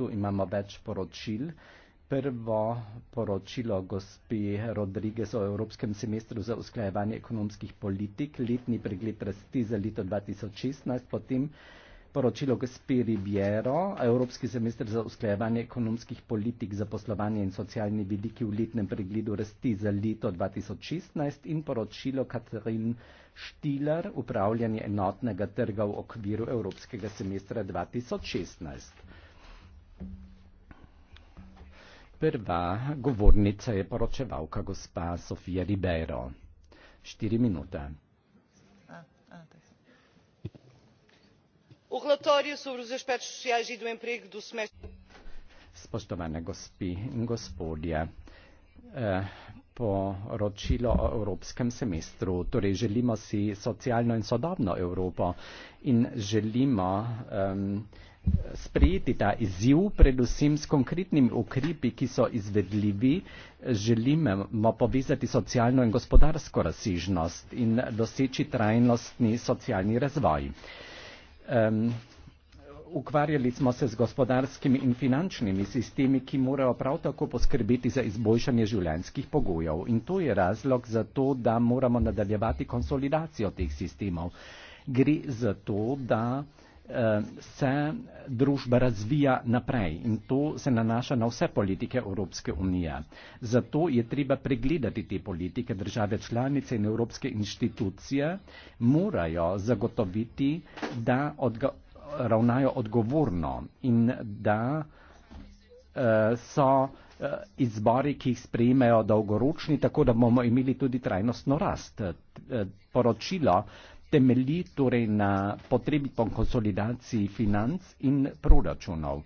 svetu imamo več poročil. Prvo poročilo gospe Rodriguez o Evropskem semestru za usklajevanje ekonomskih politik, letni pregled rasti za leto 2016, potem poročilo gospe Ribiero, Evropski semestr za usklajevanje ekonomskih politik za poslovanje in socialni vidiki v letnem pregledu rasti za leto 2016 in poročilo Katarin Štiler, upravljanje enotnega trga v okviru Evropskega semestra 2016. Prva govornica je poročevalka gospa Sofija Ribeiro. Štiri minute. Ah, ah, e Spoštovane gospi in gospodje, eh, poročilo o evropskem semestru, torej želimo si socialno in sodobno Evropo in želimo um, sprejeti ta izziv, predvsem s konkretnimi ukrepi, ki so izvedljivi, želimo povezati socialno in gospodarsko razsežnost in doseči trajnostni socialni razvoj. Um, ukvarjali smo se z gospodarskimi in finančnimi sistemi, ki morajo prav tako poskrbeti za izboljšanje življenjskih pogojev. In to je razlog za to, da moramo nadaljevati konsolidacijo teh sistemov. Gre za to, da Eh, se družba razvija naprej in to se nanaša na vse politike Evropske unije. Zato je treba pregledati te politike. Države članice in evropske inštitucije morajo zagotoviti, da odga, ravnajo odgovorno in da uh, so uh, izbori, ki jih sprejmejo, dolgoročni, tako da bomo imeli tudi trajnostno rast. Poročilo uh, temelji torej na potrebi po konsolidaciji financ in proračunov.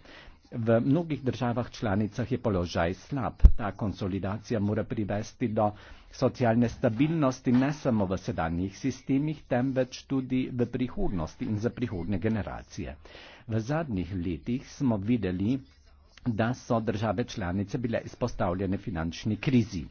V mnogih državah članicah je položaj slab. Ta konsolidacija mora privesti do socialne stabilnosti ne samo v sedanjih sistemih, temveč tudi v prihodnosti in za prihodne generacije. V zadnjih letih smo videli, da so države članice bile izpostavljene finančni krizi.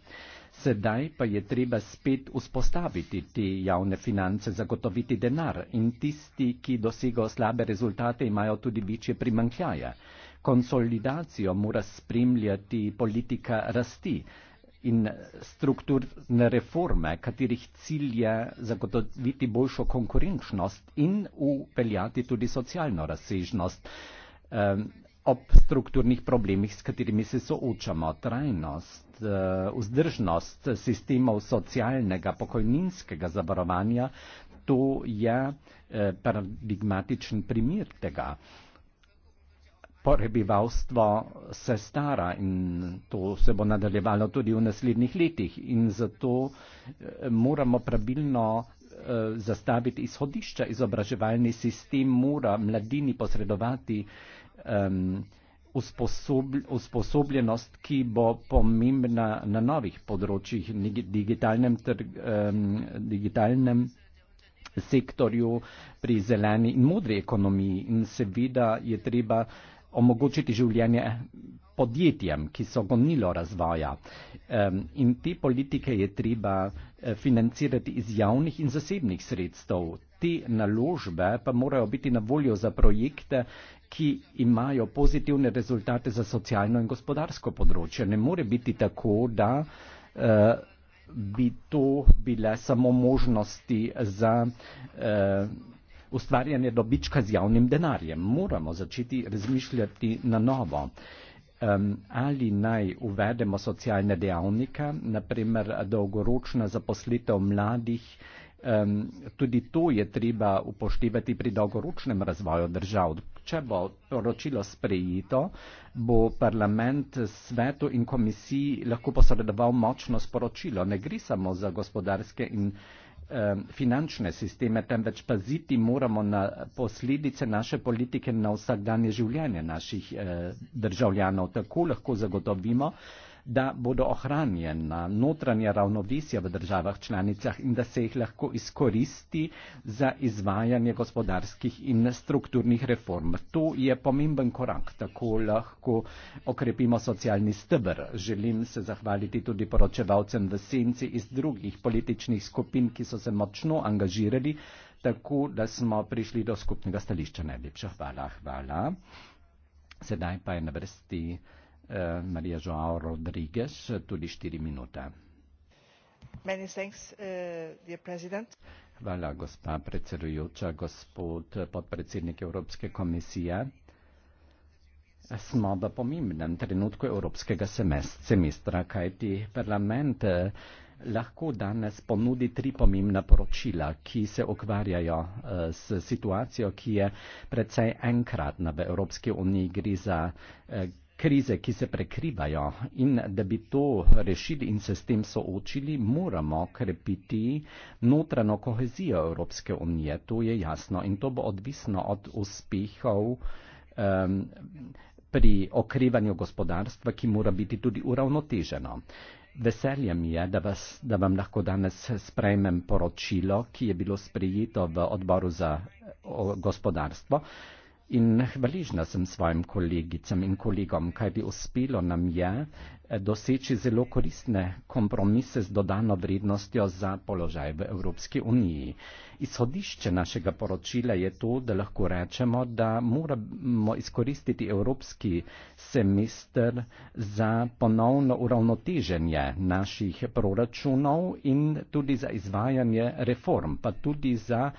Sedaj pa je treba spet vzpostaviti te javne finance, zagotoviti denar in tisti, ki dosegajo slabe rezultate, imajo tudi večje primankljaje. Konsolidacijo mora spremljati politika rasti in strukturne reforme, katerih cilj je zagotoviti boljšo konkurenčnost in upeljati tudi socialno razsežnost. Um, ob strukturnih problemih, s katerimi se soočamo, trajnost Eh, vzdržnost sistemov socialnega pokojninskega zavarovanja, to je eh, paradigmatičen primer tega. Porebivalstvo se stara in to se bo nadaljevalo tudi v naslednjih letih in zato eh, moramo pravilno zastaviti izhodišča. Izobraževalni sistem mora mladini posredovati um, usposobljenost, ki bo pomembna na novih področjih, digitalnem, digitalnem sektorju, pri zeleni in modri ekonomiji. In seveda je treba omogočiti življenje podjetjem, ki so gonilo razvoja. In te politike je treba eh, financirati iz javnih in zasebnih sredstev. Te naložbe pa morajo biti na voljo za projekte ki imajo pozitivne rezultate za socialno in gospodarsko področje. Ne more biti tako, da eh, bi to bile samo možnosti za eh, ustvarjanje dobička z javnim denarjem. Moramo začeti razmišljati na novo. Um, ali naj uvedemo socialne dejavnike, naprimer dolgoročna zaposlitev mladih, um, tudi to je treba upoštevati pri dolgoročnem razvoju držav. Če bo poročilo sprejeto, bo parlament svetu in komisiji lahko posredoval močno sporočilo. Ne gre samo za gospodarske in finančne sisteme, temveč paziti moramo na posledice naše politike na vsakdanje življenje naših eh, državljanov. Tako lahko zagotovimo, da bodo ohranjena notranja ravnovesja v državah članicah in da se jih lahko izkoristi za izvajanje gospodarskih in strukturnih reform. To je pomemben korak, tako lahko okrepimo socialni stebr. Želim se zahvaliti tudi poročevalcem v senci iz drugih političnih skupin, ki so se močno angažirali, tako da smo prišli do skupnega stališča. Najlepša hvala, hvala. Sedaj pa je na vrsti. Eh, Maria Joao Rodrigues, tu dis 4 minuta. Many thanks, uh, dear President. Hvala, gospa predsedujoča, gospod eh, podpredsednik Evropske komisije. Smo v pomembnem trenutku Evropskega semestra, kajti parlament lahko danes ponudi tri pomembna poročila, ki se ukvarjajo s situacijo, ki je precej enkratna v Evropski uniji, gre za krize, ki se prekrivajo in da bi to rešili in se s tem soočili, moramo krepiti notrano kohezijo Evropske unije. To je jasno in to bo odvisno od uspehov um, pri okrevanju gospodarstva, ki mora biti tudi uravnoteženo. Veseljem je, da, vas, da vam lahko danes sprejmem poročilo, ki je bilo sprejeto v odboru za gospodarstvo. In hvaležna sem svojim kolegicam in kolegom, kaj bi uspelo nam je, Eh, doseči zelo koristne kompromise z dodano vrednostjo za položaj v Evropski uniji. Izhodišče našega poročila je to, da lahko rečemo, da moramo izkoristiti evropski semester za ponovno uravnoteženje naših proračunov in tudi za izvajanje reform, pa tudi za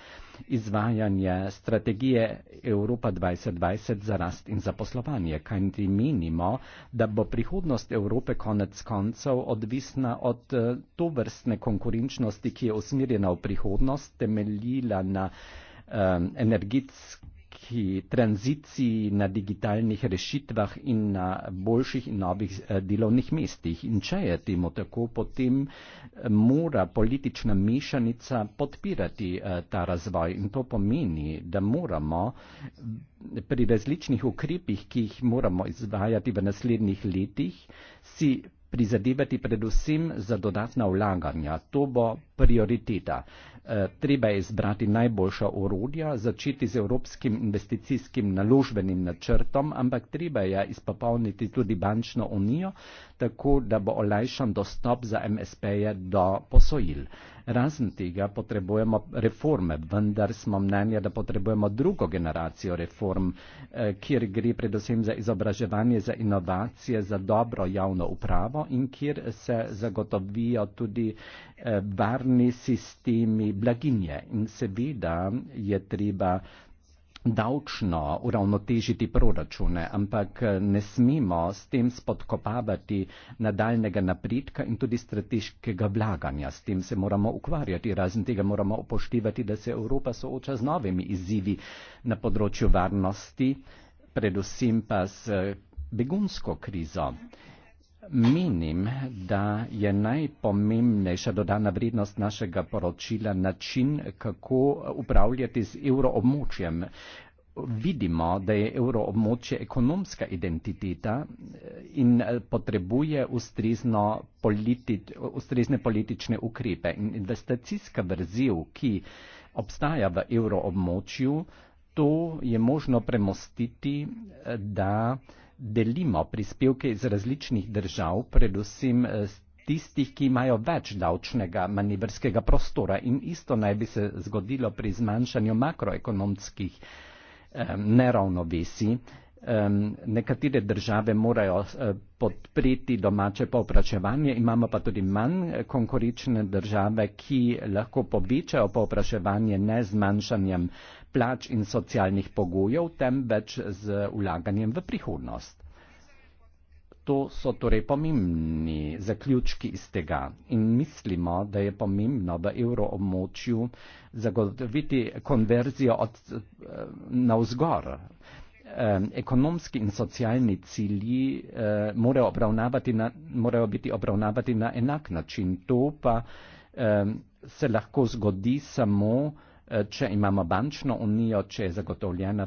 izvajanje strategije Evropa 2020 za rast in zaposlovanje. Kaj ti menimo, da bo prihodnost Evropske unije Evrope konec koncev odvisna od eh, to vrstne konkurenčnosti, ki je usmirjena v prihodnost, temeljila na um, eh, energetskem energetski tranziciji, na digitalnih rešitvah in na boljših in novih eh, delovnih mestih. In če je temu tako, potem eh, mora politična mešanica podpirati eh, ta razvoj. In to pomeni, da moramo mm, pri različnih ukrepih, ki jih moramo izvajati v naslednjih letih, si prizadevati predvsem za dodatna vlaganja. To bo prioriteta. E, treba je izbrati najboljša orodja, začeti z Evropskim investicijskim naložbenim načrtom, ampak treba je izpopolniti tudi bančno unijo, tako da bo olajšan dostop za MSP-je do posojil. Razen tega potrebujemo reforme, vendar smo mnenja, da potrebujemo drugo generacijo reform, eh, kjer gre predvsem za izobraževanje, za inovacije, za dobro javno upravo in kjer se zagotovijo tudi eh, varni sistemi blaginje. In seveda je treba davčno uravnotežiti proračune, ampak ne smemo s tem spodkopavati nadaljnega napredka in tudi strateškega vlaganja. S tem se moramo ukvarjati, razen tega moramo upoštevati, da se Evropa sooča z novimi izzivi na področju varnosti, predvsem pa s begunsko krizo. Menim, da je najpomembnejša dodana vrednost našega poročila način, kako upravljati z evroobmočjem. Vidimo, da je evroobmočje ekonomska identiteta eh, in eh, potrebuje ustrezno politi ustrezne politične ukrepe. In investicijska vrzel, ki obstaja v evroobmočju, to je možno premostiti, eh, da delimo prispevke iz različnih držav, predvsem eh, s tistih, ki imajo več davčnega manevrskega prostora in isto naj bi se zgodilo pri zmanjšanju makroekonomskih eh, neravnovesij. Nekatere države morajo eh, podpreti domače povpraševanje, imamo pa tudi manj eh, konkurenčne države, ki lahko povečajo povpraševanje ne zmanjšanjem plač in socialnih pogojev, temveč z ulaganjem v prihodnost. To so torej pomembni zaključki iz tega in mislimo, da je pomembno v evroobmočju zagotoviti konverzijo od eh, navzgor. Ekonomski in socialni cilji eh, morajo, na, morajo biti obravnavati na enak način. To pa se lahko zgodi samo, Eh, če imamo bančno unijo, če je zagotovljena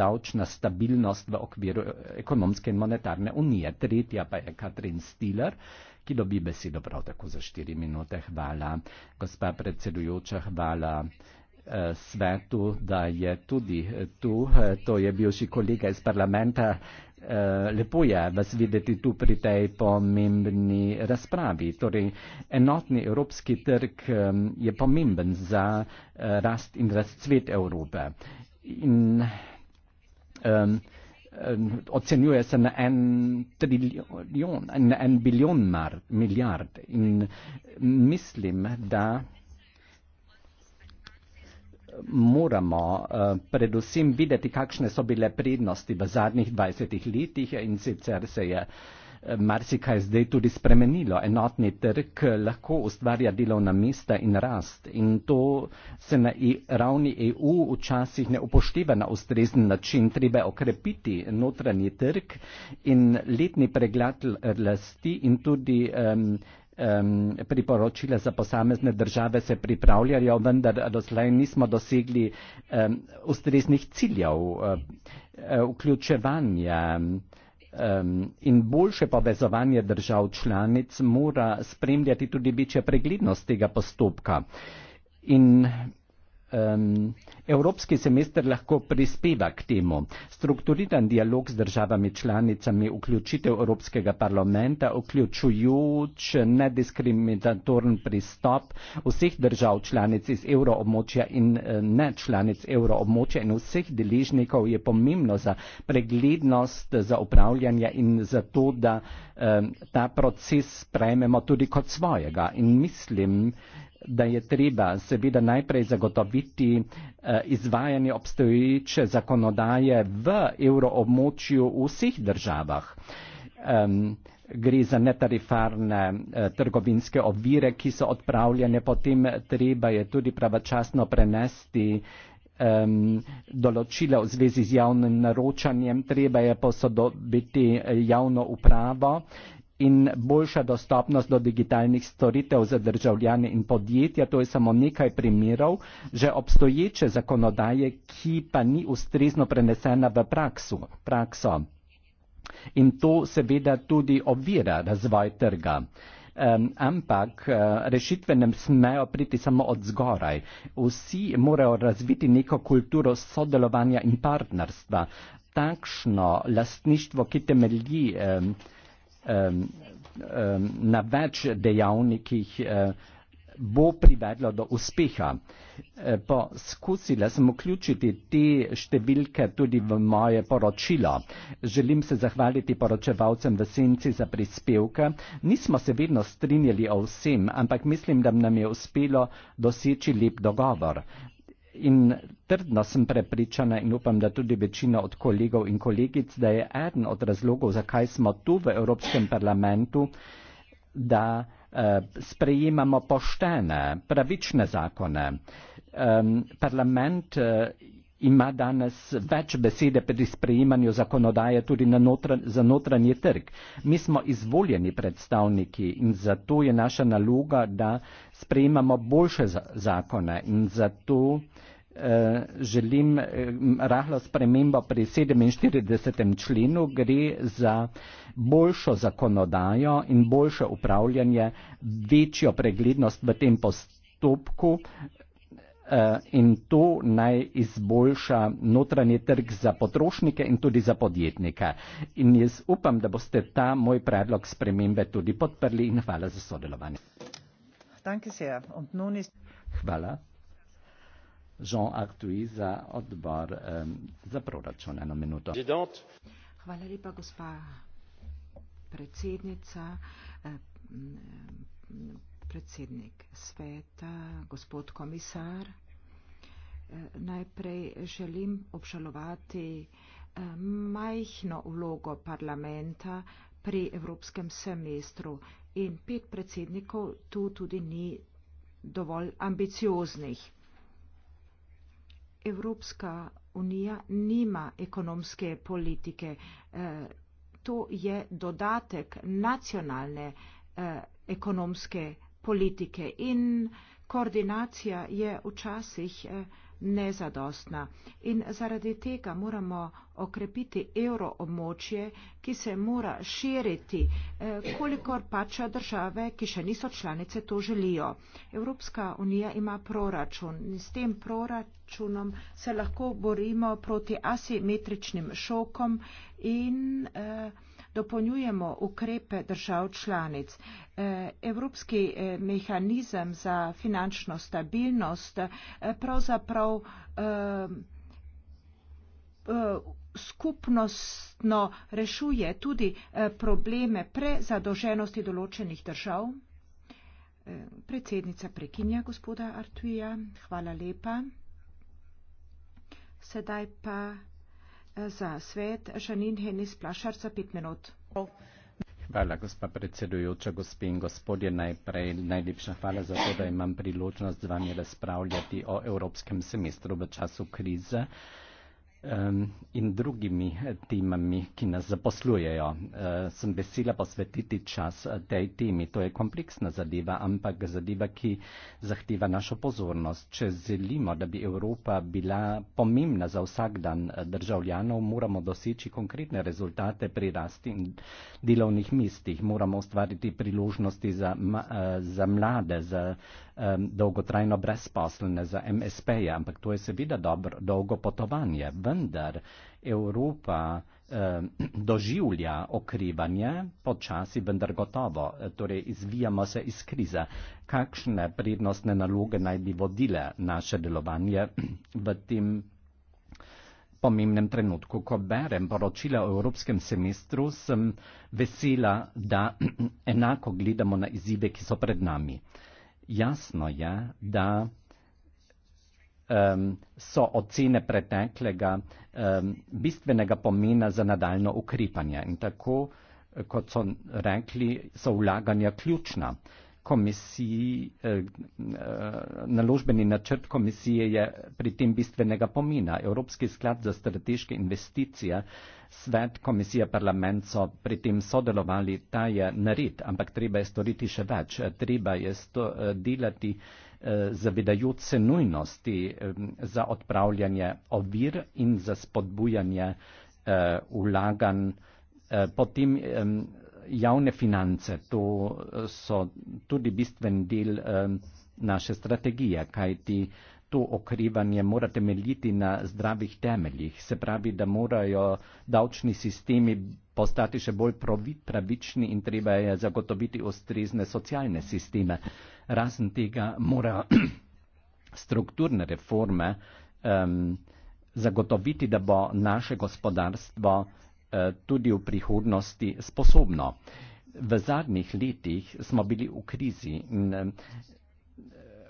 davčna stabilnost v okviru eh, ekonomske in monetarne unije. Tretja pa je Katrin Stiller, ki dobi besedo prav tako za štiri minute. Hvala, gospa predsedujoča, hvala eh, svetu, da je tudi tu, to je bivši kolega iz parlamenta, Eh, lepo je vas videti tu pri tej pomembni razpravi. Torej, enotni evropski trg je pomemben za eh, rast in razcvet Evrope. In, um, ocenjuje se na en trilijon, na en bilijon milijard. In mislim, da moramo eh, predvsem videti, kakšne so bile prednosti v zadnjih 20 letih in sicer se je eh, marsikaj zdaj tudi spremenilo. Enotni trg eh, lahko ustvarja delovna mesta in rast in to se na e, ravni EU včasih ne upošteva na ustrezen način. Treba okrepiti notranji trg in letni preglad rasti in tudi um, um, priporočila za posamezne države se pripravljajo, vendar doslej nismo dosegli um, ustreznih ciljev, um, vključevanja um, in boljše povezovanje držav članic mora spremljati tudi večje preglednost tega postopka. In um, evropski semester lahko prispeva k temu. Strukturiran dialog z državami članicami, vključitev Evropskega parlamenta, vključujoč nediskriminatoren pristop vseh držav članic iz evroobmočja in eh, ne članic evroobmočja in vseh deležnikov je pomembno za preglednost, za upravljanje in za to, da um, ta proces sprejmemo tudi kot svojega. In mislim, da je treba seveda najprej zagotoviti eh, izvajanje obstoječe zakonodaje v evroobmočju v vseh državah. Gre za netarifarne eh, trgovinske ovire, ki so odpravljene, potem eh, treba je tudi pravočasno prenesti določila v zvezi z javnim naročanjem, treba je posodobiti javno upravo, in boljša dostopnost do digitalnih storitev za državljane in podjetja. To je samo nekaj primerov že obstoječe zakonodaje, ki pa ni ustrezno prenesena v praksu, prakso. In to seveda tudi ovira razvoj trga. Um, ampak eh, rešitve nam smejo priti samo od zgoraj. Vsi morajo razviti neko kulturo sodelovanja in partnerstva. Takšno lastništvo, ki temelji um, Um, um, na več dejavnikih uh, bo privedlo do uspeha. Uh, poskusila sem vključiti te številke tudi v moje poročilo. Želim se zahvaliti poročevalcem v senci za prispevke. Nismo se vedno strinjali o vsem, ampak mislim, da nam je uspelo doseči lep dogovor. In trdno sem prepričana in upam, da tudi večina od kolegov in kolegic, da je eden od razlogov, zakaj smo tu v Evropskem parlamentu, da eh, sprejemamo poštene, pravične zakone. Eh, parlament eh, ima danes več besede pri sprejemanju zakonodaje tudi na notran, za notranji trg. Mi smo izvoljeni predstavniki in zato je naša naloga, da sprejemamo boljše zakone in zato eh, želim eh, rahlo spremembo pri 47. členu, gre za boljšo zakonodajo in boljše upravljanje, večjo preglednost v tem postopku. Eh, in to naj izboljša notranji trg za potrošnike in tudi za podjetnike. In jaz upam, da boste ta moj predlog spremembe tudi podprli in hvala za sodelovanje. Hvala. Jean Artui za odbor um, za proračun. Eno minuto. Hvala lepa, gospa predsednica. Eh, predsednik sveta, gospod komisar. Najprej želim obžalovati eh, majhno vlogo parlamenta pri evropskem semestru in pet predsednikov tu tudi ni dovolj ambicioznih. Evropska unija nima ekonomske politike. Eh, to je dodatek nacionalne eh, ekonomske politike politike in koordinacija je včasih eh, nezadostna. In zaradi tega moramo okrepiti euroomočje, ki se mora širiti, eh, kolikor pač države, ki še niso članice, to želijo. Evropska unija ima proračun in s tem proračunom se lahko borimo proti asimetričnim šokom in eh, dopolnjujemo ukrepe držav članic. E, evropski e, mehanizem za finančno stabilnost e, pravzaprav skupnostno rešuje tudi probleme prezadoženosti določenih držav. Predsednica prekinja gospoda Artuija. Hvala lepa. Sedaj pa za svet, Žanin Henis Plašar za pet minut. Hvala, gospa predsedujoča, gospe in gospodje. Najprej najlepša hvala za to, da imam priložnost z vami razpravljati o evropskem semestru v času krize in drugimi eh, timami, ki nas zaposlujejo. Eh, sem vesela posvetiti čas eh, tej timi. To je kompleksna zadeva, ampak zadeva, ki zahteva našo pozornost. Če želimo, da bi Evropa bila pomembna za vsak dan državljanov, moramo doseči konkretne rezultate pri rasti in delovnih mestih. Moramo ustvariti priložnosti za, za mlade, za um, dolgotrajno brezposlene, za MSP-je, ampak to je seveda dobro, dolgo potovanje. Ven vendar Evropa eh, doživlja okrevanje počasi, vendar gotovo, eh, torej izvijamo se iz krize. Kakšne prednostne naloge naj bi vodile naše delovanje v tem pomembnem trenutku? Ko berem poročila o evropskem semestru, sem vesela, da enako gledamo na izzive, ki so pred nami. Jasno je, da um, so ocene preteklega um, bistvenega pomena za nadaljno ukrepanje. In tako, eh, kot so rekli, so vlaganja ključna. Komisiji, eh, eh, naložbeni načrt komisije je pri tem bistvenega pomena. Evropski sklad za strateške investicije, svet, komisija, parlament so pri tem sodelovali, ta je nared, ampak treba je storiti še več, treba je sto, delati uh, Eh, zavedajoč se nujnosti za odpravljanje ovir in za spodbujanje eh, vlaganj. Eh, potem javne finance, to so tudi bistven del naše strategije, kajti to okrivanje mora temeljiti na zdravih temeljih. Se pravi, da morajo davčni sistemi postati še bolj pravični in treba je zagotoviti ustrezne socialne sisteme. Razen tega mora strukturne reforme um, zagotoviti, da bo naše gospodarstvo uh, tudi v prihodnosti sposobno. V zadnjih letih smo bili v krizi in uh,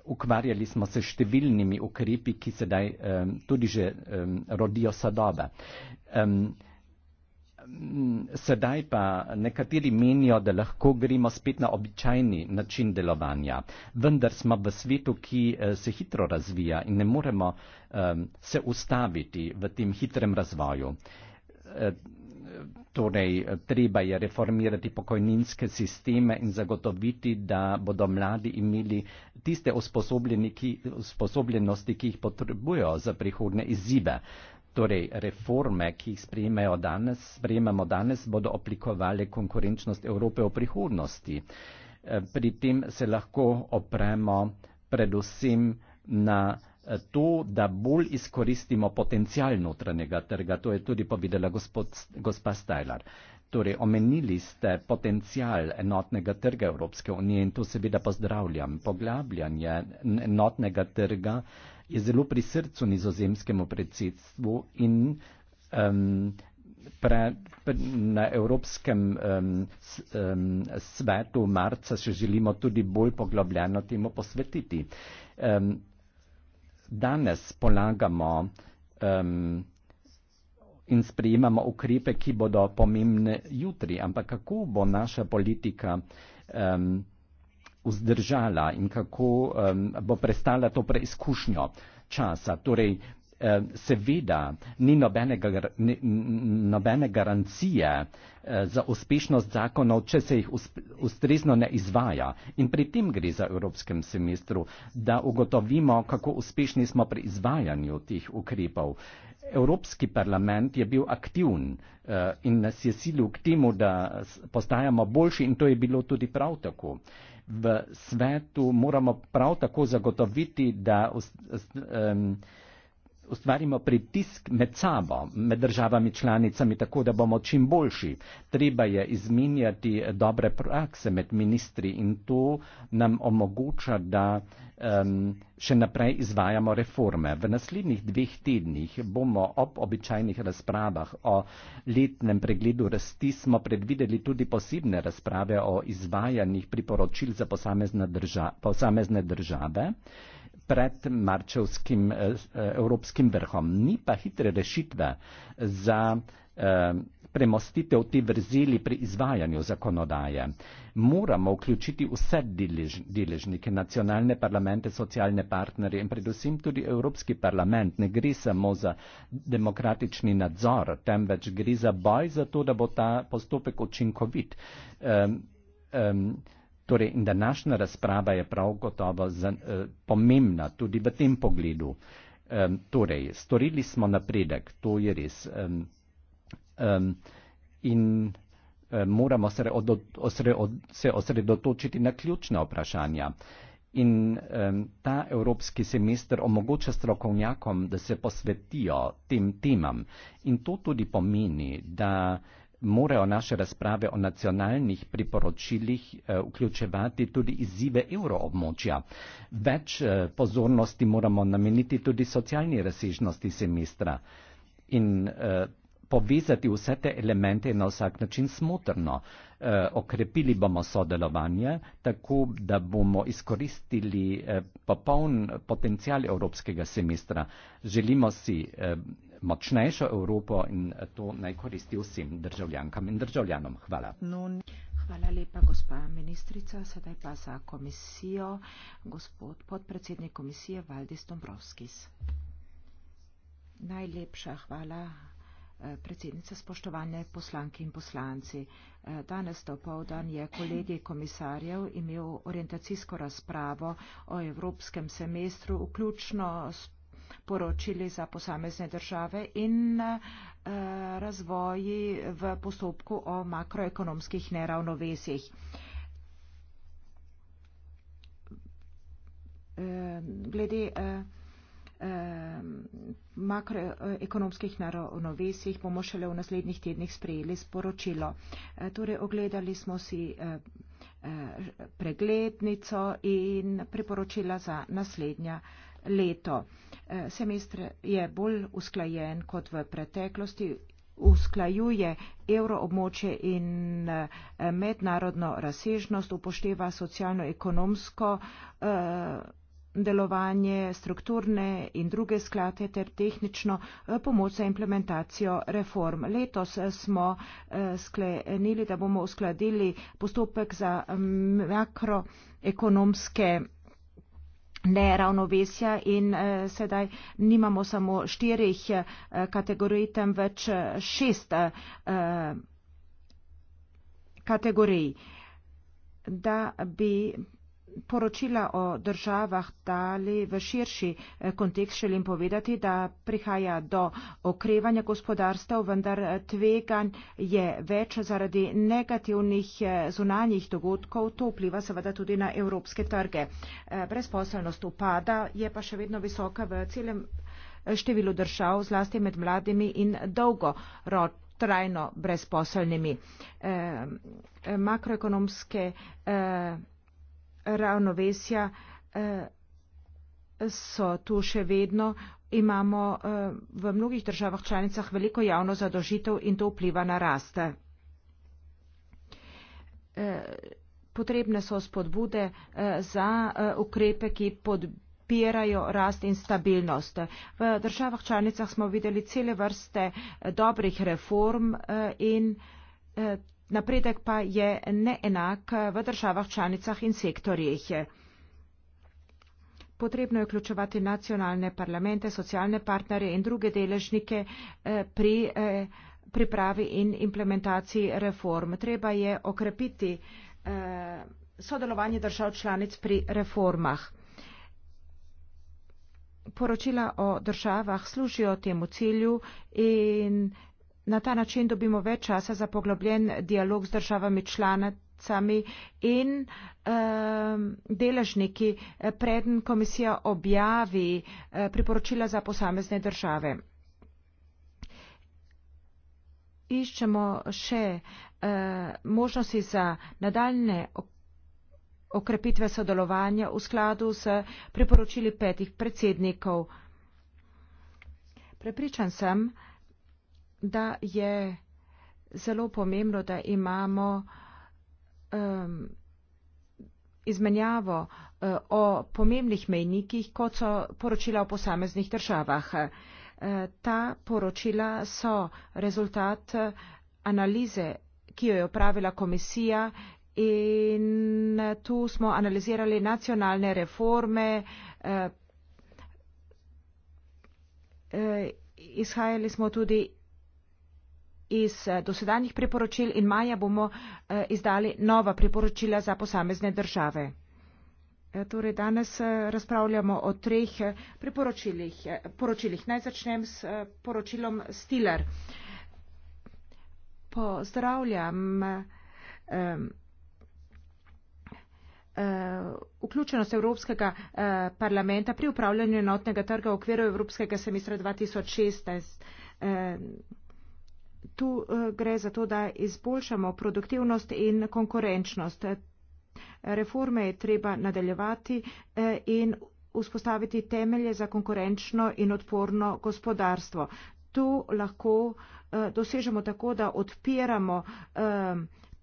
ukvarjali smo se številnimi ukrepi, ki sedaj um, tudi že um, rodijo sadove. Um, Sedaj pa nekateri menijo, da lahko gremo spet na običajni način delovanja. Vendar smo v svetu, ki eh, se hitro razvija in ne moremo eh, se ustaviti v tem hitrem razvoju. Eh, torej, treba je reformirati pokojninske sisteme in zagotoviti, da bodo mladi imeli tiste ki, usposobljenosti, ki jih potrebujo za prihodne izzive. Torej, reforme, ki jih danes, sprejemamo danes, bodo oblikovali konkurenčnost Evrope v prihodnosti. Eh, pri tem se lahko opremo predvsem na eh, to, da bolj izkoristimo potencial notranjega trga. To je tudi povedala gospod, gospa Stajlar. Torej, omenili ste potencial enotnega trga Evropske unije in to seveda pozdravljam. Poglabljanje enotnega trga je zelo pri srcu nizozemskemu predsedstvu in um, pre, pre, na Evropskem um, s, um, svetu marca še želimo tudi bolj poglobljeno temu posvetiti. Um, danes polagamo um, in sprejemamo ukrepe, ki bodo pomembne jutri, ampak kako bo naša politika um, vzdržala in kako um, bo prestala to preizkušnjo časa. Torej, Seveda ni nobenega, ni nobene garancije eh, za uspešnost zakonov, če se jih ustrezno ne izvaja. In pri tem gre za evropskem semestru, da ugotovimo, kako uspešni smo pri izvajanju teh ukrepov. Evropski parlament je bil aktivn eh, in nas je silil k temu, da postajamo boljši in to je bilo tudi prav tako v svetu moramo prav tako zagotoviti, da um, ustvarimo pritisk med sabo, med državami članicami, tako da bomo čim boljši. Treba je izminjati dobre prakse med ministri in to nam omogoča, da um, še naprej izvajamo reforme. V naslednjih dveh tednih bomo ob običajnih razpravah o letnem pregledu rasti smo predvideli tudi posebne razprave o izvajanjih priporočil za posamezne, drža posamezne države pred marčevskim eh, eh, evropskim vrhom. Ni pa hitre rešitve za eh, premostitev te vrzeli pri izvajanju zakonodaje. Moramo vključiti vse delež, deležnike, nacionalne parlamente, socialne partnerje in predvsem tudi Evropski parlament. Ne gre samo za demokratični nadzor, temveč gre za boj za to, da bo ta postopek učinkovit. Um, um, Torej, današnja razprava je prav gotovo za, eh, pomembna tudi v tem pogledu. Um, torej, storili smo napredek, to je res. Um, um, in um, moramo se, od, osre, od, se osredotočiti na ključna vprašanja. In um, ta evropski semester omogoča strokovnjakom, da se posvetijo tem temam. In to tudi pomeni, da morajo naše razprave o nacionalnih priporočilih eh, vključevati tudi izzive evroobmočja. Več eh, pozornosti moramo nameniti tudi socialni razsežnosti semestra in eh, povezati vse te elemente na vsak način smotrno. Okrepili bomo sodelovanje tako, da bomo izkoristili popoln potencial evropskega semestra. Želimo si močnejšo Evropo in to naj koristi vsem državljankam in državljanom. Hvala. No, hvala lepa, gospa ministrica. Sedaj pa za komisijo, gospod podpredsednik komisije Valdis Dombrovskis. Najlepša hvala, eh, predsednica, spoštovane poslanke in poslanci. Eh, danes do povdan je kolegi komisarjev imel orientacijsko razpravo o evropskem semestru, vključno s poročili za posamezne države in eh, razvoji v postopku o makroekonomskih neravnovesjih. Eh, glede eh, makroekonomskih naravnovesjih bomo šele v naslednjih tednih sprejeli sporočilo. Torej, ogledali smo si preglednico in priporočila za naslednja leto semestr je bolj usklajen kot v preteklosti, usklajuje evroobmoče in eh, mednarodno razsežnost, upošteva socialno-ekonomsko eh, delovanje, strukturne in druge sklade ter tehnično eh, pomoč za implementacijo reform. Letos smo sklenili, da bomo uskladili postopek za mm, makroekonomske neravnovesja in eh, sedaj nimamo samo štirih eh, kategorij, temveč eh, šest eh, kategorij. Da bi poročila o državah dali v širši eh, kontekst, želim povedati, da prihaja do okrevanja gospodarstva, vendar tvegan je več zaradi negativnih eh, zunanjih dogodkov, to vpliva seveda tudi na evropske trge. Eh, brezposelnost upada, je pa še vedno visoka v celem številu držav, zlasti med mladimi in dolgorod trajno brezposelnimi. E, makroekonomske e, ravnovesja eh, so tu še vedno. Imamo eh, v mnogih državah članicah veliko javno zadožitev in to vpliva na raste. Eh, potrebne so spodbude za ukrepe, ki podpirajo rast in stabilnost. V državah članicah smo videli cele vrste dobrih reform in Napredek pa je neenak v državah članicah in sektorjih. Potrebno je vključevati nacionalne parlamente, socialne partnerje in druge deležnike eh, pri eh, pripravi in implementaciji reform. Treba je okrepiti eh, sodelovanje držav članic pri reformah. Poročila o državah služijo temu cilju in Na ta način dobimo več časa za poglobljen dialog z državami članicami in ehm, eh, deležniki, preden komisija objavi eh, priporočila za posamezne države. Iščemo še eh, možnosti za nadaljne okrepitve sodelovanja v skladu s priporočili petih predsednikov. Prepričan sem, da je zelo pomembno, da imamo um, izmenjavo uh, o pomembnih mejnikih, kot so poročila o posameznih državah. Uh, ta poročila so rezultat uh, analize, ki jo je opravila komisija in uh, tu smo analizirali nacionalne reforme. Uh, uh, Izhajali smo tudi iz eh, dosedanjih priporočil in maja bomo eh, izdali nova priporočila za posamezne države. Eh, torej, danes razpravljamo o treh priporočilih. Poročilih. Naj začnem s poročilom Stiller. Pozdravljam vključenost Evropskega parlamenta pri upravljanju enotnega trga v okviru Evropskega semestra 2016 tu eh, gre za to, da izboljšamo produktivnost in konkurenčnost. Reforme je treba nadaljevati eh, in vzpostaviti temelje za konkurenčno in odporno gospodarstvo. Tu lahko eh, dosežemo tako, da odpiramo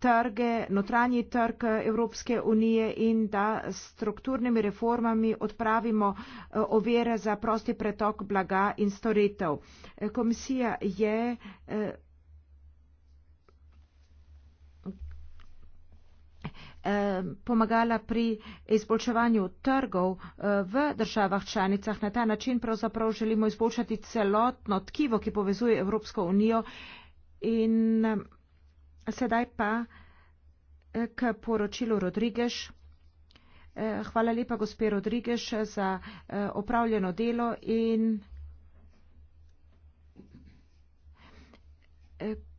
trge, notranji trg Evropske unije in da s strukturnimi reformami odpravimo ovire za prosti pretok blaga in storitev. Komisija je Eh, pomagala pri izboljševanju trgov eh, v državah članicah. Na ta način pravzaprav želimo izboljšati celotno tkivo, ki povezuje Evropsko unijo. In eh, sedaj pa k poročilu Rodrigež. Hvala lepa, gospe Rodrigež, za opravljeno delo in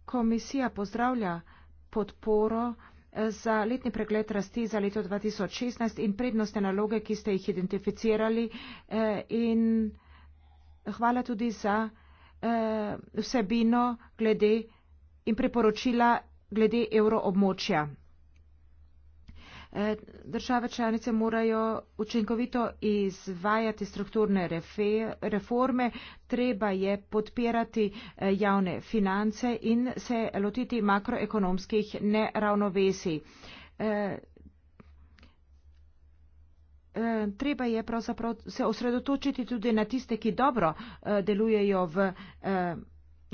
komisija pozdravlja podporo za letni pregled rasti za leto 2016 in prednostne naloge, ki ste jih identificirali. Eh, in hvala tudi za eh, vsebino glede in priporočila glede evroobmočja. Eh, države članice morajo učinkovito izvajati strukturne reforme, treba je podpirati eh, javne finance in se lotiti makroekonomskih neravnovesij. Eh, treba je pravzaprav se osredotočiti tudi na tiste, ki dobro delujejo v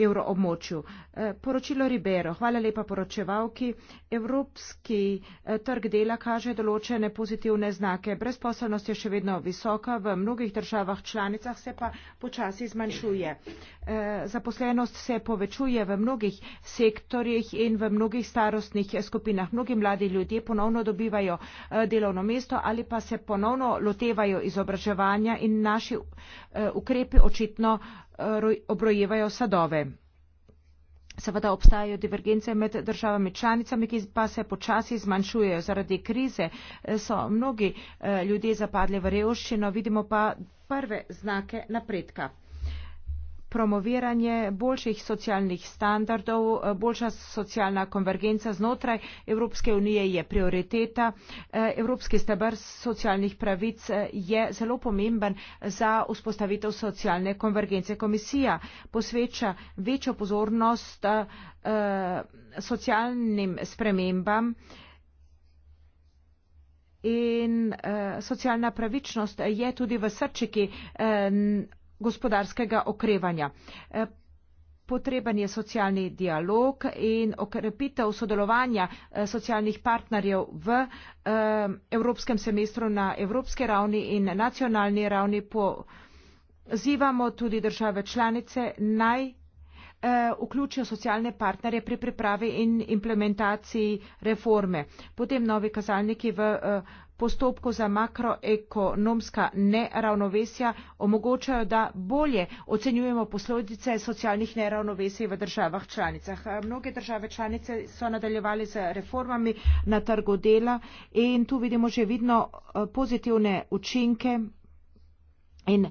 evroobmočju. Eh, poročilo Ribero. Hvala lepa poročevalki. Evropski eh, trg dela kaže določene pozitivne znake. Brezposobnost je še vedno visoka, v mnogih državah članicah se pa počasi zmanjšuje. Eh, zaposlenost se povečuje v mnogih sektorjih in v mnogih starostnih skupinah. Mnogi mladi ljudje ponovno dobivajo delovno mesto ali pa se ponovno lotevajo izobraževanja in naši ukrepi očitno obrojevajo sadove. Seveda obstajajo divergence med državami članicami, ki pa se počasi zmanjšujejo zaradi krize. Eh, so mnogi eh, ljudje zapadli v revščino, vidimo pa prve znake napredka promoviranje boljših socialnih standardov, boljša socialna konvergenca znotraj Evropske unije je prioriteta. Evropski stebr socialnih pravic je zelo pomemben za vzpostavitev socialne konvergence. Komisija posveča večjo pozornost eh, socialnim spremembam. In uh, socialna pravičnost je tudi v srčiki uh, gospodarskega okrevanja. Eh, potreben je socialni dialog in okrepitev sodelovanja eh, socialnih partnerjev v eh, Evropskem semestru na evropski ravni in nacionalni ravni. Pozivamo tudi države članice naj vključijo socialne partnerje pri pripravi in implementaciji reforme. Potem novi kazalniki v postopkov za makroekonomska neravnovesja omogočajo, da bolje ocenjujemo posledice socialnih neravnovesij v državah članicah. Eh, mnoge države članice so nadaljevali z reformami na trgu dela in tu vidimo že vidno eh, pozitivne učinke in uh,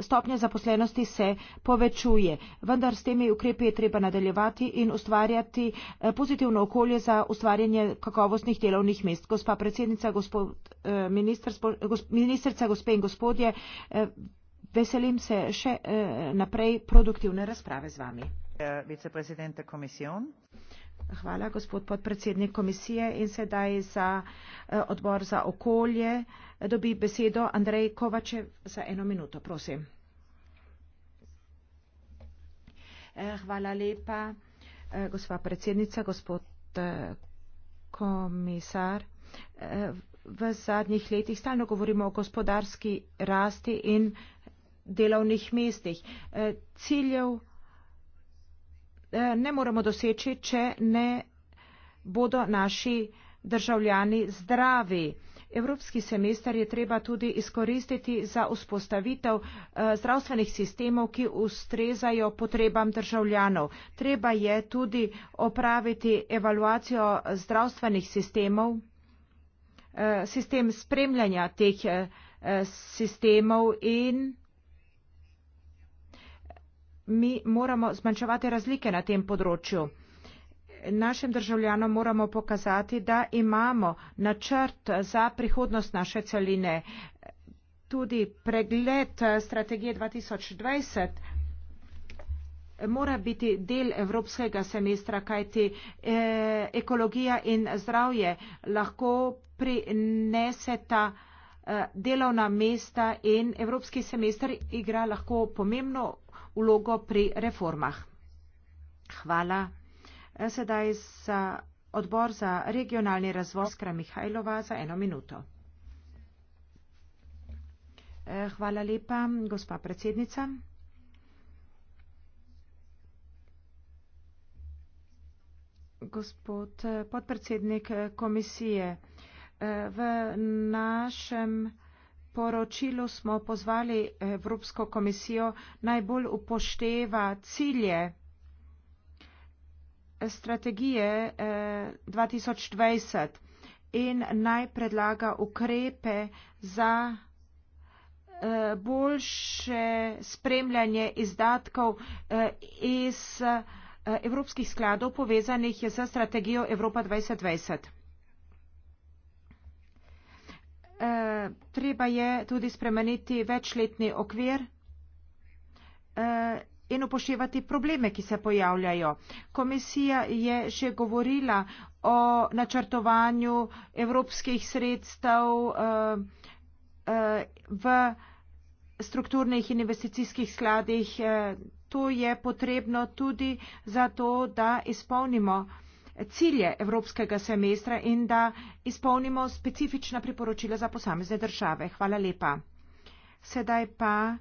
stopnja zaposlenosti se povečuje. Vendar s temi ukrepi je treba nadaljevati in ustvarjati eh, pozitivno okolje za ustvarjanje kakovostnih delovnih mest. Gospa predsednica, gospod, eh, minister, gospod, ministrica, gospe in gospodje, eh, veselim se še naprej produktivne razprave z vami. Viceprezidente komisijon. Hvala, gospod podpredsednik komisije. In sedaj za eh, odbor za okolje eh, dobi besedo Andrej Kovačev za eno minuto, prosim. Eh, hvala lepa, gospa predsednica, gospod komisar. V zadnjih letih stalno govorimo o gospodarski rasti in delovnih mestih. Ciljev. Eh, ne moremo doseči, če ne bodo naši državljani zdravi. Evropski semester je treba tudi izkoristiti za vzpostavitev eh, zdravstvenih sistemov, ki ustrezajo potrebam državljanov. Treba je tudi opraviti evaluacijo zdravstvenih sistemov, eh, sistem spremljanja teh sistemov in mi moramo zmanjševati razlike na tem področju. Našim državljanom moramo pokazati, da imamo načrt za prihodnost naše celine. Tudi pregled eh, strategije 2020 mora biti del evropskega semestra, kajti eh, ekologija in zdravje lahko prineseta eh, delovna mesta in evropski semester igra lahko pomembno vlogo pri reformah. Hvala. E, sedaj za odbor za regionalni razvoj Skra Mihajlova za eno minuto. E, hvala lepa, gospa predsednica. Gospod podpredsednik e, komisije, v našem poročilu smo pozvali Evropsko komisijo najbolj upošteva cilje strategije 2020 eh, in naj predlaga ukrepe za eh, boljše spremljanje izdatkov eh, iz evropskih skladov povezanih z strategijo Evropa 2020. Eh, treba je tudi spremeniti večletni okvir eh, in upoštevati probleme, ki se pojavljajo. Komisija je še govorila o načrtovanju evropskih sredstev eh, v strukturnih in investicijskih skladih. To je potrebno tudi zato, da izpolnimo vse cilje evropskega semestra in da izpolnimo specifična priporočila za posamezne države. Hvala lepa. Sedaj pa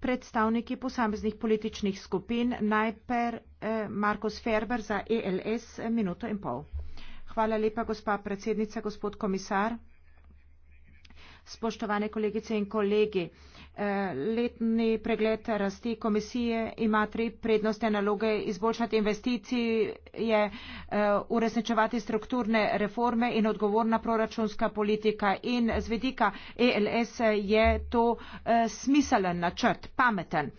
predstavniki posameznih političnih skupin, najper eh, Markus Ferber za ELS minuto in pol. Hvala lepa, gospa predsednica, gospod komisar. Spoštovane kolegice in kolegi, eh, letni pregled rasti komisije ima tri prednostne naloge. Izboljšati investicije, eh, uresničevati strukturne reforme in odgovorna proračunska politika. In z vedika ELS je to eh, smiselen načrt, pameten.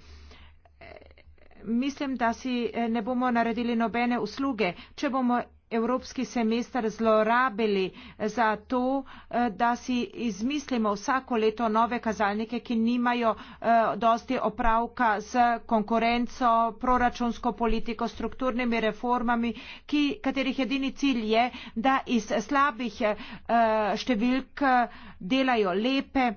Mislim, da si ne bomo naredili nobene usluge, če bomo evropski semester zlorabili za to, eh, da si izmislimo vsako leto nove kazalnike, ki nimajo eh, dosti opravka z konkurenco, proračunsko politiko, strukturnimi reformami, ki, katerih edini cilj je, da iz slabih eh, številk delajo lepe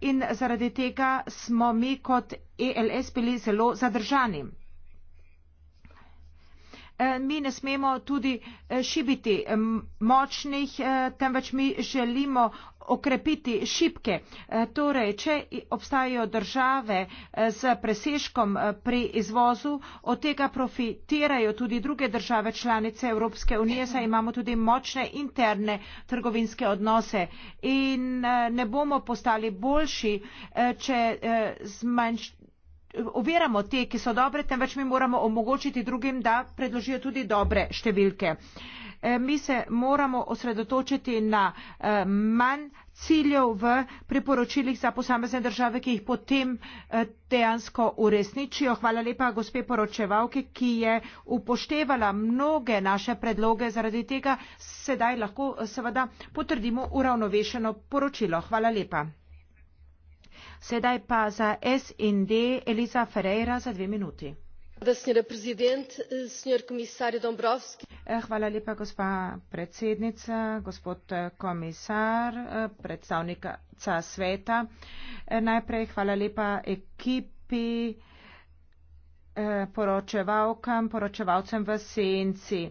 in zaradi tega smo mi kot ELS bili zelo zadržani. Eh, mi ne smemo tudi eh, šibiti eh, močnih, temveč mi želimo okrepiti šipke. Torej, če obstajajo države z presežkom pri izvozu, od tega profitirajo tudi druge države članice Evropske unije, saj imamo tudi močne interne trgovinske odnose in ne bomo postali boljši, če zmanjšamo oviramo te, ki so dobre, temveč mi moramo omogočiti drugim, da predložijo tudi dobre številke. E, mi se moramo osredotočiti na e, manj ciljev v priporočilih za posamezne države, ki jih potem e, dejansko uresničijo. Hvala lepa gospe poročevalke, ki je upoštevala mnoge naše predloge. Zaradi tega sedaj lahko seveda potrdimo uravnovešeno poročilo. Hvala lepa. Sedaj pa za SND Eliza Ferreira za dve minuti. Eh, hvala lepa, gospa predsednica, gospod eh, komisar, eh, predstavnika sveta. Najprej hvala lepa ekipi, poročevalkam, poročevalcem v senci.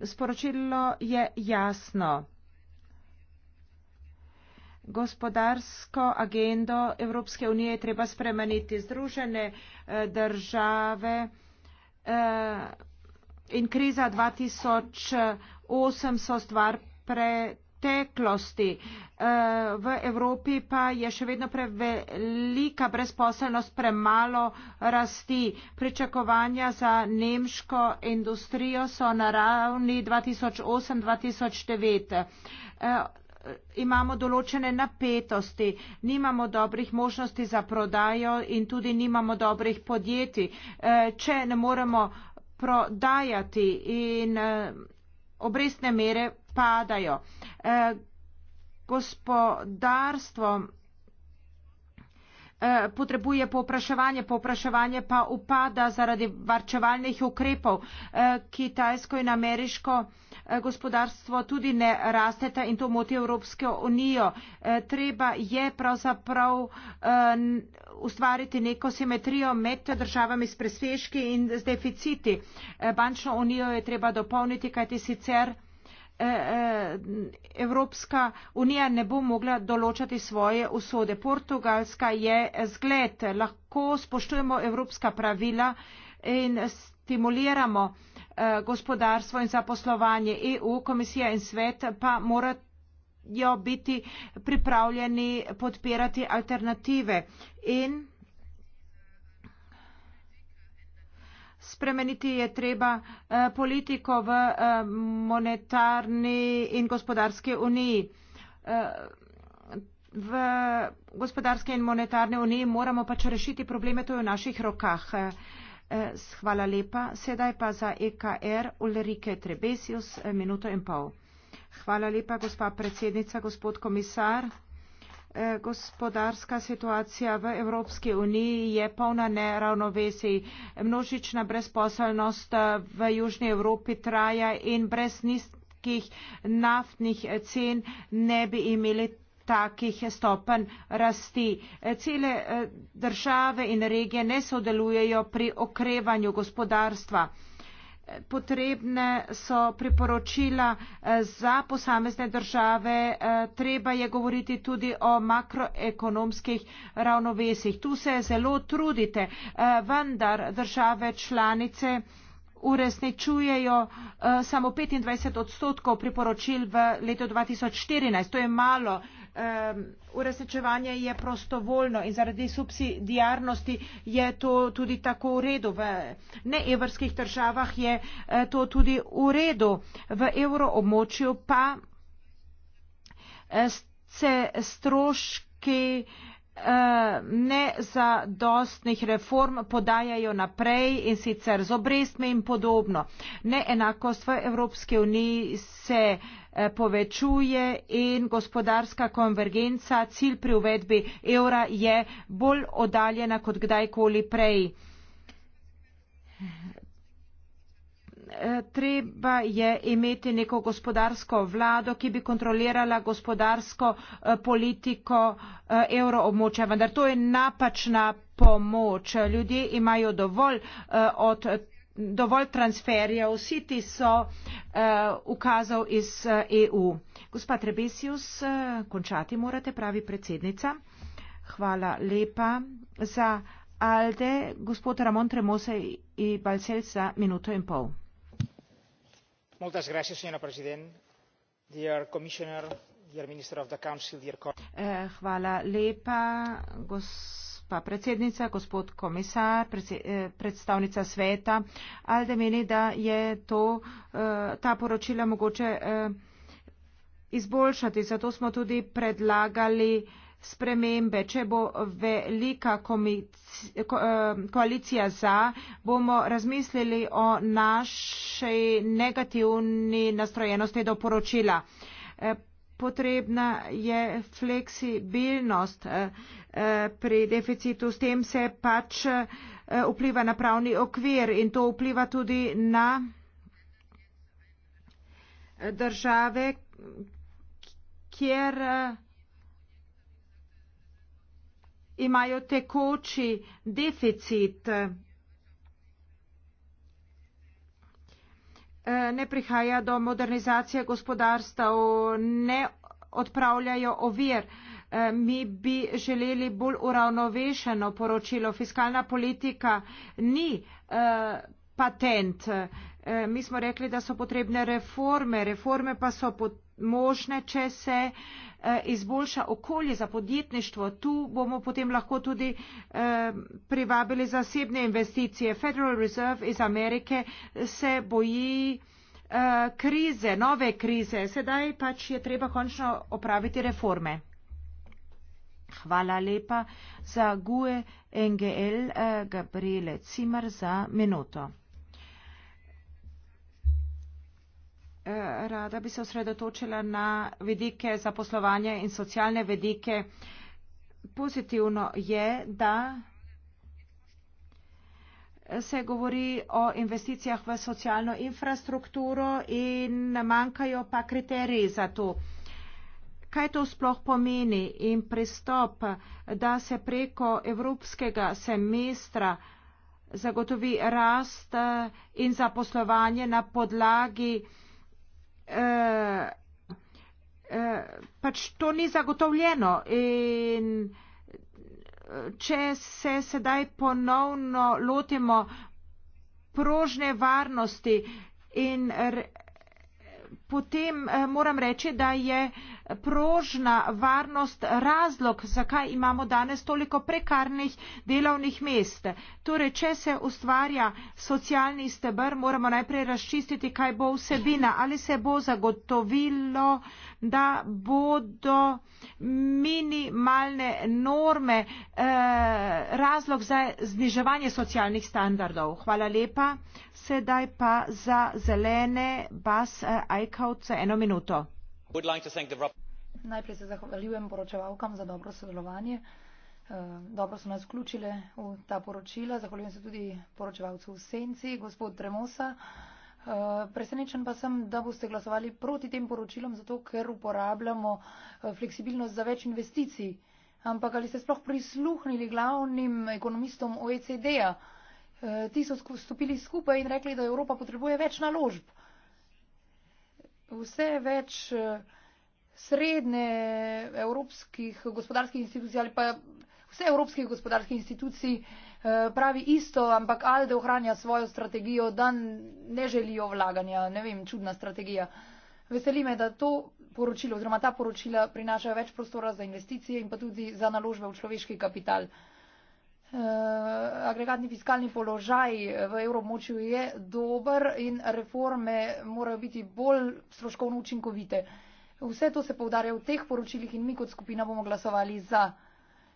Sporočilo je jasno gospodarsko agendo Evropske unije je treba spremeniti. Združene eh, države eh, in kriza 2008 so stvar preteklosti. Eh, v Evropi pa je še vedno prevelika brezposelnost, premalo rasti. Pričakovanja za nemško industrijo so na ravni 2008-2009 imamo določene napetosti, nimamo dobrih možnosti za prodajo in tudi nimamo dobrih podjetij. E, če ne moremo prodajati in e, obrestne mere padajo. E, gospodarstvo Eh, potrebuje povpraševanje, povpraševanje pa upada zaradi varčevalnih ukrepov. Eh, Kitajsko in ameriško eh, gospodarstvo tudi ne rasteta in to moti Evropsko unijo. Treba je pravzaprav ustvariti neko simetrijo med državami s presežki in z deficiti. Bančno unijo je treba dopolniti, kajti sicer Eh, eh, evropska unija ne bo mogla določati svoje usode. Portugalska je zgled, lahko spoštujemo evropska pravila in stimuliramo eh, gospodarstvo in zaposlovanje. EU, komisija in svet pa morajo biti pripravljeni podpirati alternative in spremeniti je treba eh, politiko v eh, monetarni in gospodarski uniji. Eh, v gospodarski in monetarni uniji moramo pač rešiti probleme, to je v naših rokah. Hvala lepa. Sedaj pa za EKR Ulrike Trebesius, minuto in pol. Hvala lepa, gospa predsednica, gospod komisar gospodarska situacija v Evropski uniji je polna neravnovesij. Množična brezposelnost eh, v Južni Evropi traja in brez nizkih naftnih cen ne bi imeli takih stopen rasti. Cele eh, države in regije ne sodelujejo pri okrevanju gospodarstva potrebne so priporočila eh, za posamezne države, eh, treba je govoriti tudi o makroekonomskih ravnovesih. Tu se zelo trudite, eh, vendar države članice uresničujejo samo 25 odstotkov priporočil v letu 2014. To je malo uresničevanje je prostovoljno in zaradi subsidijarnosti je to tudi tako v redu. V neevrskih državah je eh, to tudi v redu. V evroobmočju pa eh, se stroški eh, nezadostnih reform podajajo naprej in sicer z obrestmi in podobno. Neenakost v Evropski uniji se Eh, povečuje in gospodarska konvergenca, cilj pri uvedbi evra je bolj oddaljena kot kdajkoli prej. Eh, treba je imeti neko gospodarsko vlado, ki bi kontrolirala gospodarsko eh, politiko evroobmočja, vendar to je napačna pomoč. Ljudje imajo dovolj od dovolj transferjev, vsi ti so eh, ukazal uh, iz EU. Eh, e Gospa Trebesius, uh, končati morate, pravi predsednica. Hvala lepa za Alde, gospod Ramon Tremose in Balcel za minuto in pol. Moltas gracias, señora presidenta. Dear commissioner, Eh, hvala lepa, gospa predsednica, gospod komisar, eh, predstavnica sveta. Alde meni, da je to, eh, ta poročila mogoče izboljšati, zato smo tudi predlagali spremembe. Če bo velika koalicija za, bomo razmislili o naši negativni nastrojenosti do poročila potrebna je fleksibilnost eh, eh, pri deficitu. S tem se pač eh, vpliva na pravni okvir in to vpliva tudi na države, kjer imajo tekoči deficit. Eh, ne prihaja do modernizacije gospodarstva, ne odpravljajo ovir. Eh, mi bi želeli bolj uravnovešeno poročilo. Fiskalna politika ni eh, patent. Mi smo rekli, da so potrebne reforme, reforme pa so potrebne možne, če se eh, izboljša okolje za podjetništvo. Tu bomo potem lahko tudi eh, privabili zasebne investicije. Federal Reserve iz Amerike se boji eh, krize, nove krize. Sedaj pač je treba končno opraviti reforme. Hvala lepa za GUE NGL Gabriele Cimer za minuto. Eh, rada bi se osredotočila na vedike zaposlovanja in socialne vedike. Pozitivno je, da se govori o investicijah v socialno infrastrukturo in manjkajo pa kriteriji za to. Kaj to sploh pomeni in pristop, da se preko evropskega semestra zagotovi rast eh, in zaposlovanje na podlagi Eh, eh, pač to ni zagotovljeno. In eh, če se sedaj ponovno lotimo prožne varnosti in. Re, potem eh, moram reči, da je prožna varnost razlog, zakaj imamo danes toliko prekarnih delovnih mest. Torej, če se ustvarja socialni stebr, moramo najprej razčistiti, kaj bo vsebina, ali se bo zagotovilo da bodo minimalne norme eh, razlog za zniževanje socialnih standardov. Hvala lepa. Sedaj pa za zelene bas eh, Ajkavce eno minuto. Najprej se zahvaljujem poročevalkam za dobro sodelovanje. Eh, dobro so nas vključile v ta poročila. Zahvaljujem se tudi poročevalcu v senci, gospod Tremosa. Eh, presenečen pa sem, da boste glasovali proti tem poročilom, zato ker uporabljamo eh, fleksibilnost za več investicij. Ampak ali ste sploh prisluhnili glavnim ekonomistom OECD-a? Eh, ti so stopili skupaj in rekli, da Evropa potrebuje več naložb. Vse več srednje evropskih gospodarskih institucij ali pa vse evropskih gospodarskih institucij uh, Eh, pravi isto, ampak Alde ohranja svojo strategijo, da ne želijo vlaganja. Ne vem, čudna strategija. Veseli me, da to poročilo oziroma ta poročila prinašajo več prostora za investicije in pa tudi za naložbe v človeški kapital. Eh, agregatni fiskalni položaj v evromočju je dober in reforme morajo biti bolj stroškovno učinkovite. Vse to se povdarja v teh poročilih in mi kot skupina bomo glasovali za.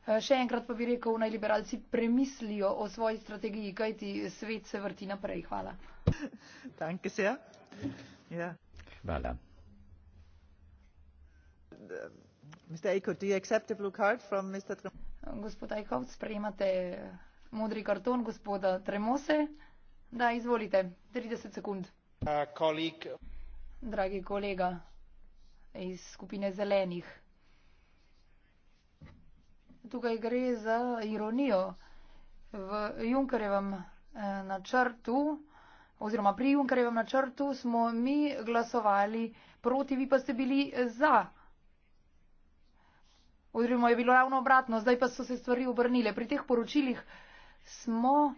Eh, še enkrat pa bi rekel naj liberalci premislijo o svoji strategiji kajti svet se vrti naprej hvala ja. hvala gospod ajkov sprejemate modri karton gospoda tremose da izvolite trideset sekund uh, dragi kolega iz skupine zelenih Tukaj gre za ironijo v Junkerjevem eh, načrtu. Oziroma pri Junkerjevem načrtu smo mi glasovali proti, vi pa ste bili za. Oziroma je bilo ravno obratno, zdaj pa so se stvari obrnile. Pri teh poročilih smo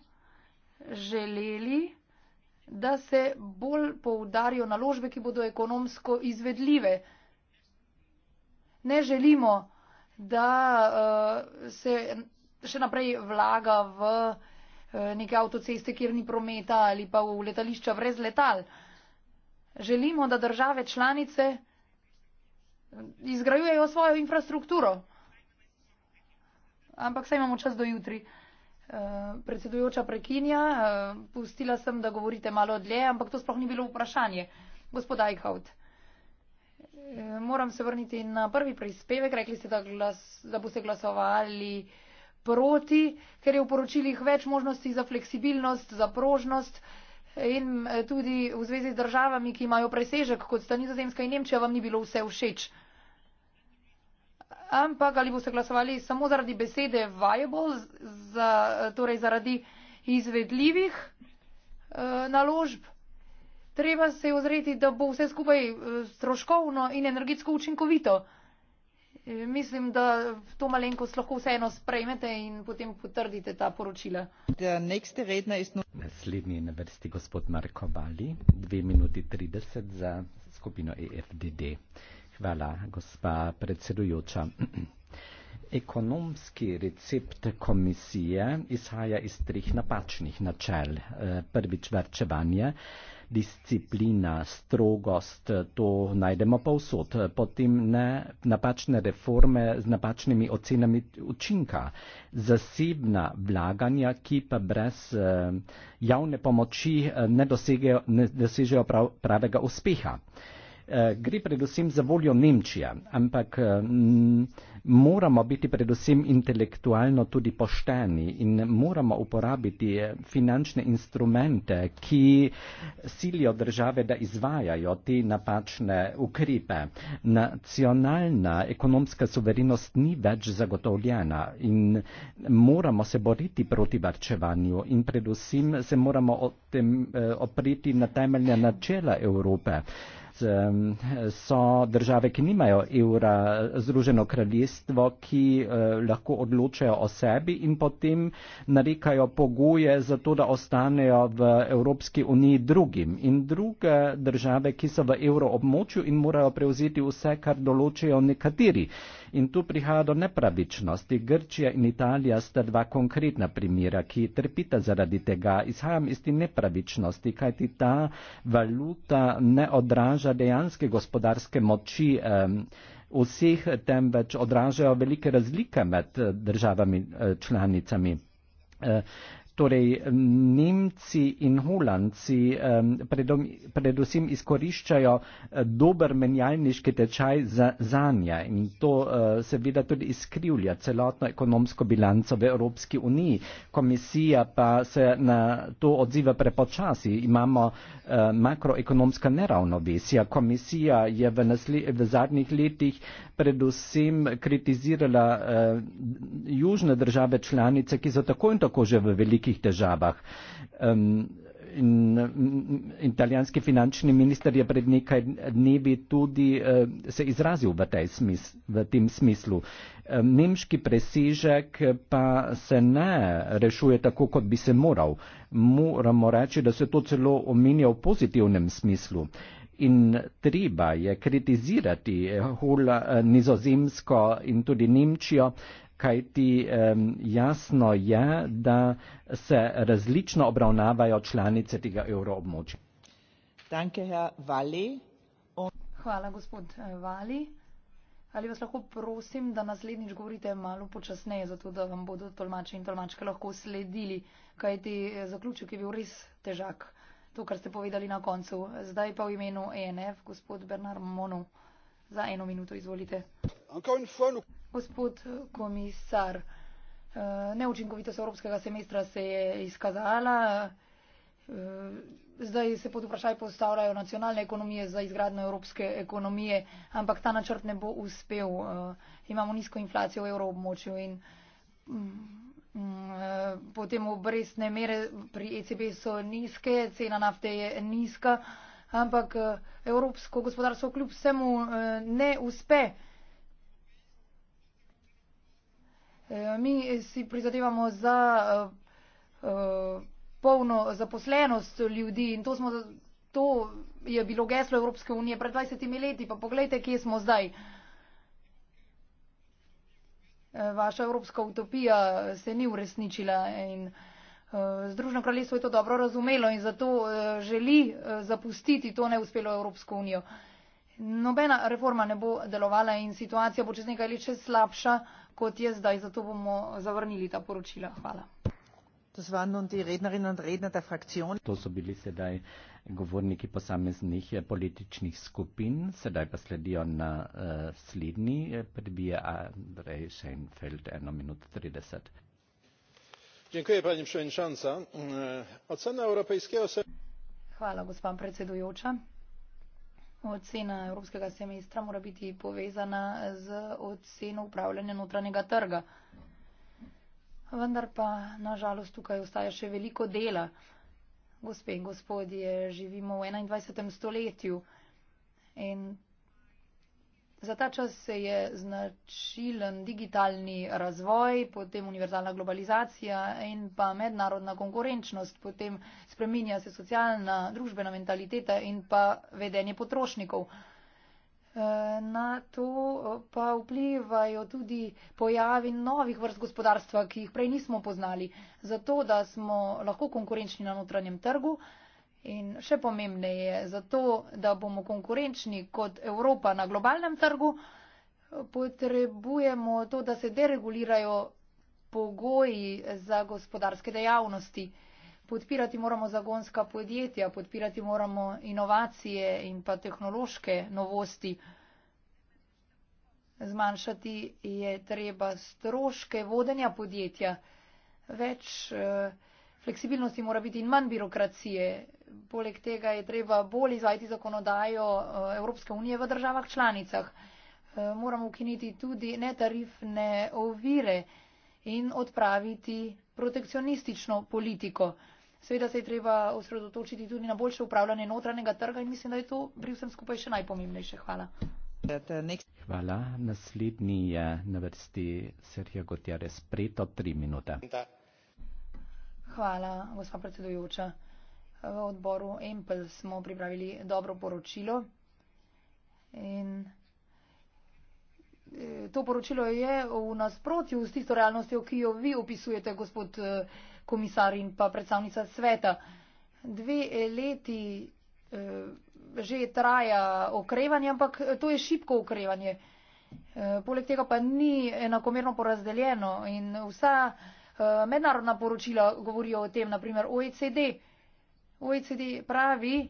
želeli, da se bolj poudarijo naložbe, ki bodo ekonomsko izvedljive. Ne želimo, da uh, se še naprej vlaga v uh, neke avtoceste, kjer ni prometa ali pa v letališča brez letal. Želimo, da države članice eh, izgrajujejo svojo infrastrukturo. Ampak saj imamo čas do jutri. Uh, predsedujoča prekinja, uh, pustila sem, da govorite malo dlje, ampak to sploh ni bilo vprašanje. Gospod Eichhout. Moram se vrniti na prvi prispevek. Rekli ste, da, glas, da boste glasovali proti, ker je v poročilih več možnosti za fleksibilnost, za prožnost in eh, tudi v zvezi z državami, ki imajo presežek, kot sta Nizozemska in Nemčija, vam ni bilo vse všeč. Ampak ali boste glasovali samo zaradi besede viable, za, torej zaradi izvedljivih eh, naložb treba se je ozreti, da bo vse skupaj eh, stroškovno in energetsko učinkovito. Eh, mislim, da to malenkost lahko vseeno sprejmete in potem potrdite ta poročila. Naslednji je na vrsti gospod Marko Bali, 2 minuti 30 za skupino EFDD. Hvala, gospa predsedujoča. Ekonomski recept komisije izhaja iz treh napačnih načel. Eh, prvič, varčevanje disciplina, strogost, to najdemo pa vsot. Potem ne, napačne reforme z napačnimi ocenami učinka, zasebna vlaganja, ki pa brez eh, javne pomoči eh, ne, dosegejo, ne dosežejo prav, pravega uspeha. Eh, gre predvsem za voljo Nemčija, ampak eh, moramo biti predvsem intelektualno tudi pošteni in moramo uporabiti eh, finančne instrumente, ki silijo države, da izvajajo te napačne ukrepe. Nacionalna ekonomska suverenost ni več zagotovljena in moramo se boriti proti varčevanju in predvsem se moramo opreti na temeljne načela Evrope so države, ki nimajo evra, Združeno kraljestvo, ki eh, lahko odločajo o sebi in potem narekajo pogoje za to, da ostanejo v Evropski uniji drugim. In druge države, ki so v evroobmočju in morajo prevzeti vse, kar določajo nekateri. In tu prihaja do nepravičnosti. Grčija in Italija sta dva konkretna primera, ki trpita zaradi tega. Izhajam iz te nepravičnosti, kaj ti ta valuta ne odraža dejanske gospodarske moči. Um, vseh temveč odražajo velike razlike med eh, državami eh, članicami. Uh, Torej, Nemci in Holandci um, predom, predvsem izkoriščajo eh, dober menjalniški tečaj za zanje in to uh, seveda tudi izkrivlja celotno ekonomsko bilanco v Evropski uniji. Komisija pa se na to odziva prepočasi. Imamo uh, makroekonomska neravnovesja. Komisija je v, nasli, v zadnjih letih predvsem kritizirala uh, južne države članice, ki so tako in tako že v veliki velikih težavah. Um, In, italijanski finančni minister je pred nekaj dnevi tudi eh, se izrazil v, smis, v tem smislu. Eh, nemški presežek pa se ne rešuje tako, kot bi se moral. Moramo reči, da se to celo omenja v pozitivnem smislu. In treba je kritizirati eh, hula, eh, nizozemsko in tudi Nemčijo, kaj ti um, jasno je, da se različno obravnavajo članice tega evroobmočja. Hvala, gospod eh, Vali. Ali vas lahko prosim, da naslednjič govorite malo počasneje, zato da vam bodo tolmači in tolmačke lahko sledili, kaj ti eh, zaključek je bil res težak, to, kar ste povedali na koncu. Zdaj pa v imenu ENF, gospod Bernard Monu, za eno minuto izvolite. Gospod komisar, eh, neučinkovitost evropskega semestra se je izkazala. Eh, zdaj se pod vprašaj postavljajo nacionalne ekonomije za izgradno evropske ekonomije, ampak ta načrt ne bo uspel. Eh, imamo nizko inflacijo v evroobmočju in mm, mm, potem obrestne mere pri ECB so nizke, cena nafte je nizka, ampak evropsko gospodarstvo kljub vsemu ne uspe. Eh, mi si prizadevamo za uh, polno zaposlenost ljudi in to, smo, to je bilo geslo Evropske unije pred 20 leti, pa pogledajte, kje smo zdaj. Vaša evropska utopija se ni uresničila in uh, Združeno kraljestvo je to dobro razumelo in zato uh, želi uh, zapustiti to neuspelo Evropsko unijo. Nobena reforma ne bo delovala in situacija bo čez nekaj let še slabša. Uh, kot je zdaj. Zato bomo zavrnili ta poročila. Hvala. To so bili sedaj govorniki posameznih eh, političnih skupin, sedaj pa sledijo na uh, slednji, eh, predbija Andrej Scheinfeld 1 minuto 30. Dziękuję pani przewodnicząca. Ocena europejskiego. Hvala, gospod predsedujoča. Ocena evropskega semestra mora biti povezana z oceno upravljanja notranjega trga. Vendar pa, nažalost, tukaj ostaja še veliko dela. Gospe in gospodje, živimo v 21. stoletju in Za ta čas se je značilen digitalni razvoj, potem univerzalna globalizacija in pa mednarodna konkurenčnost, potem spreminja se socialna, družbena mentaliteta in pa vedenje potrošnikov. E, na to pa vplivajo tudi pojavi novih vrst gospodarstva, ki jih prej nismo poznali, zato da smo lahko konkurenčni na notranjem trgu. In še pomembneje je zato, da bomo konkurenčni kot Evropa na globalnem trgu, potrebujemo to, da se deregulirajo pogoji za gospodarske dejavnosti. Podpirati moramo zagonska podjetja, podpirati moramo inovacije in pa tehnološke novosti. Zmanjšati je treba stroške vodenja podjetja. Več eh, fleksibilnosti mora biti in manj birokracije poleg tega je treba bolj izvajati zakonodajo eh, Evropske unije v državah članicah. Eh, moramo ukiniti tudi netarifne ovire in odpraviti protekcionistično politiko. Seveda se je treba osredotočiti tudi na boljše upravljanje notranjega trga in mislim, da je to pri vsem skupaj še najpomembnejše. Hvala. Hvala. Naslednji je na vrsti Serhija Gotjarez. Preto tri minute. Hvala, gospa predsedujoča v odboru EMPL smo pripravili dobro poročilo. In eh, to poročilo je v nasprotju s tisto realnostjo, ki jo vi opisujete, gospod eh, komisar in pa predstavnica sveta. Dve eh, leti že traja okrevanje, ampak to je šipko okrevanje. Poleg tega pa ni enakomerno porazdeljeno in vsa mednarodna poročila govorijo o tem, naprimer OECD. OECD pravi,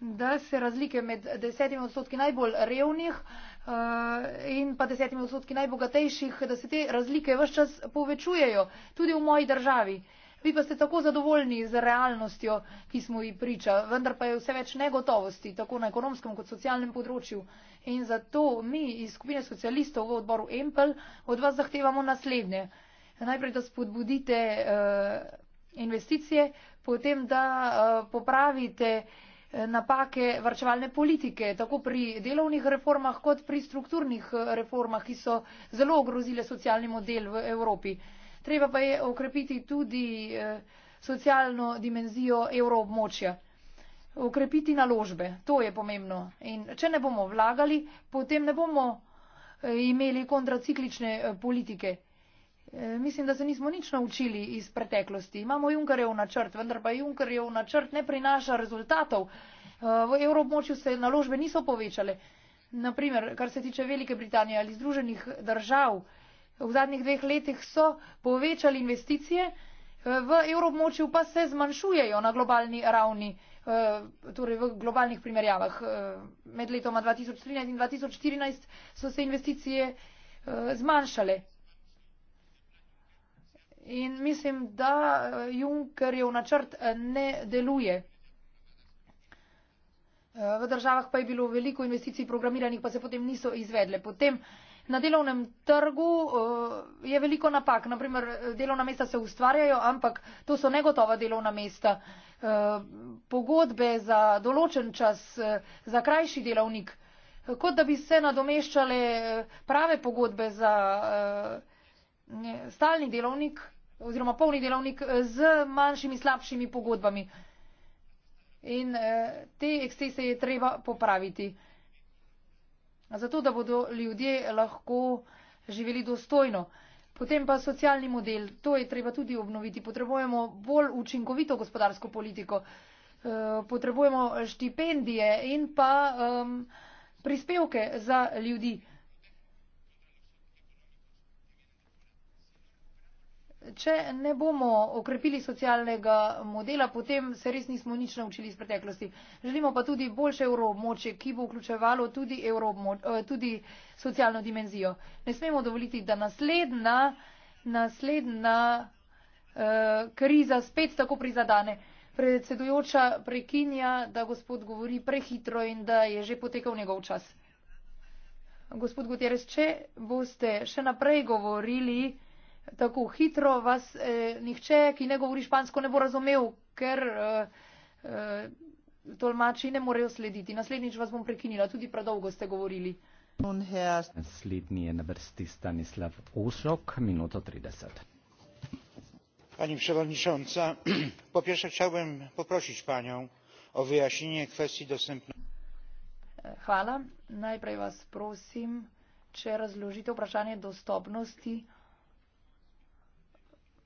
da se razlike med desetimi odstotki najbolj revnih eh, in pa desetimi odstotki najbogatejših, da se te razlike vse čas povečujejo, tudi v moji državi. Vi pa ste tako zadovoljni z realnostjo, ki smo ji priča, vendar pa je vse več negotovosti, tako na ekonomskem kot socialnem področju. In zato mi iz skupine socialistov v odboru EMPL od vas zahtevamo naslednje. Najprej, da spodbudite eh, investicije, potem da eh, popravite eh, napake varčevalne politike, tako pri delovnih reformah kot pri strukturnih eh, reformah, ki so zelo ogrozile socialni model v Evropi. Treba pa je okrepiti tudi socialno dimenzijo evroobmočja. Okrepiti naložbe, to je pomembno. In če ne bomo vlagali, potem ne bomo imeli kontraciklične politike. Eh, mislim, da se nismo nič naučili iz preteklosti. Imamo Junkerjev načrt, vendar pa Junkerjev načrt ne prinaša rezultatov. Eh, v evroobmočju se naložbe niso povečale. Naprimer, kar se tiče Velike Britanije ali Združenih držav, v zadnjih dveh letih so povečali investicije, eh, v evroobmočju pa se zmanjšujejo na globalni ravni, torej v globalnih primerjavah. Med letoma 2013 in 2014 so se investicije zmanjšale. In mislim, da eh, Junkerjev načrt eh, ne deluje. Eh, v državah pa je bilo veliko investicij programiranih, pa se potem niso izvedle. Potem na delovnem trgu je veliko napak. Naprimer, delovna mesta se ustvarjajo, ampak to so negotova delovna mesta. Pogodbe za določen čas, za krajši delovnik, kot da bi se nadomeščale prave pogodbe za stalni delovnik oziroma polni delovnik eh, z manjšimi, slabšimi pogodbami. In eh, te ekscese je treba popraviti. Zato, da bodo ljudje lahko živeli dostojno. Potem pa socialni model, to je treba tudi obnoviti. Potrebujemo bolj učinkovito gospodarsko politiko, eh, potrebujemo štipendije in pa um, prispevke za ljudi. Če ne bomo okrepili socialnega modela, potem se res nismo nič naučili iz preteklosti. Želimo pa tudi boljše evroobmočje, ki bo vključevalo tudi, eh, tudi socialno dimenzijo. Ne smemo dovoliti, da naslednja, naslednja eh, kriza spet tako prizadane. Predsedujoča prekinja, da gospod govori prehitro in da je že potekal njegov čas. Gospod Gutierrez, če boste še naprej govorili, tako hitro vas eh, nihče, ki ne govori špansko, ne bo razumel, ker eh, eh, tolmači ne morejo slediti. Naslednjič vas bom prekinila, tudi predolgo ste govorili. Naslednji je na vrsti Stanislav Usok, minuto 30. Pani Przewodnicząca, po pierwsze chciałbym poprosić Panią o wyjaśnienie kwestii dostępności. E, hvala. Najprej vas prosim, če razložite vprašanje dostopnosti.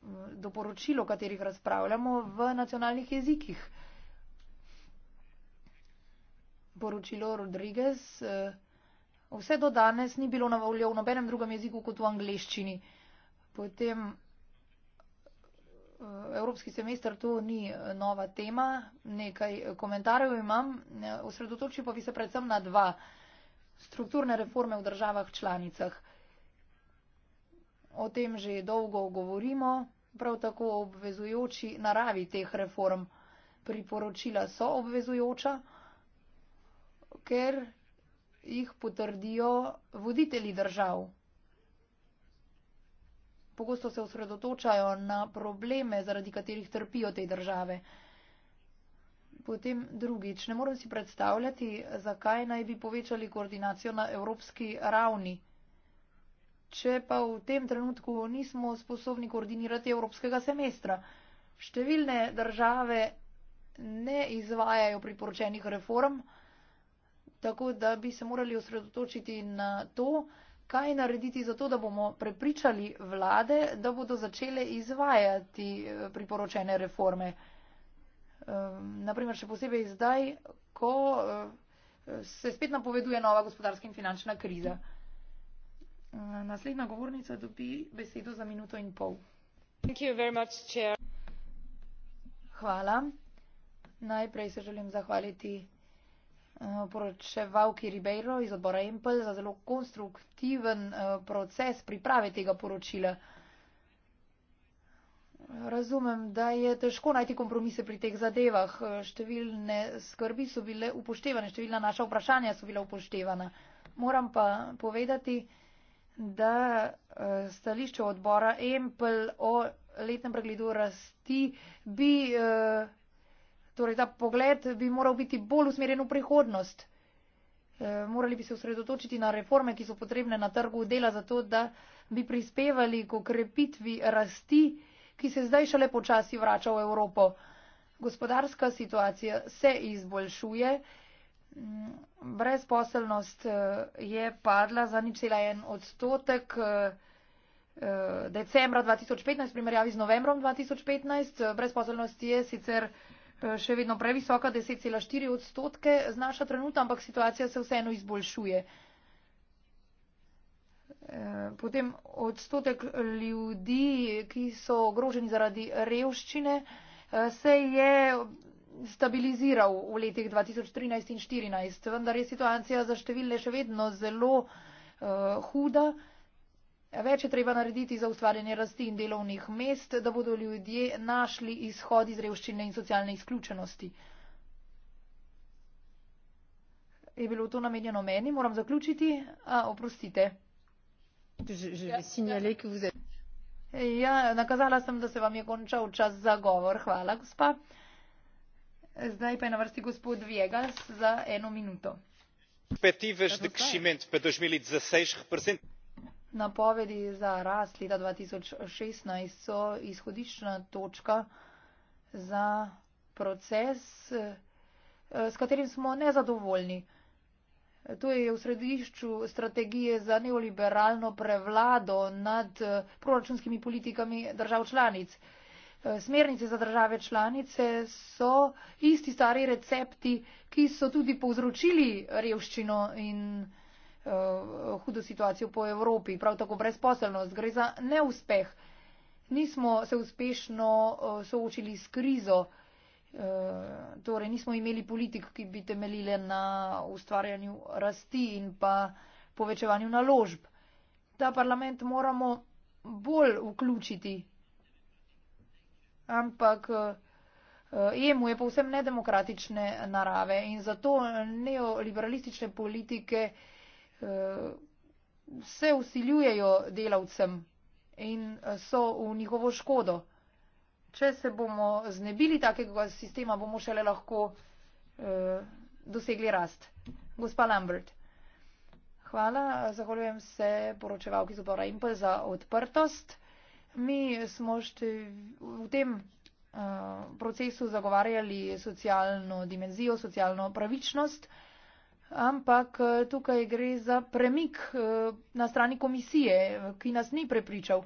Eh, doporočilo, o katerih razpravljamo v nacionalnih jezikih. Poročilo Rodriguez eh, vse do danes ni bilo na voljo v nobenem drugem jeziku kot v angleščini. Potem eh, evropski semester to ni nova tema, nekaj komentarjev imam, osredotočil pa bi se predvsem na dva strukturne reforme v državah članicah o tem že dolgo govorimo, prav tako obvezujoči naravi teh reform. Priporočila so obvezujoča, ker jih potrdijo voditelji držav. Pogosto se osredotočajo na probleme, zaradi katerih trpijo te države. Potem drugič, ne morem si predstavljati, zakaj naj bi povečali koordinacijo na evropski ravni. Če pa v tem trenutku nismo sposobni koordinirati evropskega semestra, številne države ne izvajajo priporočenih reform, tako da bi se morali osredotočiti na to, kaj narediti za to, da bomo prepričali vlade, da bodo začele izvajati eh, priporočene reforme. Ehm, Naprimer, še posebej zdaj, ko eh, se spet napoveduje nova gospodarska in finančna kriza. Eh, naslednja govornica dobi besedo za minuto in pol. Much, Hvala. Najprej se želim zahvaliti eh, poročevalki Ribeiro iz odbora Empel za zelo konstruktiven eh, proces priprave tega poročila. Razumem, da je težko najti kompromise pri teh zadevah. Številne skrbi so bile upoštevane, številna naša vprašanja so bila upoštevana. Moram pa povedati, da da eh, stališče odbora EMPL o letnem pregledu rasti bi, eh, torej ta pogled bi moral biti bolj usmerjen v prihodnost. Eh, morali bi se usredotočiti na reforme, ki so potrebne na trgu dela, zato da bi prispevali k okrepitvi rasti, ki se zdaj šele počasi vrača v Evropo. Gospodarska situacija se izboljšuje, Brezposelnost eh, je padla za ničela en odstotek eh, eh, decembra 2015 v primerjavi z novembrom 2015. Brezposelnost je sicer še vedno previsoka, 10,4 odstotke znaša trenutno, ampak situacija se vseeno izboljšuje. Potem odstotek ljudi, ki so ogroženi zaradi revščine, se je stabiliziral v letih 2013 in 2014, vendar je situacija za številne še vedno zelo uh, huda. Več je treba narediti za ustvarjanje rasti in delovnih mest, da bodo ljudje našli izhod iz revščine in socialne izključenosti. Je bilo to namenjeno meni? Moram zaključiti. A, oprostite. Ja, ja. ja, nakazala sem, da se vam je končal čas za govor. Hvala, gospa. Zdaj pa je na vrsti gospod Viegas za eno minuto. Perspektivež ja, de crescimento para 2016 e representa. Napovedi za rast leta 2016 so izhodiščna točka za proces, eh, s katerim smo nezadovoljni. To je v središču strategije za neoliberalno prevlado nad eh, proračunskimi politikami držav članic. Eh, smernice za države članice so isti stari recepti, ki so tudi povzročili revščino in uh, hudo situacijo po Evropi, prav tako brezposelnost. Gre za neuspeh. Nismo se uspešno uh, soočili s krizo, uh, torej nismo imeli politik, ki bi temeljile na ustvarjanju rasti in pa povečevanju naložb. Ta parlament moramo bolj vključiti ampak EMU eh, e je povsem nedemokratične narave in zato neoliberalistične politike eh, se usiljujejo delavcem in eh, so v njihovo škodo. Če se bomo znebili takega sistema, bomo šele lahko dosegli rast. Gospa Lambert. Hvala, zahvaljujem se poročevalki z obora in pa za odprtost. Mi smo v tem uh, procesu zagovarjali socialno dimenzijo, socialno pravičnost, ampak eh, tukaj gre za premik uh, na strani komisije, ki nas ni prepričal.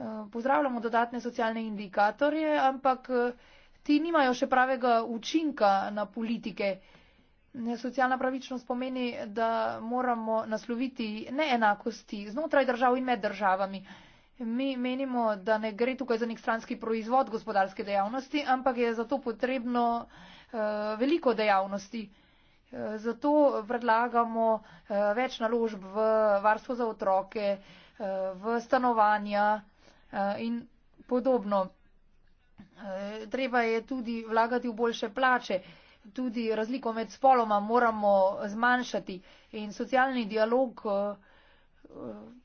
Uh, pozdravljamo dodatne socialne indikatorje, ampak uh, ti nimajo še pravega učinka na politike. Socialna pravičnost pomeni, da moramo nasloviti neenakosti znotraj držav in med državami. Uh, Mi menimo, da ne gre tukaj za nek stranski proizvod gospodarske dejavnosti, ampak je za to potrebno uh, veliko dejavnosti. Uh, zato predlagamo uh, več naložb v varstvo za otroke, uh, v stanovanja uh, in podobno. Uh, treba je tudi vlagati v boljše plače. Tudi razliko med spoloma moramo zmanjšati in socialni dialog. Uh, uh,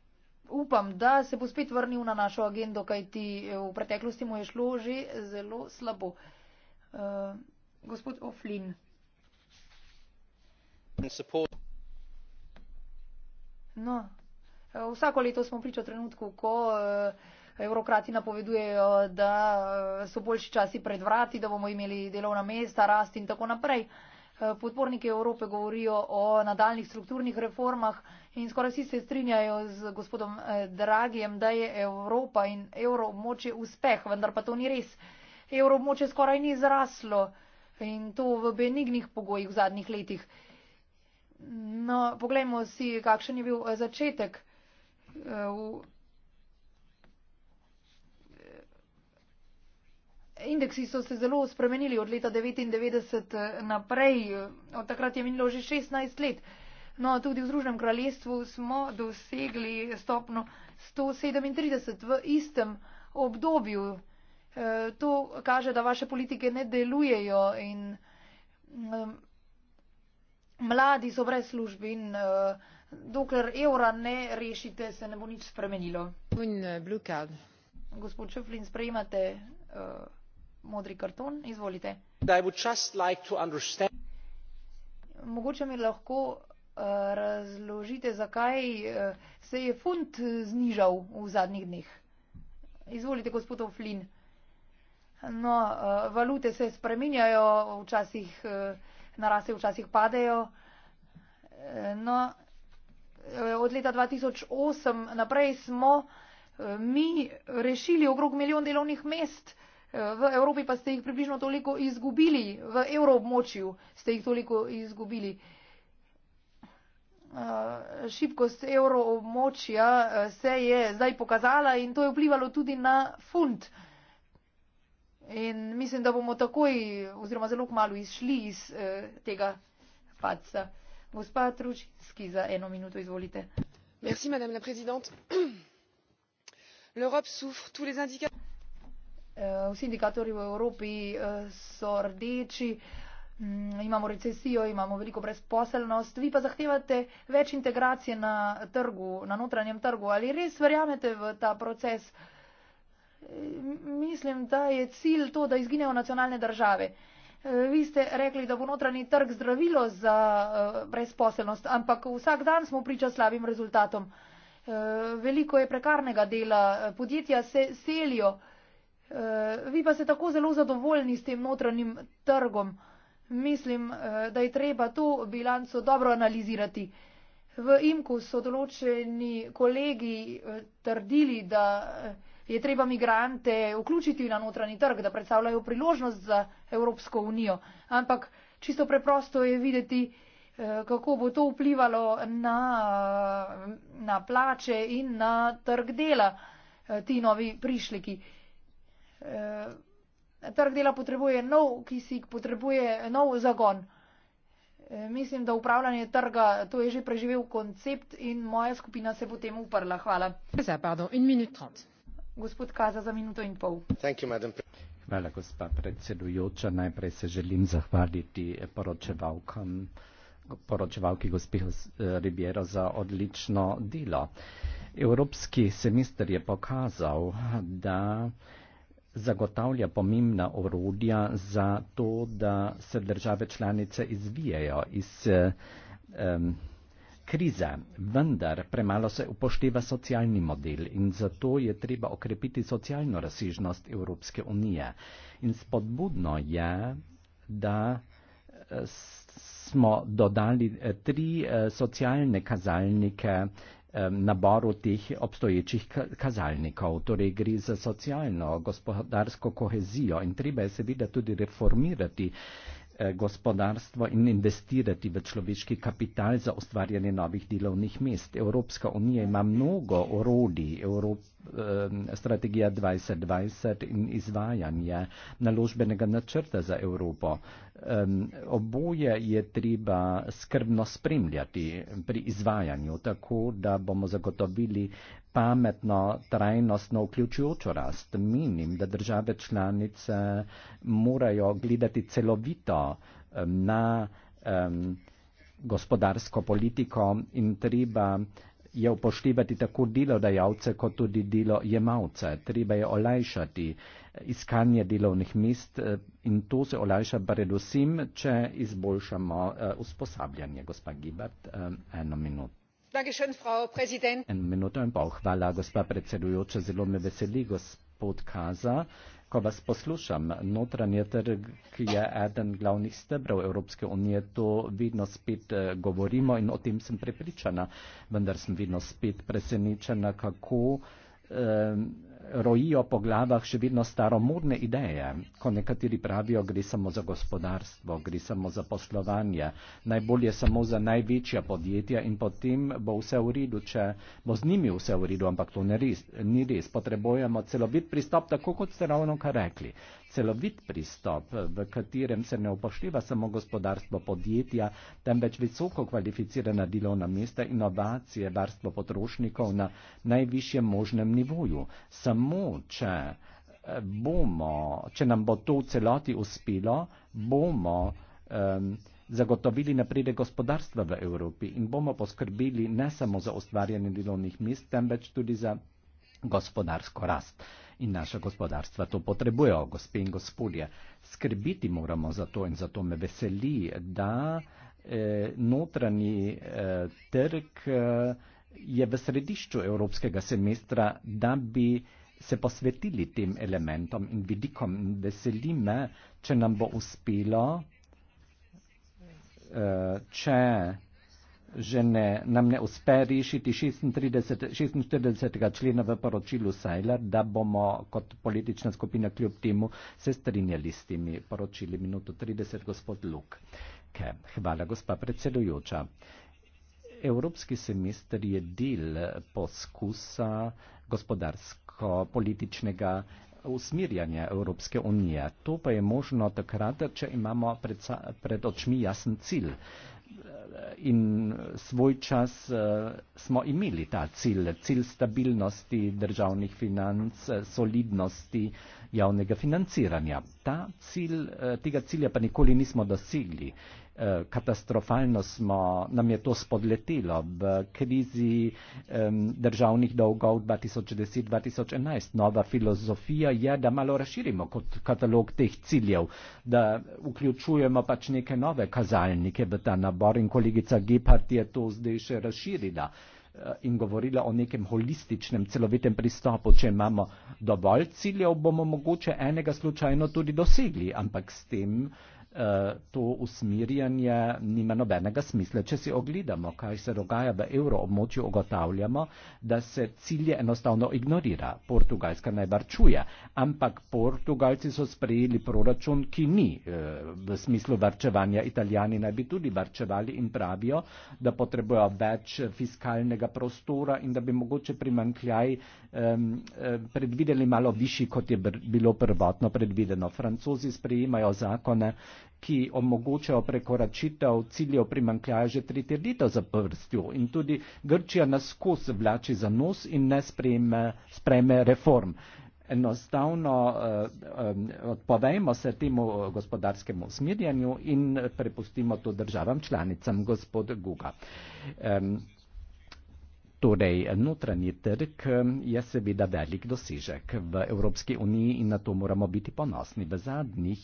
upam, da se bo spet vrnil na našo agendo, kajti eh, v preteklosti mu je šlo že zelo slabo. Uh, gospod Oflin. No, eh, vsako leto smo priča trenutku, ko evrokrati napovedujejo, da so boljši časi pred vrati, da bomo imeli delovna mesta, rast in tako naprej. Uh, podporniki Evrope govorijo o nadaljnih strukturnih reformah in skoraj vsi se strinjajo z gospodom eh, Dragijem, da je Evropa in evroobmoče uspeh, vendar pa to ni res. Evroobmoče skoraj ni zraslo in to v benignih pogojih v zadnjih letih. No, poglejmo si, kakšen je bil eh, začetek. Eh, Indeksi so se zelo spremenili od leta 1999 eh, naprej, od takrat je minilo že 16 let. No, tudi v Združenem kraljestvu smo dosegli stopno 137 v istem obdobju. Eh, to kaže, da vaše politike ne delujejo in eh, mladi so brez službi in dokler evra ne rešite, se ne bo nič spremenilo. Gospod Šeflin, sprejmate. Uh, modri karton. Izvolite. Mogoče mi lahko eh, razložite, zakaj eh, se je funt eh, znižal v zadnjih dneh. Izvolite, gospod Oflin. No, valute se spreminjajo, včasih narase, včasih padejo. No, od leta 2008 naprej smo mi rešili okrog milijon delovnih mest. Eh, v Evropi pa ste jih približno toliko izgubili, v evroobmočju ste jih toliko izgubili. Eh, šibkost evroobmočja eh, se je zdaj pokazala in to je vplivalo tudi na funt. In mislim, da bomo takoj oziroma zelo kmalo izšli iz eh, tega padca. Gospa Tručinski, za eno minuto izvolite. Merci, madame la prezidente. L'Europe souffre tous les indicateurs. Eh, vsi indikatori v Evropi eh, so rdeči, mm, imamo recesijo, imamo veliko brezposelnost, vi pa zahtevate več integracije na trgu, na notranjem trgu. Ali res verjamete v ta proces? Eh, mislim, da je cilj to, da izginejo nacionalne države. Vi ste rekli, da bo notranji trg zdravilo za brezposelnost, ampak vsak dan smo priča slabim rezultatom. Veliko je prekarnega dela, podjetja se selijo. Eh, vi pa ste tako zelo zadovoljni s tem notranjim trgom. Mislim, eh, da je treba to bilanco dobro analizirati. V Imku so določeni kolegi eh, trdili, da je treba migrante vključiti na notranji trg, da predstavljajo priložnost za Evropsko unijo. Ampak čisto preprosto je videti, kako bo to vplivalo na, na plače in na trg dela ti novi prišliki. Eh, trg dela potrebuje nov kisik, potrebuje nov zagon. Eh, mislim, da upravljanje trga, to je že preživel koncept in moja skupina se bo temu uprla. Hvala. Gospod Kaza za minuto in pol. Hvala, gospa predsedujoča. Najprej se želim zahvaliti poročevalkam, poročevalki gospi eh, Ribiero za odlično delo. Evropski semester je pokazal, da zagotavlja pomembna orodja za to, da se države članice izvijajo iz um, krize, vendar premalo se upošteva socialni model in zato je treba okrepiti socialno razsežnost Evropske unije. In spodbudno je, da eh, smo dodali eh, tri eh, socialne kazalnike naboru teh obstoječih kazalnikov. Torej gre za socialno, gospodarsko kohezijo in treba je seveda tudi reformirati Eh, gospodarstvo in investirati v človeški kapital za ustvarjanje novih delovnih mest. Evropska unija ima mnogo orodij, Evrop, strategija 2020 in izvajanje naložbenega načrta za Evropo. Oboje je treba skrbno spremljati pri izvajanju, tako da bomo zagotovili pametno, trajnostno vključujočo rast. Menim, da države članice morajo gledati celovito na um, gospodarsko politiko in treba je upoštevati tako delodajalce, kot tudi delojemalce. Treba je olajšati eh, iskanje delovnih mest eh, in to se olajša predvsem, če izboljšamo eh, usposabljanje. Gospa Gibert, eno minuto. En minuto in pol. Hvala, gospa predsedujoča. Zelo me veseli, gospod Kaza. Ko vas poslušam, notranje trg, ki je eden glavnih stebrov Evropske unije, to vidno spet eh, govorimo in o tem sem prepričana, vendar sem vidno spet presenečena, kako. Eh, rojijo po glavah še vedno staromodne ideje, ko nekateri pravijo, gre samo za gospodarstvo, gre samo za poslovanje, najbolje samo za največja podjetja in potem bo vse v redu, če bo z njimi vse v redu, ampak to ni res. Potrebujemo celobit pristop, tako kot ste ravno kar rekli celovit pristop, v katerem se ne upošteva samo gospodarstvo podjetja, temveč visoko kvalificirana delovna mesta, inovacije, varstvo potrošnikov na najvišjem možnem nivoju. Samo, če, eh, bomo, če nam bo to v celoti uspelo, bomo um, zagotovili napredek gospodarstva v Evropi in bomo poskrbeli ne samo za ustvarjanje delovnih mest, temveč tudi za gospodarsko rast in naša gospodarstva to potrebujejo, gospe in gospodje. Skrbiti moramo za to in zato me veseli, da eh, notranji eh, trg eh, je v središču evropskega semestra, da bi se posvetili tem elementom in vidikom. Veseli me, če nam bo uspelo, eh, če že ne, nam ne uspe rešiti 36, 46. člena v poročilu Sajler, da bomo kot politična skupina kljub temu se strinjali s temi poročili. Minuto 30, gospod Luk. Ke, hvala, gospa predsedujoča. Evropski semester je del poskusa gospodarsko-političnega usmirjanja Evropske unije. To pa je možno takrat, če imamo pred, pred očmi jasen cilj. Eh, in svoj čas eh, smo imeli ta cilj, cilj stabilnosti državnih financ, eh, solidnosti javnega financiranja. Ta cilj, tega cilja pa nikoli nismo dosegli Eh, katastrofalno smo, nam je to spodletelo v krizi um, državnih dolgov 2010-2011. Nova filozofija je, da malo razširimo kot katalog teh ciljev, da vključujemo pač neke nove kazalnike v ta nabor in kolegica Gepard je to zdaj še razširila eh, in govorila o nekem holističnem, celovitem pristopu. Če imamo dovolj ciljev, bomo mogoče enega slučajno tudi dosegli, ampak s tem uh, Eh, to usmirjanje nima nobenega smisla. Če si ogledamo, kaj se dogaja v evroobmočju, ugotavljamo, da se cilje enostavno ignorira. Portugalska naj varčuje, ampak Portugalci so sprejeli proračun, ki ni eh, v smislu varčevanja. Italijani naj bi tudi varčevali in pravijo, da potrebujo več fiskalnega prostora in da bi mogoče primankljaj um, predvideli malo višji, kot je bilo prvotno predvideno. Francozi sprejemajo zakone, ki omogočajo prekoračitev ciljev primankljaja že tretje leto za prstjo. In tudi Grčija nas skozi vlači za nos in ne sprejme, sprejme reform. Enostavno eh, eh, odpovejmo se temu eh, gospodarskemu usmirjanju in prepustimo to državam članicam, gospod Guga. Torej, notranji trg eh, je seveda velik dosežek v Evropski uniji in na to moramo biti ponosni. V zadnjih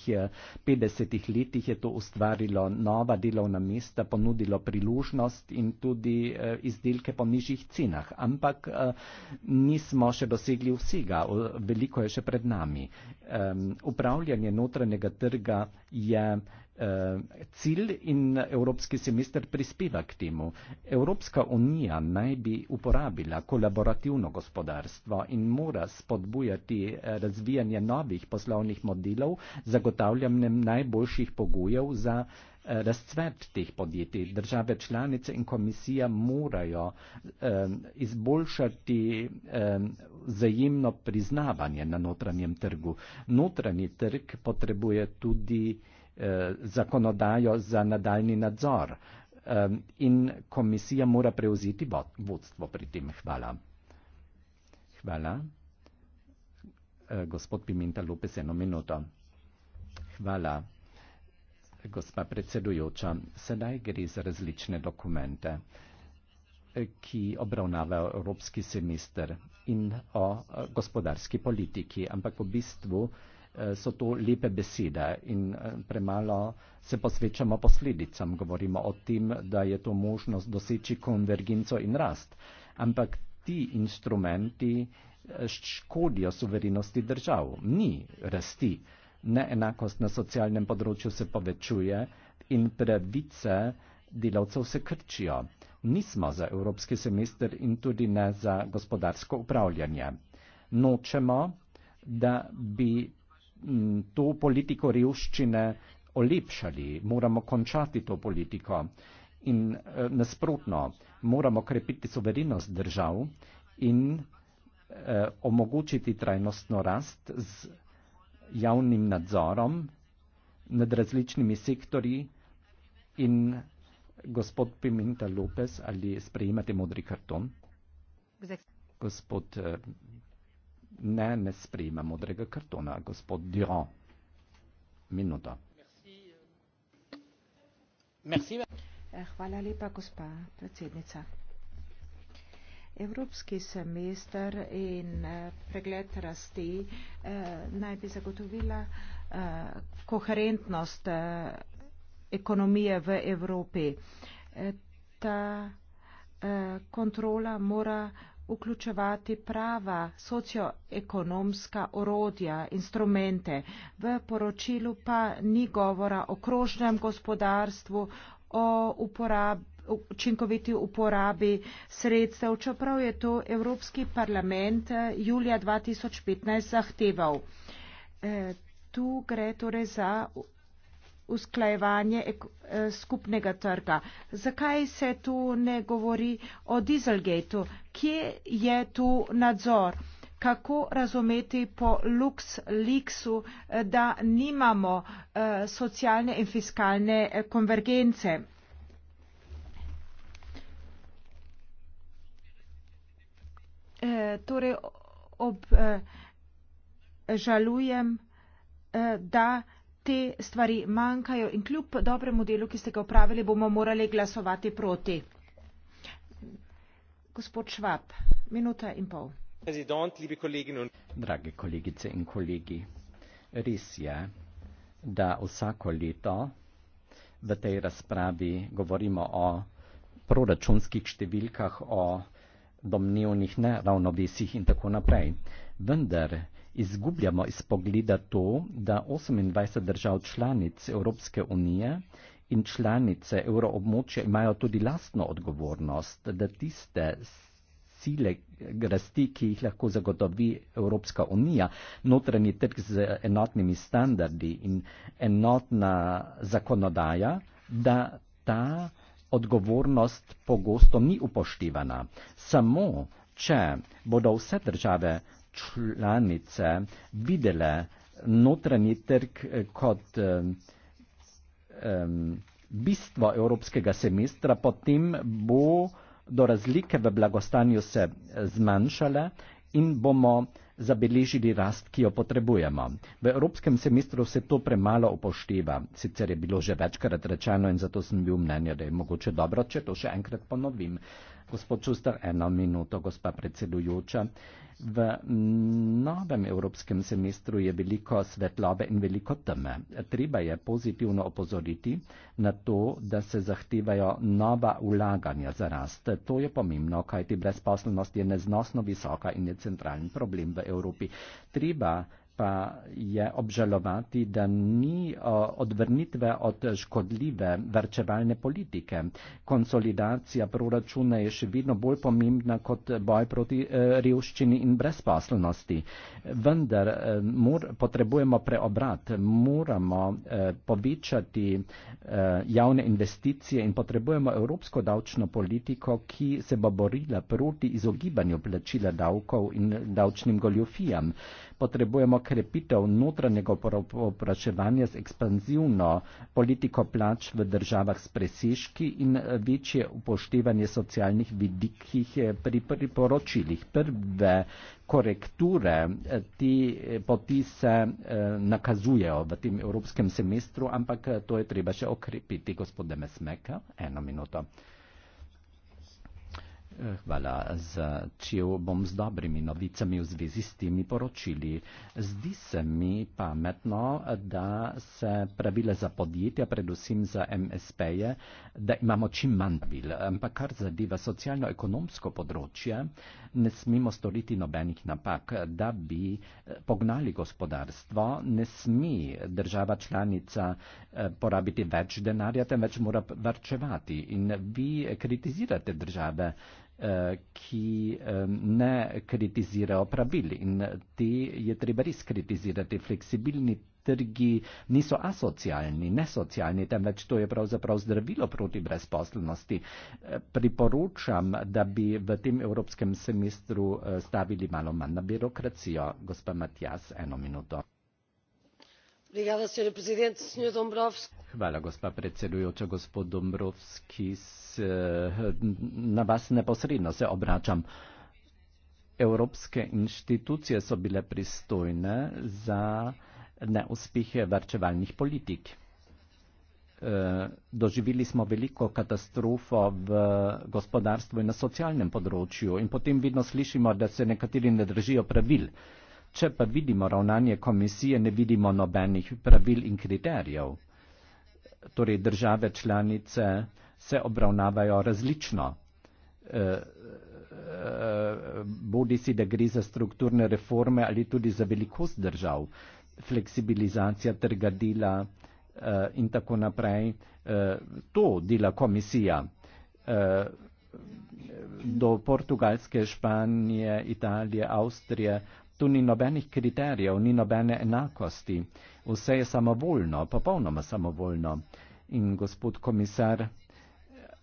50 eh, letih je to ustvarilo nova delovna mesta, ponudilo priložnost in tudi eh, izdelke po nižjih cenah. Ampak nismo še dosegli vsega, veliko je še pred nami. Upravljanje notranjega trga je Eh, cilj in evropski semester prispeva k temu. Evropska unija naj bi uporabila kolaborativno gospodarstvo in mora spodbujati eh, razvijanje novih poslovnih modelov, zagotavljanjem najboljših pogojev za eh, razcvet teh podjetij. Države članice in komisija morajo eh, izboljšati eh, zajemno priznavanje na notranjem trgu. Notranji trg potrebuje tudi eh, Eh, zakonodajo za nadaljni nadzor in komisija mora prevziti vodstvo pri tem. Hvala. Hvala. Eh, gospod Piminta Lopes, eno minuto. Hvala. Gospa predsedujoča, sedaj gre za različne dokumente, eh, ki obravnavajo Evropski semester in o gospodarski politiki, ampak v bistvu Eh, so to lepe besede in eh, premalo se posvečamo posledicam, govorimo o tem, da je to možnost doseči konvergenco in rast. Ampak ti instrumenti eh, škodijo suverenosti držav, ni rasti. Neenakost na socialnem področju se povečuje in pravice delavcev se krčijo. Nismo za evropski semester in tudi ne za gospodarsko upravljanje. Nočemo, da bi to politiko revščine olepšali, moramo končati to politiko in eh, nasprotno, moramo krepiti soverenost držav in eh, omogočiti trajnostno rast z javnim nadzorom nad različnimi sektori in gospod Pimenta Lopez, ali sprejemate modri karton? Gospod eh, ne, ne sprejme modrega kartona. Gospod Diron, minuta. Eh, hvala lepa, gospa predsednica. Evropski semester in eh, pregled rasti eh, naj bi zagotovila koherentnost ekonomije v Evropi. Ta kontrola mora vključevati prava socioekonomska orodja, instrumente. V poročilu pa ni govora o krožnem gospodarstvu, o uporab, učinkoviti uporabi sredstev, čeprav je to Evropski parlament eh, julija 2015 zahteval. E, tu gre torej za usklajevanje eh, skupnega trga. Zakaj se tu ne govori o Dieselgateu? Kje je tu nadzor? Kako razumeti po LuxLeaksu, eh, da nimamo eh, socialne in fiskalne konvergence? Torej, obžalujem, da te stvari manjkajo in kljub dobremu delu, ki ste ga upravili, bomo morali glasovati proti. Gospod Švab, minuta in pol. Dragi kolegice in kolegi, res je, da vsako leto v tej razpravi govorimo o proračunskih številkah, o domnevnih neravnovesih in tako naprej. Vendar izgubljamo iz pogleda to, da 28 držav članic Evropske unije in članice euroobmočja imajo tudi lastno odgovornost, da tiste sile rasti, ki jih lahko zagotovi Evropska unija, notranji trg z enotnimi standardi in enotna zakonodaja, da ta odgovornost pogosto ni upoštevana. Samo, če bodo vse države članice videle notranji trg eh, kot um, bistvo evropskega semestra, potem bo do razlike v blagostanju se eh, zmanjšala in bomo zabeležili rast, ki jo potrebujemo. V evropskem semestru se to premalo upošteva, sicer je bilo že večkrat rečeno in zato sem bil mnenja, da je mogoče dobro, če to še enkrat ponovim. Gospod Čuster, eno minuto, gospa predsedujoča. V novem evropskem semestru je veliko svetlobe in veliko teme. Treba je pozitivno opozoriti na to, da se zahtevajo nova ulaganja za rast. To je pomembno, kajti brezposlenost je neznosno visoka in je centralni problem v Evropi. Treba pa je obžalovati, da ni odvrnitve od škodljive varčevalne politike. Konsolidacija proračuna je še vedno bolj pomembna kot boj proti e, revščini in brezposlenosti. Vendar e, mor, potrebujemo preobrat, moramo e, povečati javne investicije in potrebujemo evropsko davčno politiko, ki se bo borila proti izogibanju plačila davkov in davčnim goljofijam potrebujemo krepitev notranjega opraševanja z ekspanzivno politiko plač v državah s presežki in eh, večje upoštevanje socialnih vidikih eh, pri priporočilih. Prve korekture eh, ti poti se nakazujejo v tem evropskem semestru, ampak to je treba še okrepiti, gospod Demesmeka. Eno minuto. Hvala. Začel bom z dobrimi novicami v zvezi s temi poročili. Zdi se mi pametno, da se pravile za podjetja, predvsem za MSP-je, da imamo čim manj pil. Ampak kar zadeva socialno-ekonomsko področje, ne smemo storiti nobenih napak. Da bi eh, pognali gospodarstvo, ne sme država članica eh, porabiti več denarja, temveč mora varčevati. In vi kritizirate države Eh, ki ne kritizirajo pravil in te je treba res kritizirati. Fleksibilni trgi niso asocialni, nesocialni, temveč to je pravzaprav zdravilo proti brezposlenosti. Eh, priporočam, da bi v tem evropskem semestru eh, stavili malo manj na birokracijo. Gospa Matjas, eno minuto. Hvala, gospa predsedujoča, gospod Dombrovski. Na vas neposredno se obračam. Evropske inštitucije so bile pristojne za neuspehe varčevalnih politik. E, doživeli smo veliko katastrofo v gospodarstvu in na socialnem področju in potem vedno slišimo, da se nekateri ne držijo pravil. Če pa vidimo ravnanje komisije, ne vidimo nobenih pravil in kriterijev. Torej države članice se obravnavajo različno. Eh, eh, bodi si, da gre za strukturne reforme ali tudi za velikost držav, fleksibilizacija trga dela eh, in tako naprej. To dela komisija. Do Portugalske, Španije, Italije, Avstrije Tu ni nobenih kriterijev, ni nobene enakosti. Vse je samovoljno, popolnoma samovoljno. In gospod komisar,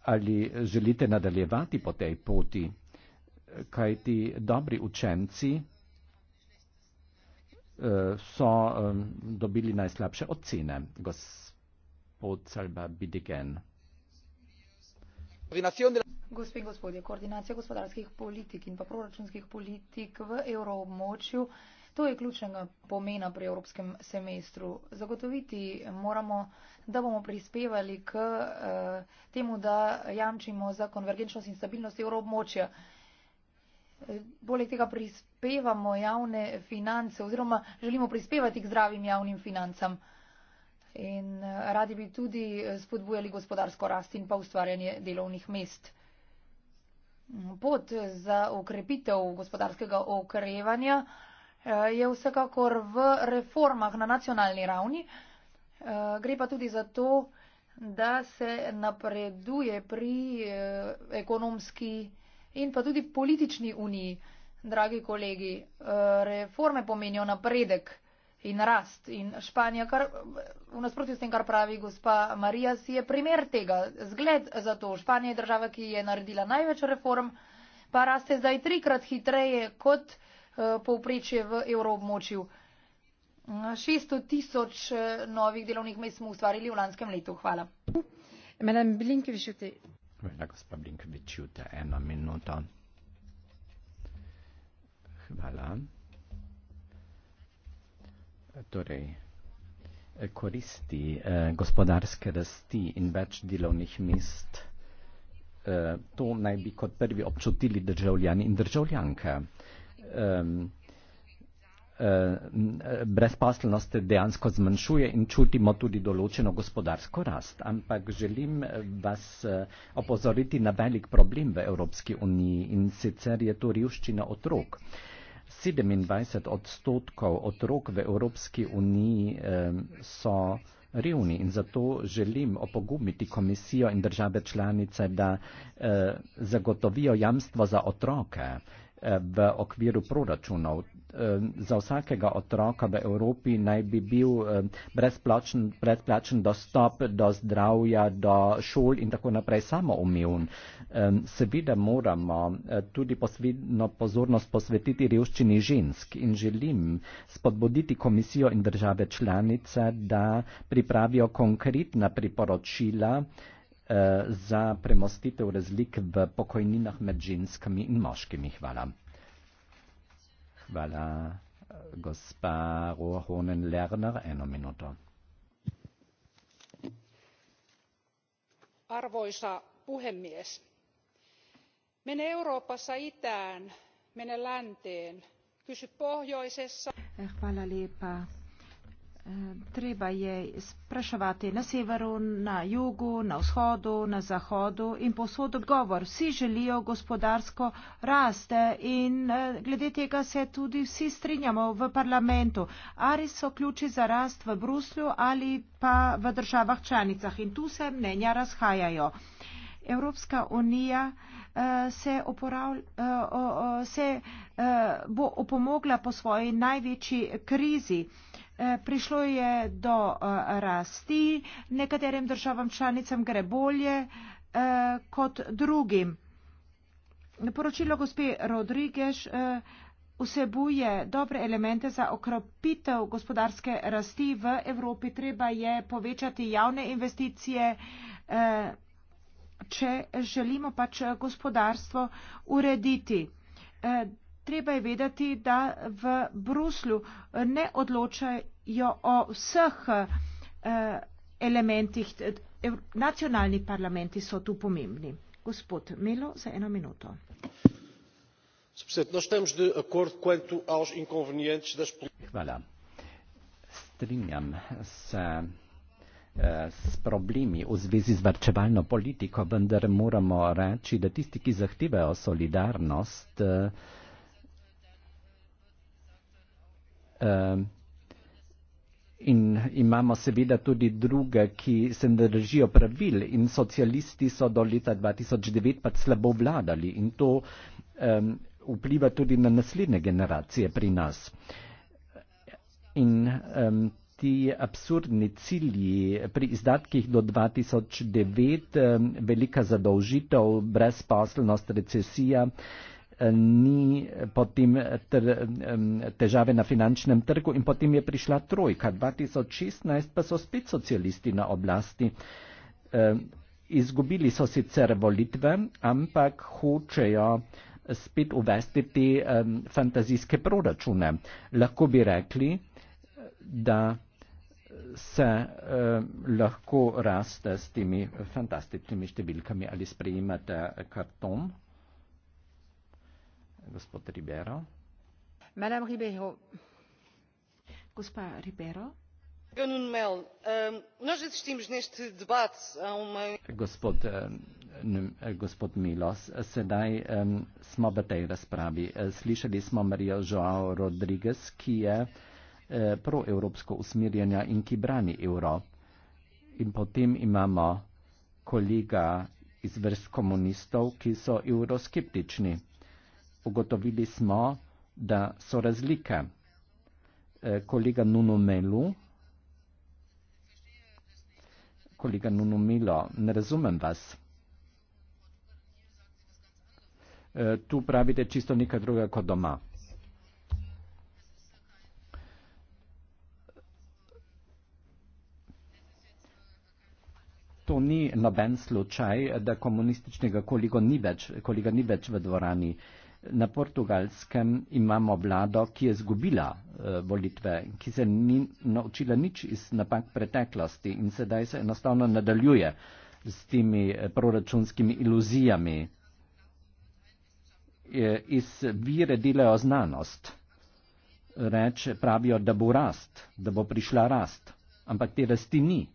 ali želite nadaljevati po tej poti? Kaj ti dobri učenci eh, so eh, dobili najslabše ocene, gospod Salba Bidigen? Gospe in gospodje, koordinacija gospodarskih politik in pa proračunskih politik v evroobmočju, to je ključnega pomena pri evropskem semestru. Zagotoviti moramo, da bomo prispevali k eh, temu, da jamčimo za konvergenčnost in stabilnost evroobmočja. Eh, poleg tega prispevamo javne finance oziroma želimo prispevati k zdravim javnim financam in eh, radi bi tudi eh, spodbujali gospodarsko rast in pa ustvarjanje delovnih mest. Mm, pot eh, za ukrepitev gospodarskega okrevanja je vsekakor v reformah na nacionalni ravni. Gre pa tudi za to, da se napreduje pri ekonomski in pa tudi politični uniji. Dragi kolegi, reforme pomenijo napredek in rast. In Španija, kar, v nasprotju s tem, kar pravi gospa Marija, si je primer tega, zgled za to. Španija je država, ki je naredila največ reform, pa raste zdaj trikrat hitreje kot uh, povprečje v evroobmočju. 600 tisoč eh, novih delovnih mest smo ustvarili v lanskem letu. Hvala. Hvala torej, eh, koristi eh, gospodarske rasti in več delovnih mest, eh, to naj bi kot prvi občutili državljani in državljanke. Um, brezposelnost dejansko zmanjšuje in čutimo tudi določeno gospodarsko rast. Ampak želim eh, vas eh, opozoriti na velik problem v Evropski uniji in sicer je to revščina otrok. Uh, 27 odstotkov otrok v Evropski uniji so revni in zato želim opogumiti komisijo in države članice, da eh, zagotovijo jamstvo za otroke v okviru proračunov. Za vsakega otroka v Evropi naj bi bil brezplačen, brezplačen dostop do zdravja, do šol in tako naprej samoumevn. Seveda moramo eh, tudi posvedno pozornost posvetiti revščini žensk in želim spodbuditi komisijo in države članice, da pripravijo konkretna priporočila, Eh, za premostitev razlik v pokojninah med ženskami in moškimi. Hvala. Hvala, eh, gospa Rohonen Lerner, eno minuto. Arvoisa puhemies, mene Euroopassa itään, mene länteen, kysy pohjoisessa. Hvala lepa, Treba je spraševati na severu, na jugu, na vzhodu, na zahodu in posod odgovor. Vsi želijo gospodarsko rast in eh, glede tega se tudi vsi strinjamo v parlamentu. Ali so ključi za rast v Bruslju ali pa v državah članicah in tu se mnenja razhajajo. Evropska unija eh, se, oporavl, eh, se bo opomogla po svoji največji krizi. Eh, prišlo je do eh, rasti, nekaterim državam članicam gre bolje eh, kot drugim. Poročilo gospe Rodriguez vsebuje dobre elemente za okropitev gospodarske rasti v Evropi. Treba je povečati javne investicije, če želimo pač gospodarstvo urediti treba je vedeti, da v Bruslju ne odločajo o vseh eh, elementih. Nacionalni parlamenti so tu pomembni. Gospod Melo, za eno minuto. Hvala. Strinjam se eh, s problemi v zvezi z varčevalno politiko, vendar moramo reči, da tisti, ki zahtevajo solidarnost, eh, Ehm, in imamo seveda tudi druge, ki se držijo pravil in socialisti so do leta 2009 pa slabo vladali in to um, vpliva tudi na naslednje generacije pri nas. In um, ti absurdni cilji pri izdatkih do 2009, um, velika zadolžitev, brezposelnost, recesija, um, ni potem tr, težave na finančnem trgu in potem je prišla trojka. 2016 pa so spet socialisti na oblasti. Izgubili so sicer volitve, ampak hočejo spet uvesti te fantazijske proračune. Lahko bi rekli, da se lahko raste s temi fantastičnimi številkami ali sprejemate karton gospa ribeiro eh, nós assistimos neste debate a uma gospod eh, eh, gospod milos sedaj um, smo v tej razpravi slišali smo marijo joao rodriguez ki je uh, proevropsko usmerjena in ki brani euro in potem imamo kolega iz vrst komunistov ki so evroskeptični ugotovili smo, da so razlike. E, kolega Nunumelu, kolega Nunumilo, ne razumem vas. E, tu pravite čisto nekaj druga kot doma. To ni noben slučaj, da komunističnega kolega ni več, kolega ni več v dvorani. Uh, na portugalskem imamo vlado, ki je zgubila uh, eh, volitve, ki se ni naučila nič iz napak preteklosti in sedaj se enostavno nadaljuje s temi eh, proračunskimi iluzijami. Je, iz vire delajo znanost. Reč pravijo, da bo rast, da bo prišla rast, ampak te rasti ni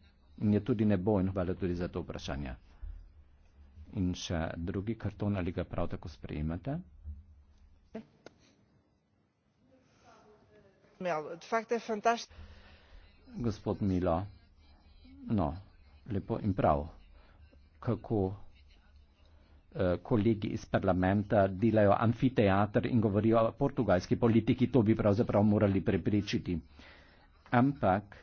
in je tudi ne bo in hvala tudi za to vprašanje. In še drugi karton ali ga prav tako sprejemate? Gospod Milo, no, lepo in prav, kako eh, kolegi iz parlamenta delajo amfiteatr in govorijo o portugalski politiki, to bi pravzaprav morali preprečiti. Ampak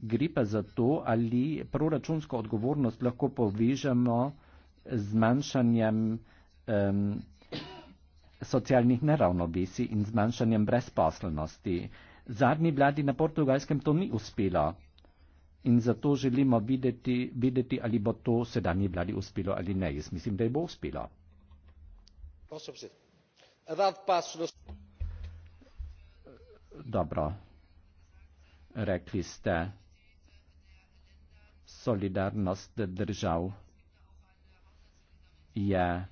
gre pa za to, ali proračunsko odgovornost lahko povežemo z manjšanjem. Eh, socialnih neravnovesij in zmanjšanjem brezposelnosti. Zadnji vladi na portugalskem to ni uspelo in zato želimo videti, videti ali bo to sedanji vladi uspelo ali ne. Jaz mislim, da je bo uspelo. Dobro, rekli ste solidarnost držav je. Yeah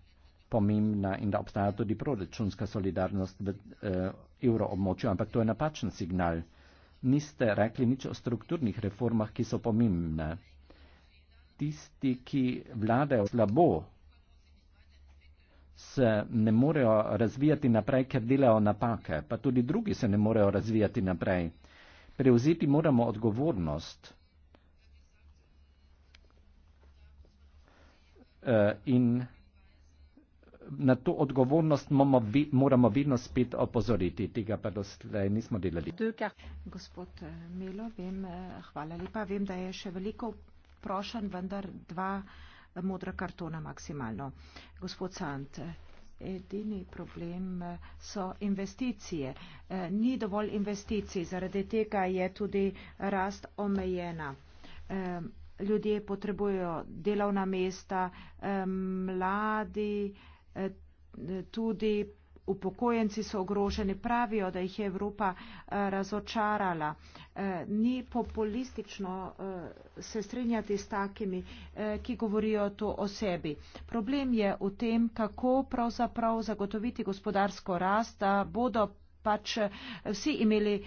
pomembna in da obstaja tudi proračunska solidarnost v eh, evroobmočju, ampak to je napačen signal. Niste rekli nič o strukturnih reformah, ki so pomembne. Tisti, ki vladajo slabo, se ne morejo razvijati naprej, ker delajo napake, pa tudi drugi se ne morejo razvijati naprej. Prevzeti moramo odgovornost. Uh, in na to odgovornost moramo, moramo vedno spet opozoriti. Tega pa doslej nismo delali. Gospod eh, Melo, vem, eh, hvala lepa. Vem, da je še veliko vprašanj, vendar dva modra kartona maksimalno. Gospod Sant, eh, edini problem so investicije. Ni dovolj investicij, zaradi tega je tudi rast omejena. Ljudje potrebujejo delovna mesta, mladi. Eh, tudi upokojenci so ogroženi, pravijo, da jih je Evropa eh, razočarala. Eh, ni populistično se strinjati s takimi, ki govorijo to o sebi. Problem je v tem, kako pravzaprav zagotoviti gospodarsko rast, da bodo pač vsi imeli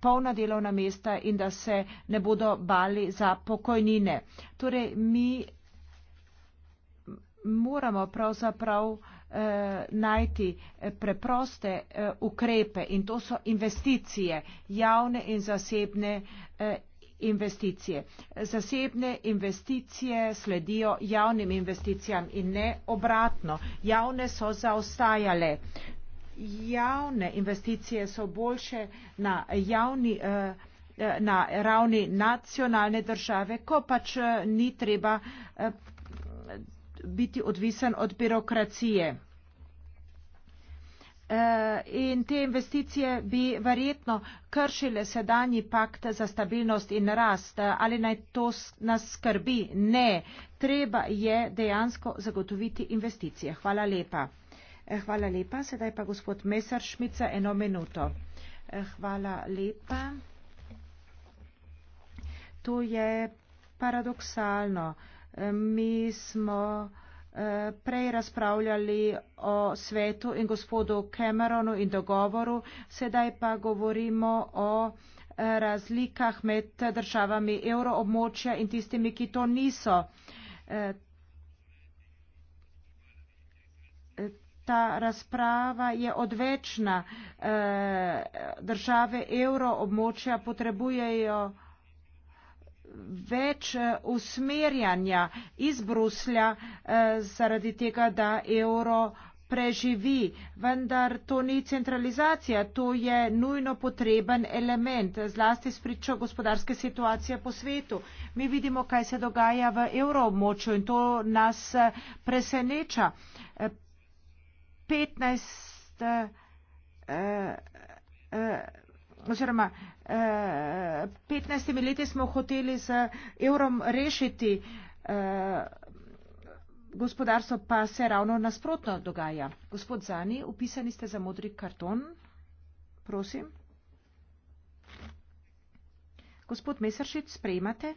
polna delovna mesta in da se ne bodo bali za pokojnine. Torej, mi moramo pravzaprav eh, najti eh, preproste eh, ukrepe in to so investicije, javne in zasebne eh, investicije. Zasebne investicije sledijo javnim investicijam in ne obratno. Javne so zaostajale. Javne investicije so boljše na javni. Eh, eh na ravni nacionalne države, ko pač eh, ni treba biti odvisen od birokracije. E, in te investicije bi verjetno kršile sedanji pakt za stabilnost in rast. Ali naj to nas skrbi? Ne. Treba je dejansko zagotoviti investicije. Hvala lepa. E, hvala lepa. Sedaj pa gospod Mesaršmica, eno minuto. E, hvala lepa. To je paradoksalno mi smo eh, prej razpravljali o svetu in gospodu Cameronu in dogovoru, sedaj pa govorimo o eh, razlikah med državami evroobmočja in tistimi, ki to niso. Eh, ta razprava je odvečna. Države evroobmočja potrebujejo več eh, usmerjanja iz Bruslja eh, zaradi tega, da evro preživi. Vendar to ni centralizacija, to je nujno potreben element, zlasti s pričo gospodarske situacije po svetu. Mi vidimo, kaj se dogaja v evroobmočju in to nas eh, preseneča. 15. Eh, eh, oziroma 15 leti smo hoteli z evrom rešiti, eh, gospodarstvo pa se ravno nasprotno dogaja. Gospod Zani, upisani ste za modri karton. Prosim. Gospod Mesaršic, sprejmate.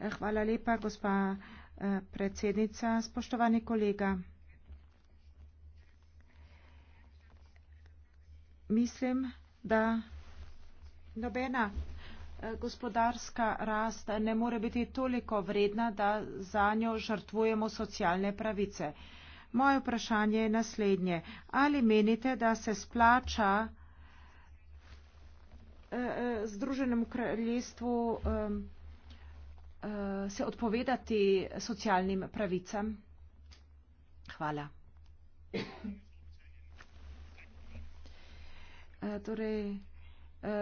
Eh, hvala lepa, gospa. Eh, predsednica, spoštovani kolega. Mislim, da nobena eh, gospodarska rast ne more biti toliko vredna, da za njo žrtvujemo socialne pravice. Moje vprašanje je naslednje. Ali menite, da se splača eh, Združenemu kraljestvu uh, se odpovedati socialnim pravicam. Hvala. Uh, torej, uh,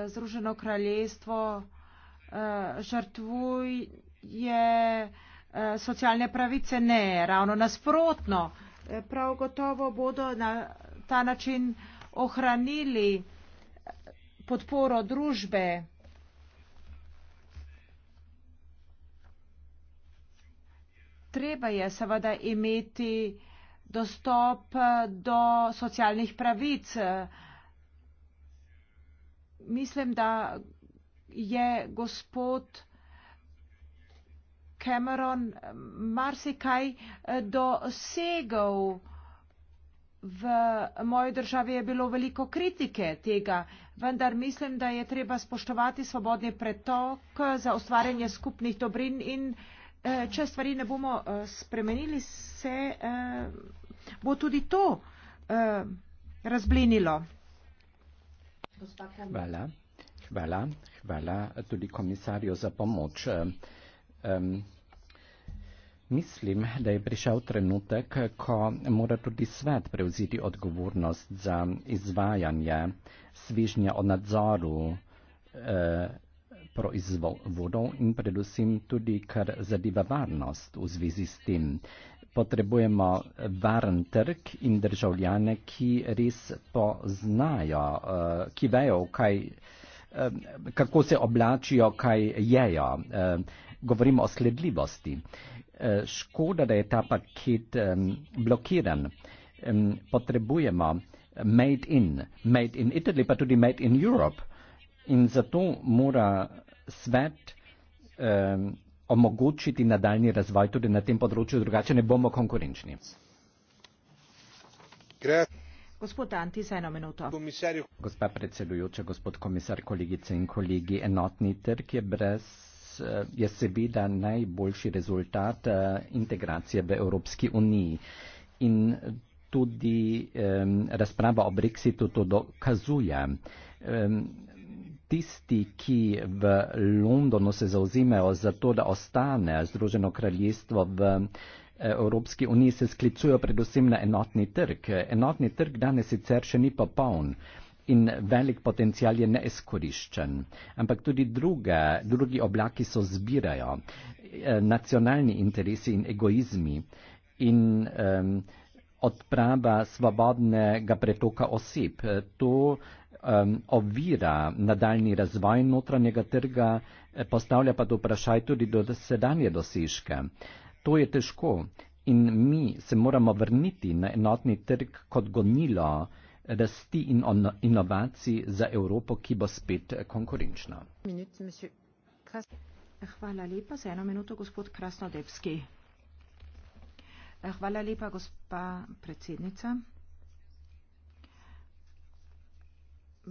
Združeno kraljestvo uh, žrtvuje uh, socialne pravice, ne, ravno nasprotno. Prav gotovo bodo na ta način ohranili podporo družbe. treba je seveda imeti dostop eh, do socialnih pravic. Mislim, da je gospod Cameron eh, marsikaj eh, dosegal. V moji državi je bilo veliko kritike tega, vendar mislim, da je treba spoštovati svobodni pretok za ustvarjanje skupnih dobrin in Eh, če stvari ne bomo eh, spremenili, se eh, bo tudi to razblinilo. Hvala. Hvala. Hvala tudi komisarju za pomoč. Um, mislim, da je prišel trenutek, ko mora tudi svet prevziti odgovornost za izvajanje svižnja o nadzoru uh, proizvodov in predvsem tudi, kar zadeva varnost v zvezi s tem. Potrebujemo varen trg in državljane, ki res poznajo, eh, ki vejo, kaj, eh, kako se oblačijo, kaj jejo. Eh, Govorimo o sledljivosti. Škoda, da je ta paket blokiran. Potrebujemo made in, made in Italy, pa tudi made in Europe. In zato mora svet um, omogočiti nadaljni razvoj tudi na tem področju, drugače ne bomo konkurenčni. Gospod Antis, eno minuto. Komisarju. Gospa predsedujoča, gospod komisar, kolegice in kolegi, enotni trg je brez eh, je seveda najboljši rezultat eh, integracije v Evropski uniji. In eh, tudi eh, razprava o Brexitu to dokazuje. Eh, tisti, ki v Londonu se zauzimajo za to, da ostane Združeno kraljestvo v eh, Evropski uniji, se sklicujo predvsem na enotni trg. Enotni trg danes sicer še ni popoln. In velik potencial je neizkoriščen. Ampak tudi druge, drugi oblaki so zbirajo. Eh, nacionalni interesi in egoizmi in um, odprava svobodnega pretoka oseb. To um, ovira nadaljni razvoj notranjega trga, eh, postavlja pa to vprašaj tudi do sedanje dosežke. To je težko in mi se moramo vrniti na enotni trg kot gonilo rasti in inovacij za Evropo, ki bo spet eh, konkurenčna. Eh, hvala lepa za eno minuto, gospod Krasnodebski. Hvala lepa, gospa predsednica.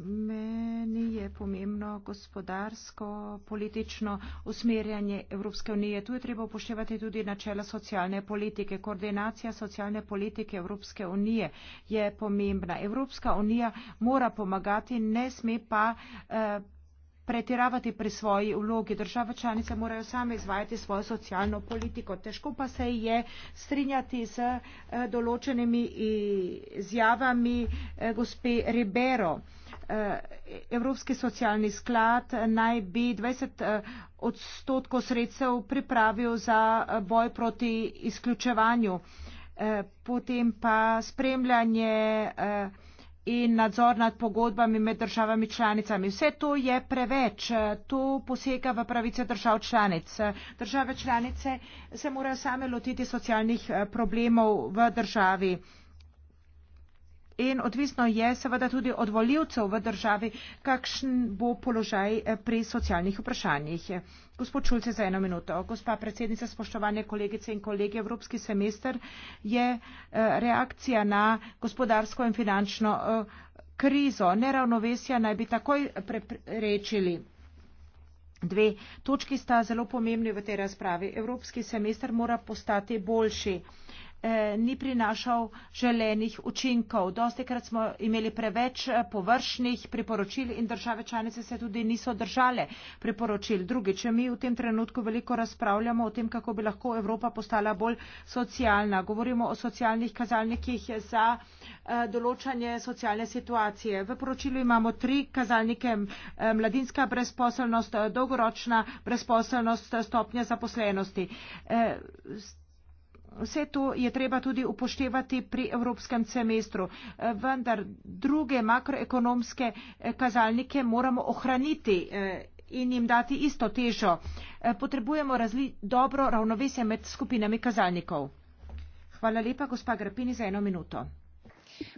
Meni je pomembno gospodarsko, politično usmerjanje Evropske unije. Tu je treba upoštevati tudi načela socialne politike. Koordinacija socialne politike Evropske unije je pomembna. Evropska unija mora pomagati, ne sme pa. Eh, pretiravati pri svoji vlogi. Države članice morajo same izvajati svojo socialno politiko. Težko pa se je strinjati z eh, določenimi izjavami eh, gospe Ribero. Eh, Evropski socialni sklad naj bi 20 eh, odstotkov sredstev pripravil za eh, boj proti izključevanju, potem pa spremljanje in nadzor nad pogodbami med državami članicami. Vse to je preveč, to posega v pravice držav članic. Države članice se morajo same lotiti socialnih problemov v državi in odvisno je seveda tudi od voljivcev v državi, kakšen bo položaj eh, pri socialnih vprašanjih. Gospod Čulce, za eno minuto. Gospa predsednica, spoštovanje kolegice in kolege, Evropski semester je eh, reakcija na gospodarsko in finančno eh, krizo. Neravnovesja naj bi takoj preprečili. Dve točki sta zelo pomembni v tej razpravi. Evropski semester mora postati boljši. Eh, ni prinašal želenih učinkov. Dosti krat smo imeli preveč eh, površnih priporočil in države članice se tudi niso držale priporočil. Drugi, če mi v tem trenutku veliko razpravljamo o tem, kako bi lahko Evropa postala bolj socialna, govorimo o socialnih kazalnikih za eh, določanje socialne situacije. V poročilu imamo tri kazalnike. Mladinska brezposelnost, dolgoročna brezposelnost, stopnja zaposlenosti vse to je treba tudi upoštevati pri evropskem semestru. Eh, vendar druge makroekonomske eh, kazalnike moramo ohraniti eh, in jim dati isto težo. Potrebujemo razli dobro ravnovesje med skupinami kazalnikov. Hvala lepa, gospa Grpini, za eno minuto.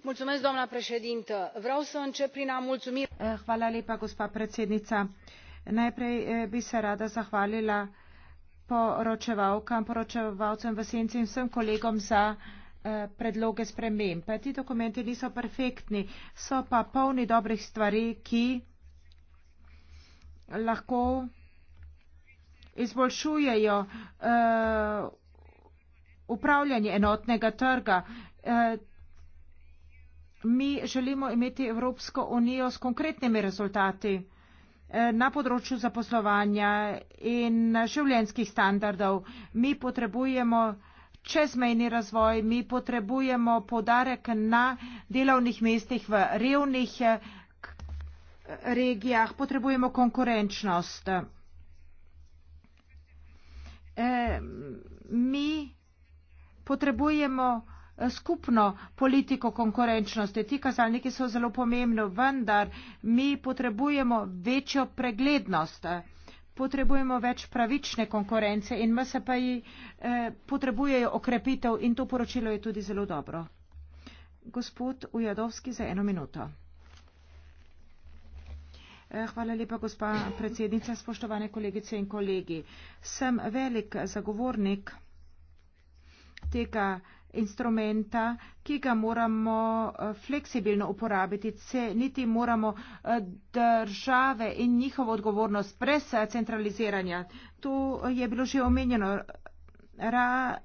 Mulțumesc, doamna președintă. Vreau să încep prin a mulțumi. Hvala lepa, gospa predsednica. Najprej bi se rada zahvalila poročevalkam, poročevalcem v senci in vsem kolegom za eh, predloge sprememb. Ti dokumenti niso perfektni, so pa polni dobrih stvari, ki lahko izboljšujejo uh, upravljanje enotnega trga. Uh, mi želimo imeti Evropsko unijo s konkretnimi rezultati. Uh, Eh, na področju zaposlovanja in življenjskih standardov. Mi potrebujemo čezmejni razvoj, mi potrebujemo podarek na delovnih mestih v revnih eh, regijah, potrebujemo konkurenčnost. Eh, mi potrebujemo skupno politiko konkurenčnosti. Ti kazalniki so zelo pomembni, vendar mi potrebujemo večjo preglednost, potrebujemo več pravične konkurence in MSP-ji eh, potrebujejo okrepitev in to poročilo je tudi zelo dobro. Gospod Ujadovski za eno minuto. Eh, hvala lepa, gospa predsednica, spoštovane kolegice in kolegi. Sem velik zagovornik tega instrumenta, ki ga moramo eh, fleksibilno uporabiti. Se niti moramo eh, države in njihovo odgovornost brez eh, centraliziranja. Tu je bilo že omenjeno. Rad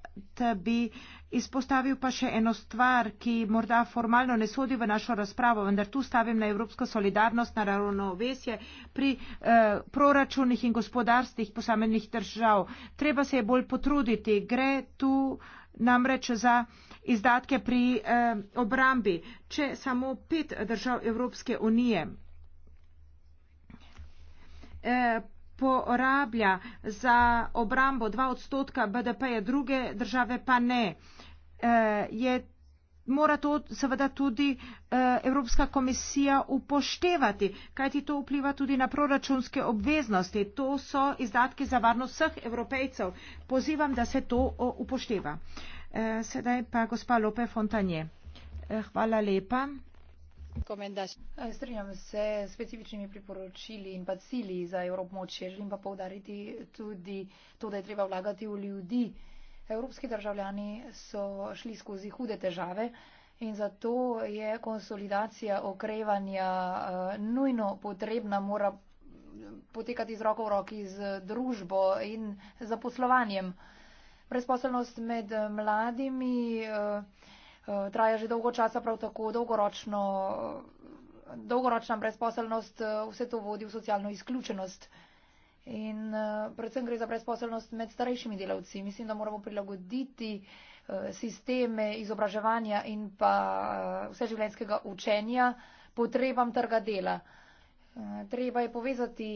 bi izpostavil pa še eno stvar, ki morda formalno ne sodi v našo razpravo, vendar tu stavim na evropsko solidarnost, na ravnovesje pri eh, proračunih in gospodarstvih posamenih držav. Treba se je bolj potruditi. Gre tu. Eh, namreč za izdatke pri eh, obrambi. Če samo pet držav Evropske unije eh, porablja za obrambo dva odstotka BDP-ja, druge države pa ne, eh, je mora to seveda tudi eh, Evropska komisija upoštevati, kajti to vpliva tudi na proračunske obveznosti. To so izdatki za varnost vseh evropejcev. Pozivam, da se to upošteva. Eh, sedaj pa gospa Lope Fontanje. Eh, hvala lepa. Strinjam se s specifičnimi priporočili in pa cilji za Evropmočje. Želim pa povdariti tudi to, da je treba vlagati v ljudi. Evropski državljani so šli skozi hude težave in zato je konsolidacija okrevanja eh, nujno potrebna, mora potekati z roko v roki z družbo in zaposlovanjem. Brezposelnost med mladimi eh, eh, traja že dolgo časa, prav tako dolgoročno, dolgoročna brezposelnost vse to vodi v socialno izključenost. In eh, predvsem gre za brezposelnost med starejšimi delavci. Mislim, da moramo prilagoditi eh, sisteme izobraževanja in pa eh, vseživljenjskega učenja potrebam trga dela. Treba je povezati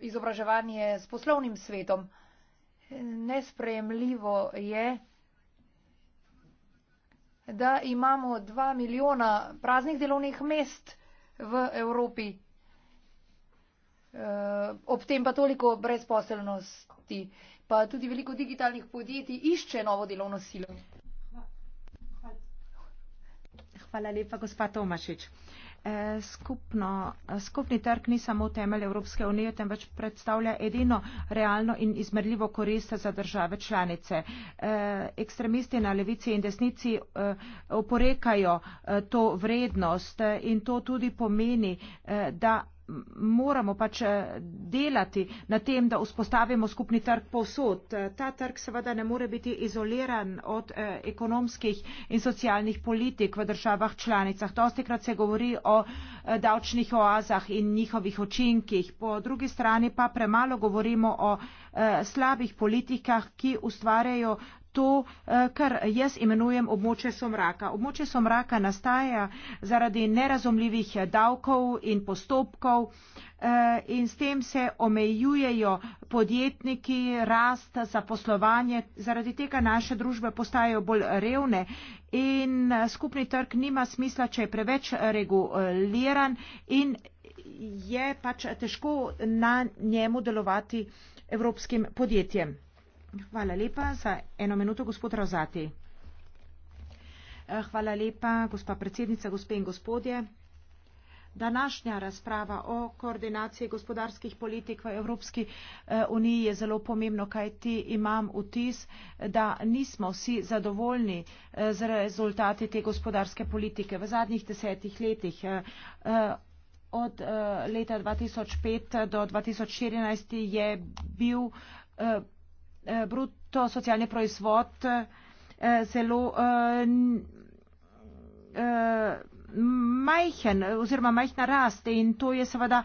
izobraževanje s poslovnim svetom. Nesprejemljivo je, da imamo dva milijona praznih delovnih mest v Evropi. Eh, ob tem pa toliko brezposelnosti, pa tudi veliko digitalnih podjetij išče novo delovno silo. Hvala lepa, gospa Tomašič. Eh, skupno, skupni trg ni samo temelj Evropske unije, temveč predstavlja edino realno in izmerljivo korist za države članice. Eh, ekstremisti na levici in desnici oporekajo to vrednost in to tudi pomeni, da moramo pač eh, delati na tem, da vzpostavimo skupni trg povsod. Eh, ta trg seveda ne more biti izoliran od eh, ekonomskih in socialnih politik v državah članicah. Dostikrat se govori o davčnih oazah in njihovih očinkih. Po drugi strani pa premalo govorimo o slabih politikah, ki ustvarjajo to, eh, kar jaz imenujem območje somraka. Območje somraka nastaja zaradi nerazumljivih davkov in postopkov eh, in s tem se omejujejo podjetniki, rast za poslovanje, zaradi tega naše družbe postajajo bolj revne in eh, skupni trg nima smisla, če je preveč reguliran in je pač težko na njemu delovati evropskim podjetjem. Hvala lepa. Za eno minuto, gospod Razati. Eh, hvala lepa, gospa predsednica, gospe in gospodje. Današnja razprava o koordinaciji gospodarskih politik v Evropski eh, uniji je zelo pomembno, kajti imam vtis, da nismo vsi zadovoljni eh, z rezultati te gospodarske politike v zadnjih desetih letih. Od leta 2005 do 2014 je bil Eh, bruto socialni proizvod eh, zelo eh, majhen oziroma majhna rast in to je seveda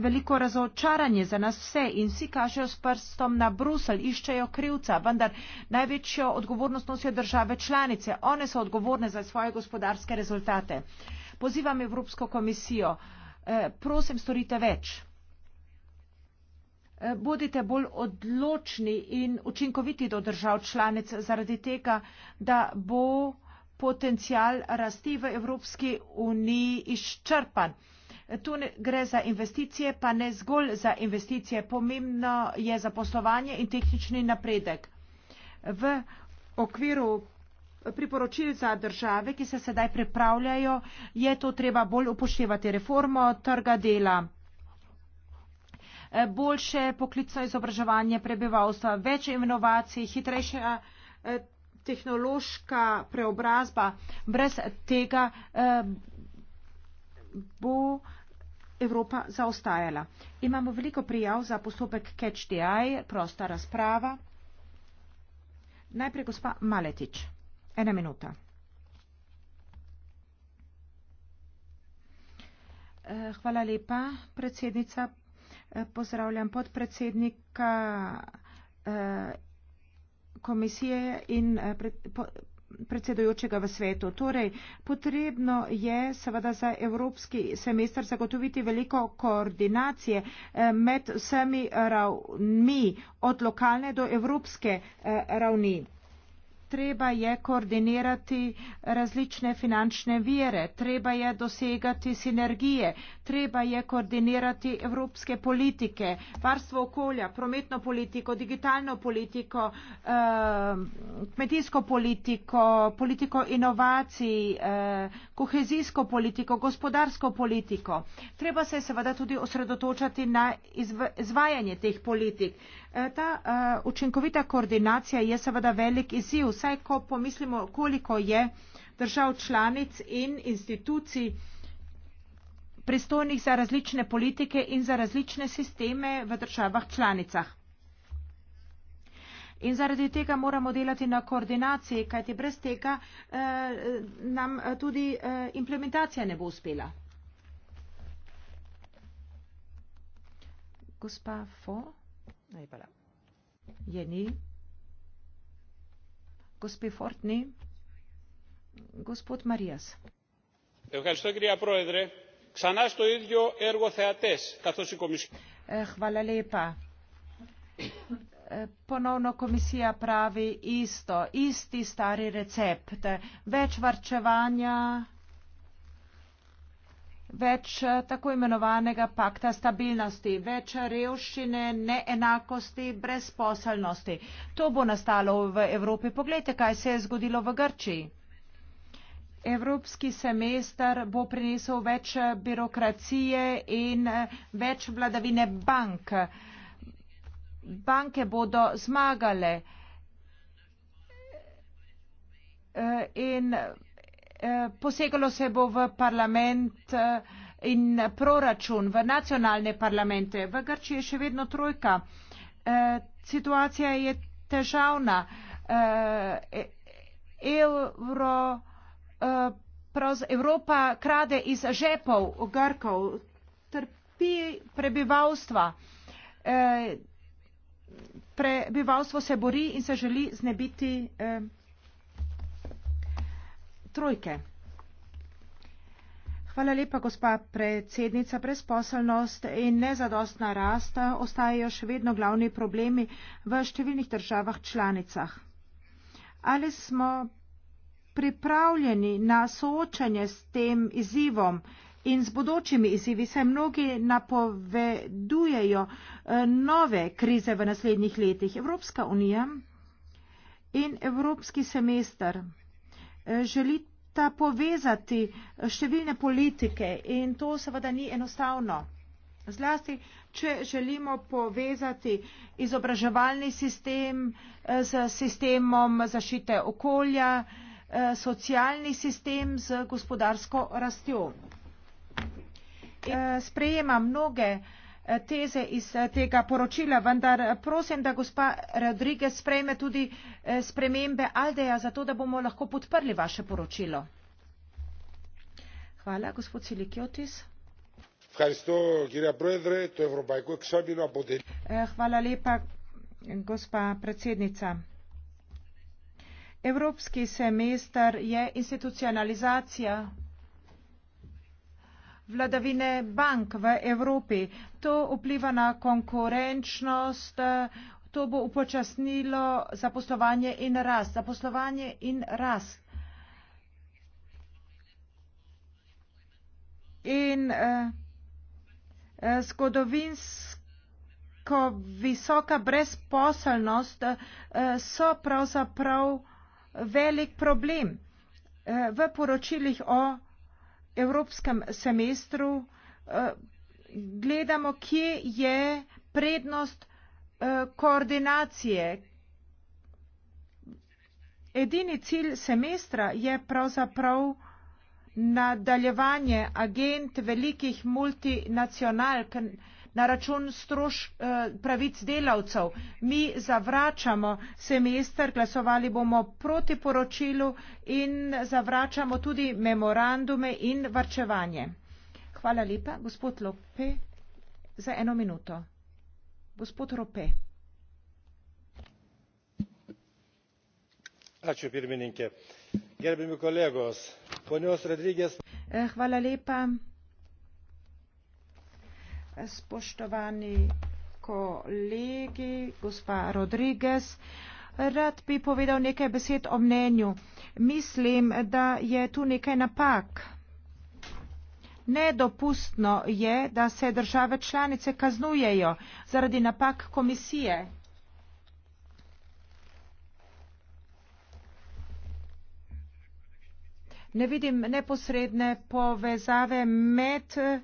veliko razočaranje za nas vse in vsi kažejo s prstom na Brusel, iščejo krivca, vendar največjo odgovornost nosijo države članice. One so odgovorne za svoje gospodarske rezultate. Pozivam Evropsko komisijo, prosim, storite več. Eh, bodite bolj odločni in učinkoviti do držav članic zaradi tega, da bo potencijal rasti v Evropski uniji izčrpan. Eh, tu gre za investicije, pa ne zgolj za investicije. Pomembno je zaposlovanje in tehnični napredek. V okviru priporočil za države, ki se sedaj pripravljajo, je to treba bolj upoštevati reformo trga dela. Eh, boljše poklicno izobraževanje prebivalstva, več inovacij, hitrejša eh, tehnološka preobrazba. Brez tega eh, bo Evropa zaostajala. Imamo veliko prijav za postopek CatchDI, prosta razprava. Najprej gospa Maletič. Ena minuta. Hvala lepa, predsednica. Eh, pozdravljam podpredsednika eh, komisije in eh, predsedujočega v svetu. Torej, potrebno je seveda za evropski semester zagotoviti veliko koordinacije med vsemi ravni, od lokalne do evropske ravni treba je koordinirati različne finančne vire, treba je dosegati sinergije, treba je koordinirati evropske politike, varstvo okolja, prometno politiko, digitalno politiko, eh, kmetijsko politiko, politiko inovacij, eh, kohezijsko politiko, gospodarsko politiko. Treba se seveda tudi osredotočati na izvajanje teh politik. Eh, ta eh, učinkovita koordinacija je seveda velik izziv, saj ko pomislimo, koliko je držav članic in institucij pristojnih za različne politike in za različne sisteme v državah članicah. In zaradi tega moramo delati na koordinaciji, kajti brez tega eh, nam eh, tudi eh, implementacija ne bo uspela. Gospa Fo. No Elle n'est pas là. Yanni. Gospi Fortni. Gospod Marias. Ευχαριστώ κυρία Πρόεδρε. Ξανά στο ίδιο έργο θεατές, καθώς η Κομισία. Χβαλα λίπα. Ponovno komisija pravi isto, isti stari recept, več varčevanja, več eh, tako imenovanega pakta stabilnosti, več revščine, neenakosti, brezposelnosti. To bo nastalo v Evropi. Poglejte, kaj se je zgodilo v Grčiji. Evropski semester bo prinesel več eh, birokracije in eh, več vladavine bank. Banke bodo zmagale in Eh, poseglo se bo v parlament eh, in proračun, v nacionalne parlamente. V Grči je še vedno trojka. Eh, situacija je težavna. Evro, prav, Evropa krade iz žepov Grkov, trpi prebivalstva. Prebivalstvo se bori in se želi znebiti. Eh, trojke. Hvala lepa, gospa predsednica. Presposelnost in nezadostna rast ostajajo še vedno glavni problemi v številnih državah članicah. Ali smo pripravljeni na soočanje s tem izzivom in z bodočimi izzivi, saj mnogi napovedujejo eh, nove krize v naslednjih letih? Evropska unija in evropski semester želita povezati številne politike in to seveda ni enostavno. Zlasti, če želimo povezati izobraževalni sistem eh, z sistemom zašite okolja, eh, socialni sistem z gospodarsko rastjo. In eh, sprejema mnoge uh, Eh, teze iz eh, tega poročila, vendar eh, prosim, da gospa Rodriguez sprejme tudi spremembe Aldeja, zato da bomo lahko podprli vaše poročilo. Hvala, gospod Silikiotis. Hvala lepa, gospa predsednica. Evropski semester je institucionalizacija vladavine bank v Evropi. To vpliva na konkurenčnost, to bo upočasnilo zaposlovanje in rast. Zaposlovanje in rast. In eh, zgodovinsko visoka brezposelnost eh, so pravzaprav velik problem. Eh, v poročilih o evropskem semestru eh, gledamo, kje je prednost eh, koordinacije. Edini cilj semestra je pravzaprav nadaljevanje agent velikih multinacionalk na račun strož eh, pravic delavcev. Mi zavračamo semester, glasovali bomo proti poročilu in zavračamo tudi memorandume in varčevanje. Hvala lepa. Gospod Lope, za eno minuto. Gospod Rope. Eh, hvala lepa. Spoštovani kolegi, gospa Rodriguez, rad bi povedal nekaj besed o mnenju. Mislim, da je tu nekaj napak. Nedopustno je, da se države članice kaznujejo zaradi napak komisije. Ne vidim neposredne povezave med eh,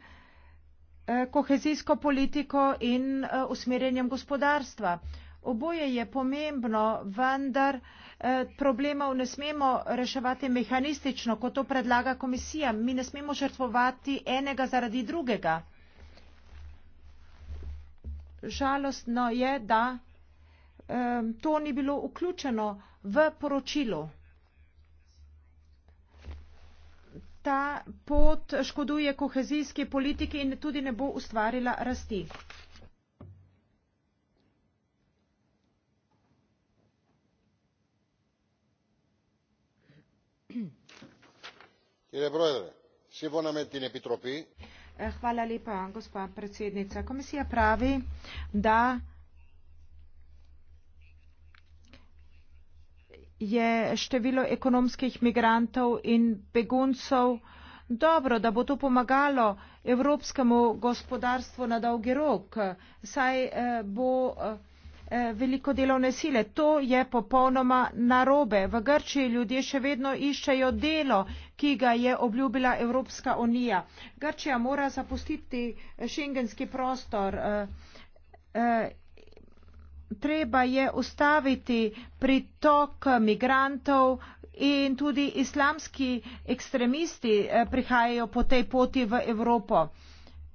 kohezijsko politiko in eh, usmerjenjem gospodarstva. Oboje je pomembno, vendar eh, problemov ne smemo reševati mehanistično, kot to predlaga komisija. Mi ne smemo žrtvovati enega zaradi drugega. Žalostno je, da eh, to ni bilo vključeno v poročilu. Ta pot škoduje kohezijski politiki in tudi ne bo ustvarila rasti. Hvala lepa, gospa predsednica. Komisija pravi, da je število ekonomskih migrantov in beguncev dobro, da bo to pomagalo evropskemu gospodarstvu na dolgi rok, saj bo. Eh, veliko delovne sile. To je popolnoma narobe. V Grčiji ljudje še vedno iščejo delo, ki ga je obljubila Evropska unija. Grčija mora zapustiti eh, šengenski prostor. Eh, treba je ustaviti pritok migrantov in tudi islamski ekstremisti prihajajo po tej poti v Evropo.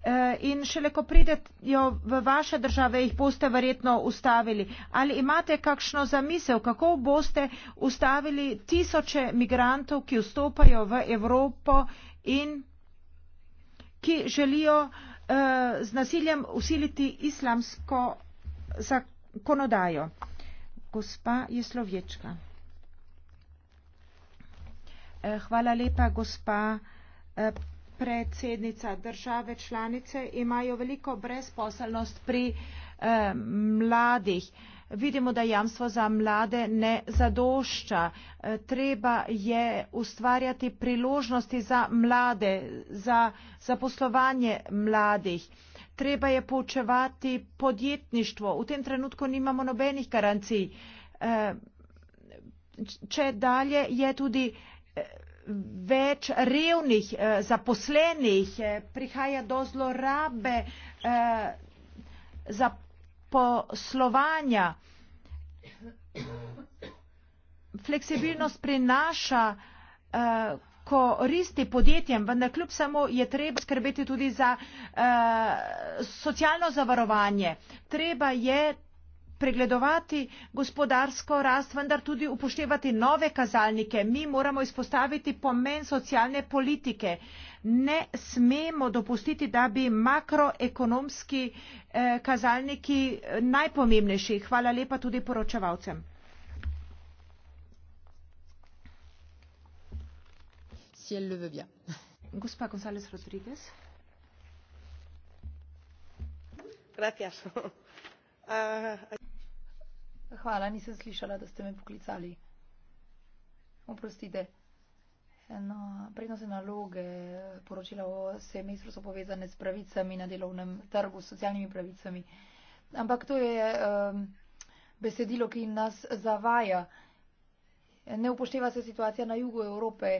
Eh, in šele ko pridejo v vaše države, jih boste verjetno ustavili. Ali imate kakšno zamisel, kako boste ustavili tisoče migrantov, ki vstopajo v Evropo in ki želijo eh, z nasiljem usiliti islamsko zakonodajo? Gospa Jeslovječka. Eh, hvala lepa, gospa predsednica države članice imajo veliko brezposelnost pri eh, mladih. Vidimo, da jamstvo za mlade ne zadošča. Eh, treba je ustvarjati priložnosti za mlade, za zaposlovanje mladih. Treba je poučevati podjetništvo. V tem trenutku nimamo nobenih garancij. Eh, če dalje je tudi več revnih eh, zaposlenih, eh, prihaja do zlorabe eh, zaposlovanja. Fleksibilnost prinaša eh, koristi podjetjem, vendar kljub samo je treba skrbeti tudi za eh, socialno zavarovanje. Treba je pregledovati gospodarsko rast, vendar tudi upoštevati nove kazalnike. Mi moramo izpostaviti pomen socialne politike. Ne smemo dopustiti, da bi makroekonomski eh, kazalniki eh, najpomembnejši. Hvala lepa tudi poročevalcem. Gospa González Rodríguez. Gracias. uh, Hvala, nisem slišala, da ste me poklicali. Oprostite. No, prednostne naloge poročila o semestru so povezane s pravicami na delovnem trgu, s socialnimi pravicami. Ampak to je um, besedilo, ki nas zavaja. Ne upošteva se situacija na jugu Evrope.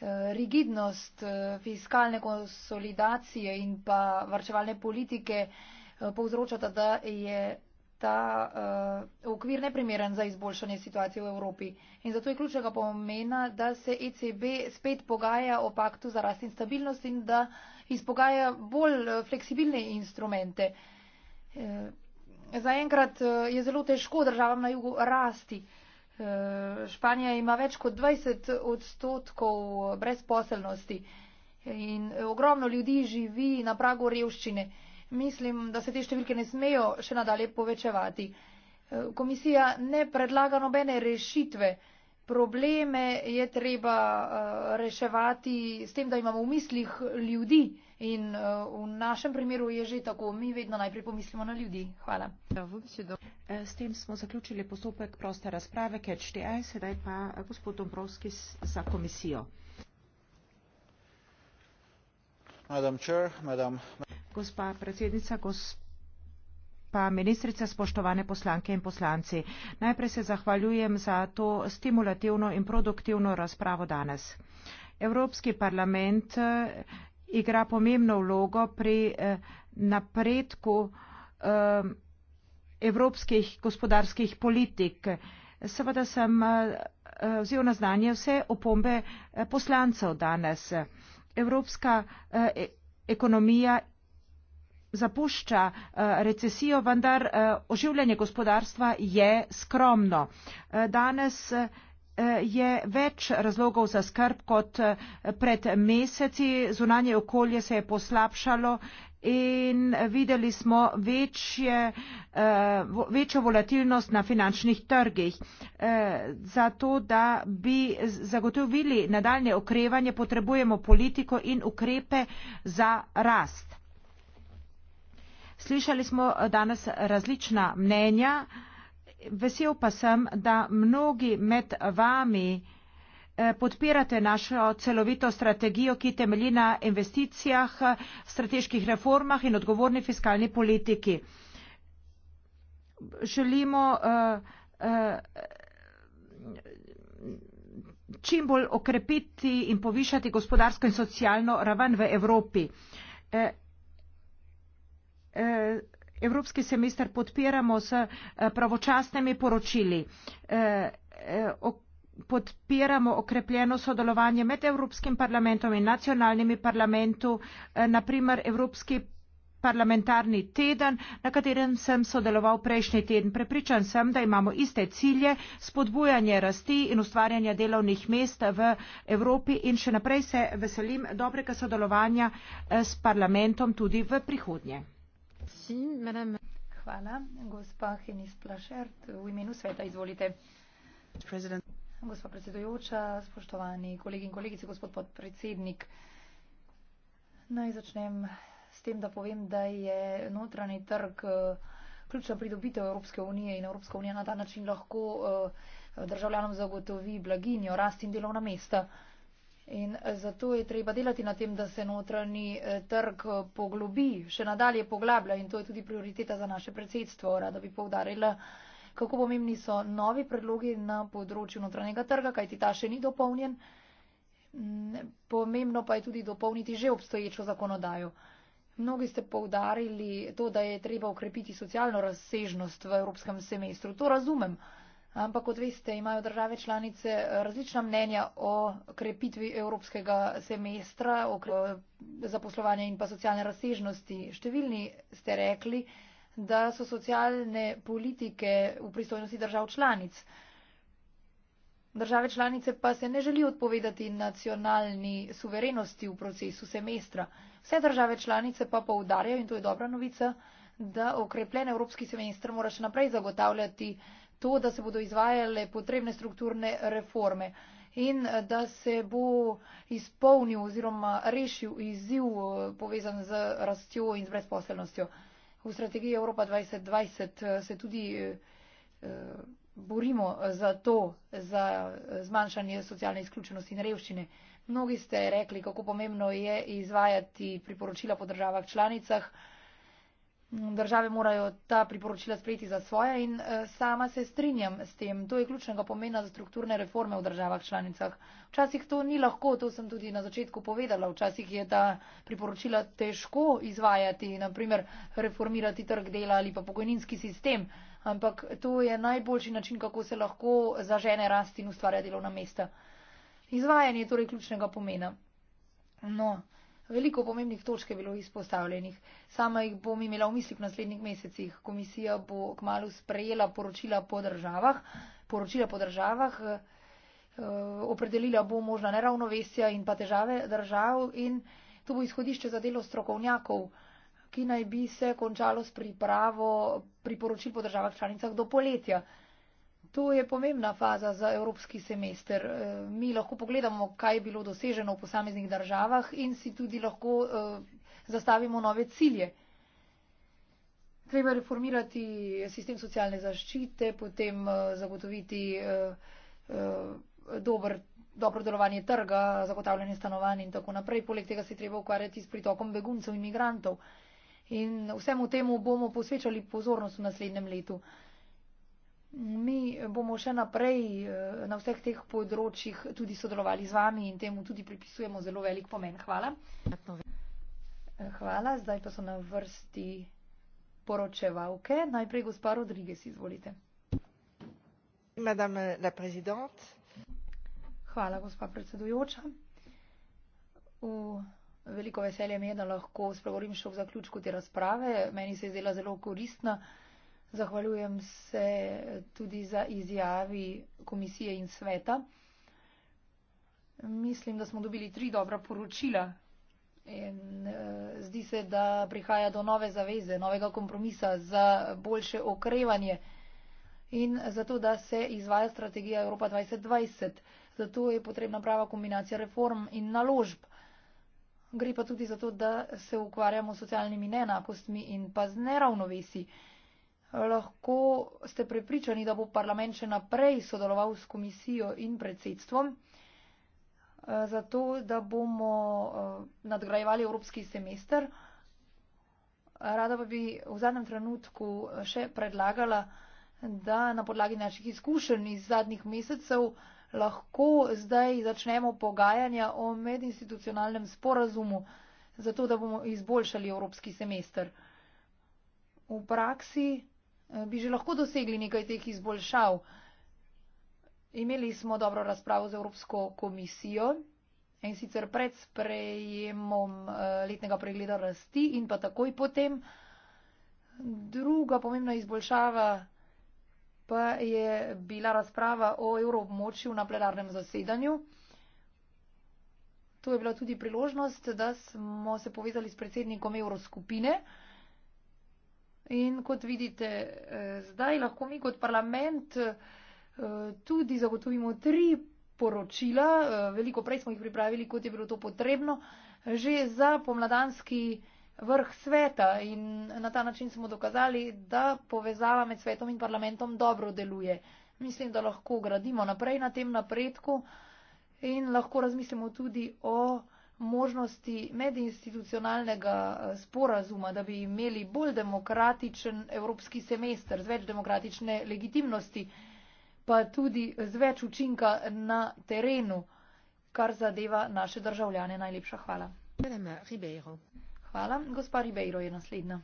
Uh, rigidnost uh, fiskalne konsolidacije in pa varčevalne politike uh, povzročata, da je ta uh, okvir nepremeren za izboljšanje situacije v Evropi. In zato je ključnega pomena, da se ECB spet pogaja o paktu za rast in stabilnost in da izpogaja bolj eh, fleksibilne instrumente. E, zaenkrat je zelo težko državam na jugu rasti. E, Španija ima več kot 20 odstotkov brezposelnosti in ogromno ljudi živi na pragu revščine. Mislim, da se te številke ne smejo še nadalje povečevati. E, komisija ne predlaga nobene rešitve. Probleme je treba e, reševati s tem, da imamo v mislih ljudi in e, v našem primeru je že tako. Mi vedno najprej pomislimo na ljudi. Hvala. S tem smo zaključili postopek proste razprave, ker šte aj, sedaj pa gospod Dombrovski za komisijo gospa predsednica gospa ministrica spoštovane poslanke in poslanci najprej se zahvaljujem za to stimulativno in produktivno razpravo danes evropski parlament eh, igra pomembno vlogo pri eh, napredku eh, evropskih gospodarskih politik seveda sem vzel na znanje vse opombe poslancev danes evropska eh, e, ekonomija zapušča eh, recesijo, vendar eh, oživljanje gospodarstva je skromno. Eh, danes je več razlogov za skrb kot pred meseci. Zunanje okolje se je poslabšalo in videli smo večje, eh, večjo volatilnost na finančnih trgih. Eh, zato, da bi zagotovili nadaljne okrevanje, potrebujemo politiko in ukrepe za rast. Slišali smo eh, danes različna mnenja. Vesel pa sem, da mnogi med vami Eh, podpirate našo celovito strategijo, ki temelji na investicijah, strateških reformah in odgovorni fiskalni politiki. Želimo eh, eh, čim bolj okrepiti in povišati gospodarsko in socialno raven v Evropi. Evropski semester podpiramo s pravočasnimi poročili podpiramo okrepljeno sodelovanje med Evropskim parlamentom in nacionalnimi parlamentu, eh, naprimer Evropski parlamentarni teden, na katerem sem sodeloval prejšnji teden. Prepričan sem, da imamo iste cilje, spodbujanje rasti in ustvarjanje delovnih mest v Evropi in še naprej se veselim dobrega sodelovanja eh, s parlamentom tudi v prihodnje. Hvala, gospa Henis Plašert, v imenu sveta izvolite. President gospa predsedujoča, spoštovani kolegi in kolegice, gospod podpredsednik. Naj začnem s tem, da povem, da je notranji trg eh, ključna pridobitev Evropske unije in Evropska unija na ta način lahko eh, državljanom zagotovi blaginjo, rast in delovna mesta. In eh, zato je treba delati na tem, da se notranji trg poglobi, še nadalje poglablja in to je tudi prioriteta za naše predsedstvo. Rada bi povdarila, kako pomembni so novi predlogi na področju notranjega trga, kajti ta še ni dopolnjen. Mm, pomembno pa je tudi dopolniti že obstoječo zakonodajo. Mnogi ste povdarili to, da je treba ukrepiti socialno razsežnost v evropskem semestru. To razumem. Ampak, kot veste, imajo države članice različna mnenja o krepitvi evropskega semestra, o zaposlovanju in pa socialne razsežnosti. Številni ste rekli, da so socialne politike v pristojnosti držav članic. Države članice pa se ne želijo odpovedati nacionalni suverenosti v procesu semestra. Vse države članice pa poudarjajo, in to je dobra novica, da okrepljen evropski semestr mora še naprej zagotavljati to, da se bodo izvajale potrebne strukturne reforme in da se bo izpolnil oziroma rešil izziv povezan z rastjo in z brezposelnostjo. V strategiji Evropa 2020 eh, se tudi eh, eh, borimo za to, za zmanjšanje socialne izključenosti in revščine. Mnogi ste rekli, kako pomembno je izvajati priporočila po državah članicah države morajo ta priporočila sprejeti za svoje in eh, sama se strinjam s tem. To je ključnega pomena za strukturne reforme v državah članicah. Včasih to ni lahko, to sem tudi na začetku povedala. Včasih je ta priporočila težko izvajati, naprimer reformirati trg dela ali pa pokojninski sistem. Ampak to je najboljši način, kako se lahko zažene rasti in ustvarja delovna mesta. Izvajanje je torej ključnega pomena. No. Veliko pomembnih točk je bilo izpostavljenih. Sama jih bom imela v mislih v naslednjih mesecih. Komisija bo kmalo sprejela poročila po državah. Poročila po državah eh, opredelila bo možna neravnovesja in pa težave držav in to bo izhodišče za delo strokovnjakov, ki naj bi se končalo s pripravo priporočil po državah članicah do poletja. To je pomembna faza za evropski semester. Eh, mi lahko pogledamo, kaj je bilo doseženo v posameznih državah in si tudi lahko eh, zastavimo nove cilje. Treba reformirati sistem socialne zaščite, potem eh, zagotoviti dober, dobro delovanje trga, zagotavljanje stanovanj in tako naprej. Poleg tega se treba ukvarjati s pritokom beguncev in migrantov. In vsemu temu bomo posvečali pozornost v naslednjem letu. Mi bomo še naprej eh, na vseh teh področjih tudi sodelovali z vami in temu tudi pripisujemo zelo velik pomen. Hvala. Eh, hvala. Zdaj pa so na vrsti poročevalke. Najprej gospa Rodriguez, izvolite. Hvala, gospa predsedujoča. V veliko veselje mi je, da lahko spregovorim še v zaključku te razprave. Meni se je zdela zelo koristna. Zahvaljujem se tudi za izjavi komisije in sveta. Mislim, da smo dobili tri dobra poročila. In, e, zdi se, da prihaja do nove zaveze, novega kompromisa za boljše okrevanje in zato, da se izvaja strategija Evropa 2020. Zato je potrebna prava kombinacija reform in naložb. Gre pa tudi za to, da se ukvarjamo s socialnimi nenakostmi in pa z neravnovesi lahko ste prepričani, da bo parlament še naprej sodeloval s komisijo in predsedstvom, eh, zato da bomo eh, nadgrajevali evropski semester. Rada pa bi v zadnjem trenutku eh, še predlagala, da na podlagi naših izkušenj iz zadnjih mesecev lahko zdaj začnemo pogajanja o medinstitucionalnem sporazumu, zato da bomo izboljšali evropski semester. V praksi Eh, bi že lahko dosegli nekaj teh izboljšav. Imeli smo dobro razpravo z Evropsko komisijo in sicer pred sprejemom eh, letnega pregleda rasti in pa takoj potem. Druga pomembna izboljšava pa je bila razprava o evroobmočju na plenarnem zasedanju. To je bila tudi priložnost, da smo se povezali s predsednikom evroskupine. In kot vidite, eh, zdaj lahko mi kot parlament eh, tudi zagotovimo tri poročila, eh, veliko prej smo jih pripravili, kot je bilo to potrebno, že za pomladanski vrh sveta in na ta način smo dokazali, da povezava med svetom in parlamentom dobro deluje. Mislim, da lahko gradimo naprej na tem napredku in lahko razmislimo tudi o možnosti medinstitucionalnega eh, sporazuma, da bi imeli bolj demokratičen evropski semester z več demokratične legitimnosti, pa tudi z več učinka na terenu, kar zadeva naše državljane. Najlepša hvala. Hvala. Gospa Ribeiro je naslednja.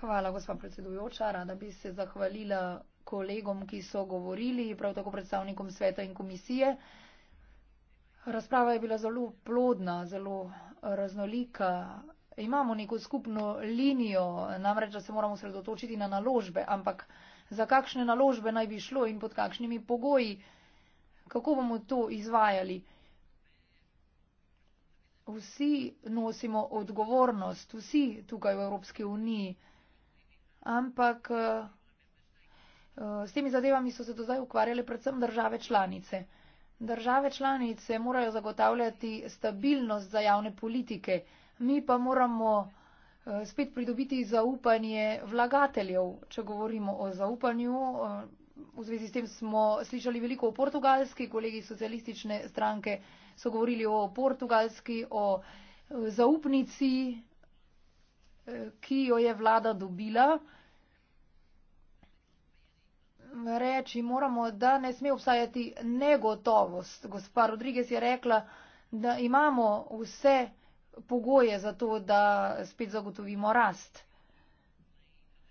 Hvala, gospa predsedujoča. Rada bi se zahvalila kolegom, ki so govorili, prav tako predstavnikom sveta in komisije. Razprava je bila zelo plodna, zelo raznolika. Imamo neko skupno linijo, namreč, da se moramo sredotočiti na naložbe, ampak za kakšne naložbe naj bi šlo in pod kakšnimi pogoji, kako bomo to izvajali. Vsi nosimo odgovornost, vsi tukaj v Evropski uniji, ampak Eh, s temi zadevami so se do zdaj ukvarjale predvsem države članice. Države članice morajo zagotavljati stabilnost za javne politike, mi pa moramo eh, spet pridobiti zaupanje vlagateljev. Če govorimo o zaupanju, eh, v zvezi s tem smo slišali veliko o portugalski, kolegi socialistične stranke so govorili o portugalski, o zaupnici, ki jo je vlada dobila reči moramo, da ne sme obstajati negotovost. Gospa Rodriguez je rekla, da imamo vse pogoje za to, da spet zagotovimo rast.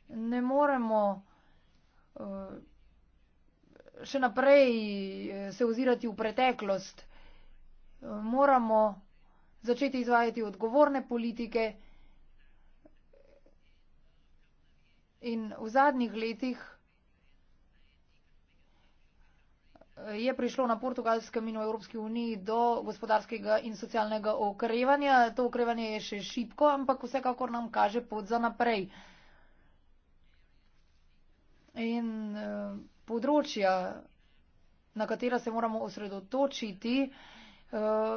Ne moremo eh, še naprej eh, se ozirati v preteklost. Eh, moramo začeti izvajati odgovorne politike. In v zadnjih letih je prišlo na portugalskem in v Evropski uniji do gospodarskega in socialnega okrevanja. To okrevanje je še šipko, ampak vsekakor nam kaže pot za naprej. In eh, področja, na katera se moramo osredotočiti, eh,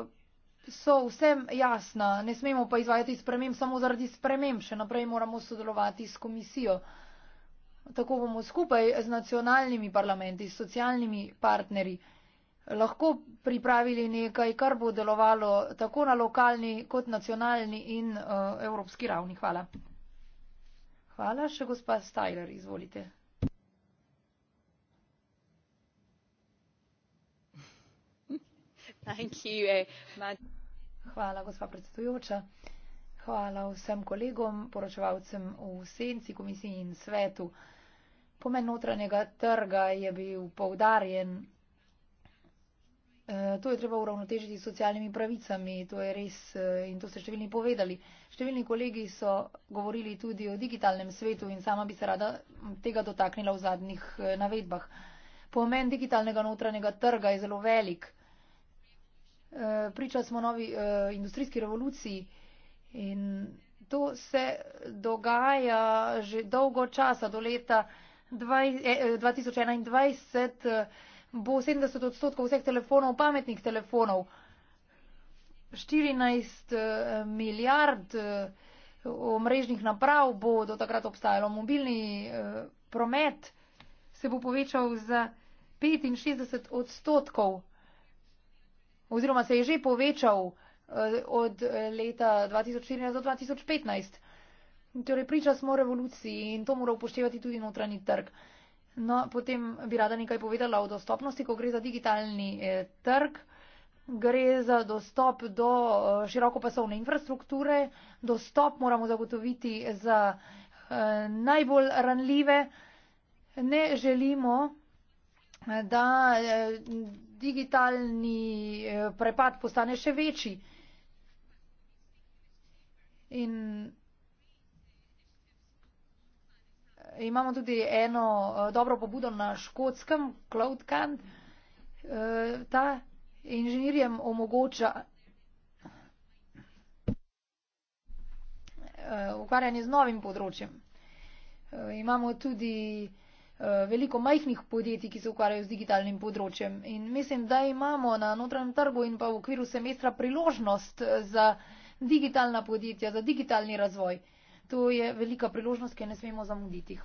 so vsem jasna. Ne smemo pa izvajati sprememb samo zaradi sprememb. Še naprej moramo sodelovati s komisijo. Tako bomo skupaj z nacionalnimi parlamenti, s socialnimi partnerji lahko pripravili nekaj, kar bo delovalo tako na lokalni kot nacionalni in uh, evropski ravni. Hvala. Hvala. Še gospa Stajler, izvolite. Eh, Hvala, gospa predsedujoča. Hvala vsem kolegom, poročevalcem v senci, komisiji in svetu pomen notranjega trga je bil povdarjen. E, to je treba uravnotežiti s socialnimi pravicami, to je res e, in to ste številni povedali. Številni kolegi so govorili tudi o digitalnem svetu in sama bi se rada tega dotaknila v zadnjih e, navedbah. Pomen digitalnega notranjega trga je zelo velik. Priča smo novi industrijski revoluciji in to se dogaja že dolgo časa, do leta 2020. 2021 eh, eh, eh, bo 70 odstotkov vseh telefonov pametnih telefonov. 14 milijard omrežnih naprav bo do takrat obstajalo. Mobilni promet se bo povečal za 65 odstotkov oziroma se je že povečal od leta 2014 do 2015. Torej, priča smo revoluciji in to mora upoštevati tudi notranji trg. No, potem bi rada nekaj povedala o dostopnosti, ko gre za digitalni eh, trg. Gre za dostop do eh, širokopasovne infrastrukture. Dostop moramo zagotoviti za eh, najbolj ranljive. Ne želimo, eh, da eh, digitalni eh, prepad postane še večji. In imamo tudi eno eh, dobro pobudo na škotskem, CloudCan. Eh, ta inženirjem omogoča eh, ukvarjanje z novim področjem. Imamo tudi veliko majhnih podjetij, ki se ukvarjajo z digitalnim področjem. In mislim, da imamo na notranjem trgu in pa v okviru semestra priložnost za digitalna podjetja, za digitalni razvoj to je velika priložnost ki je ne smemo zamuditi.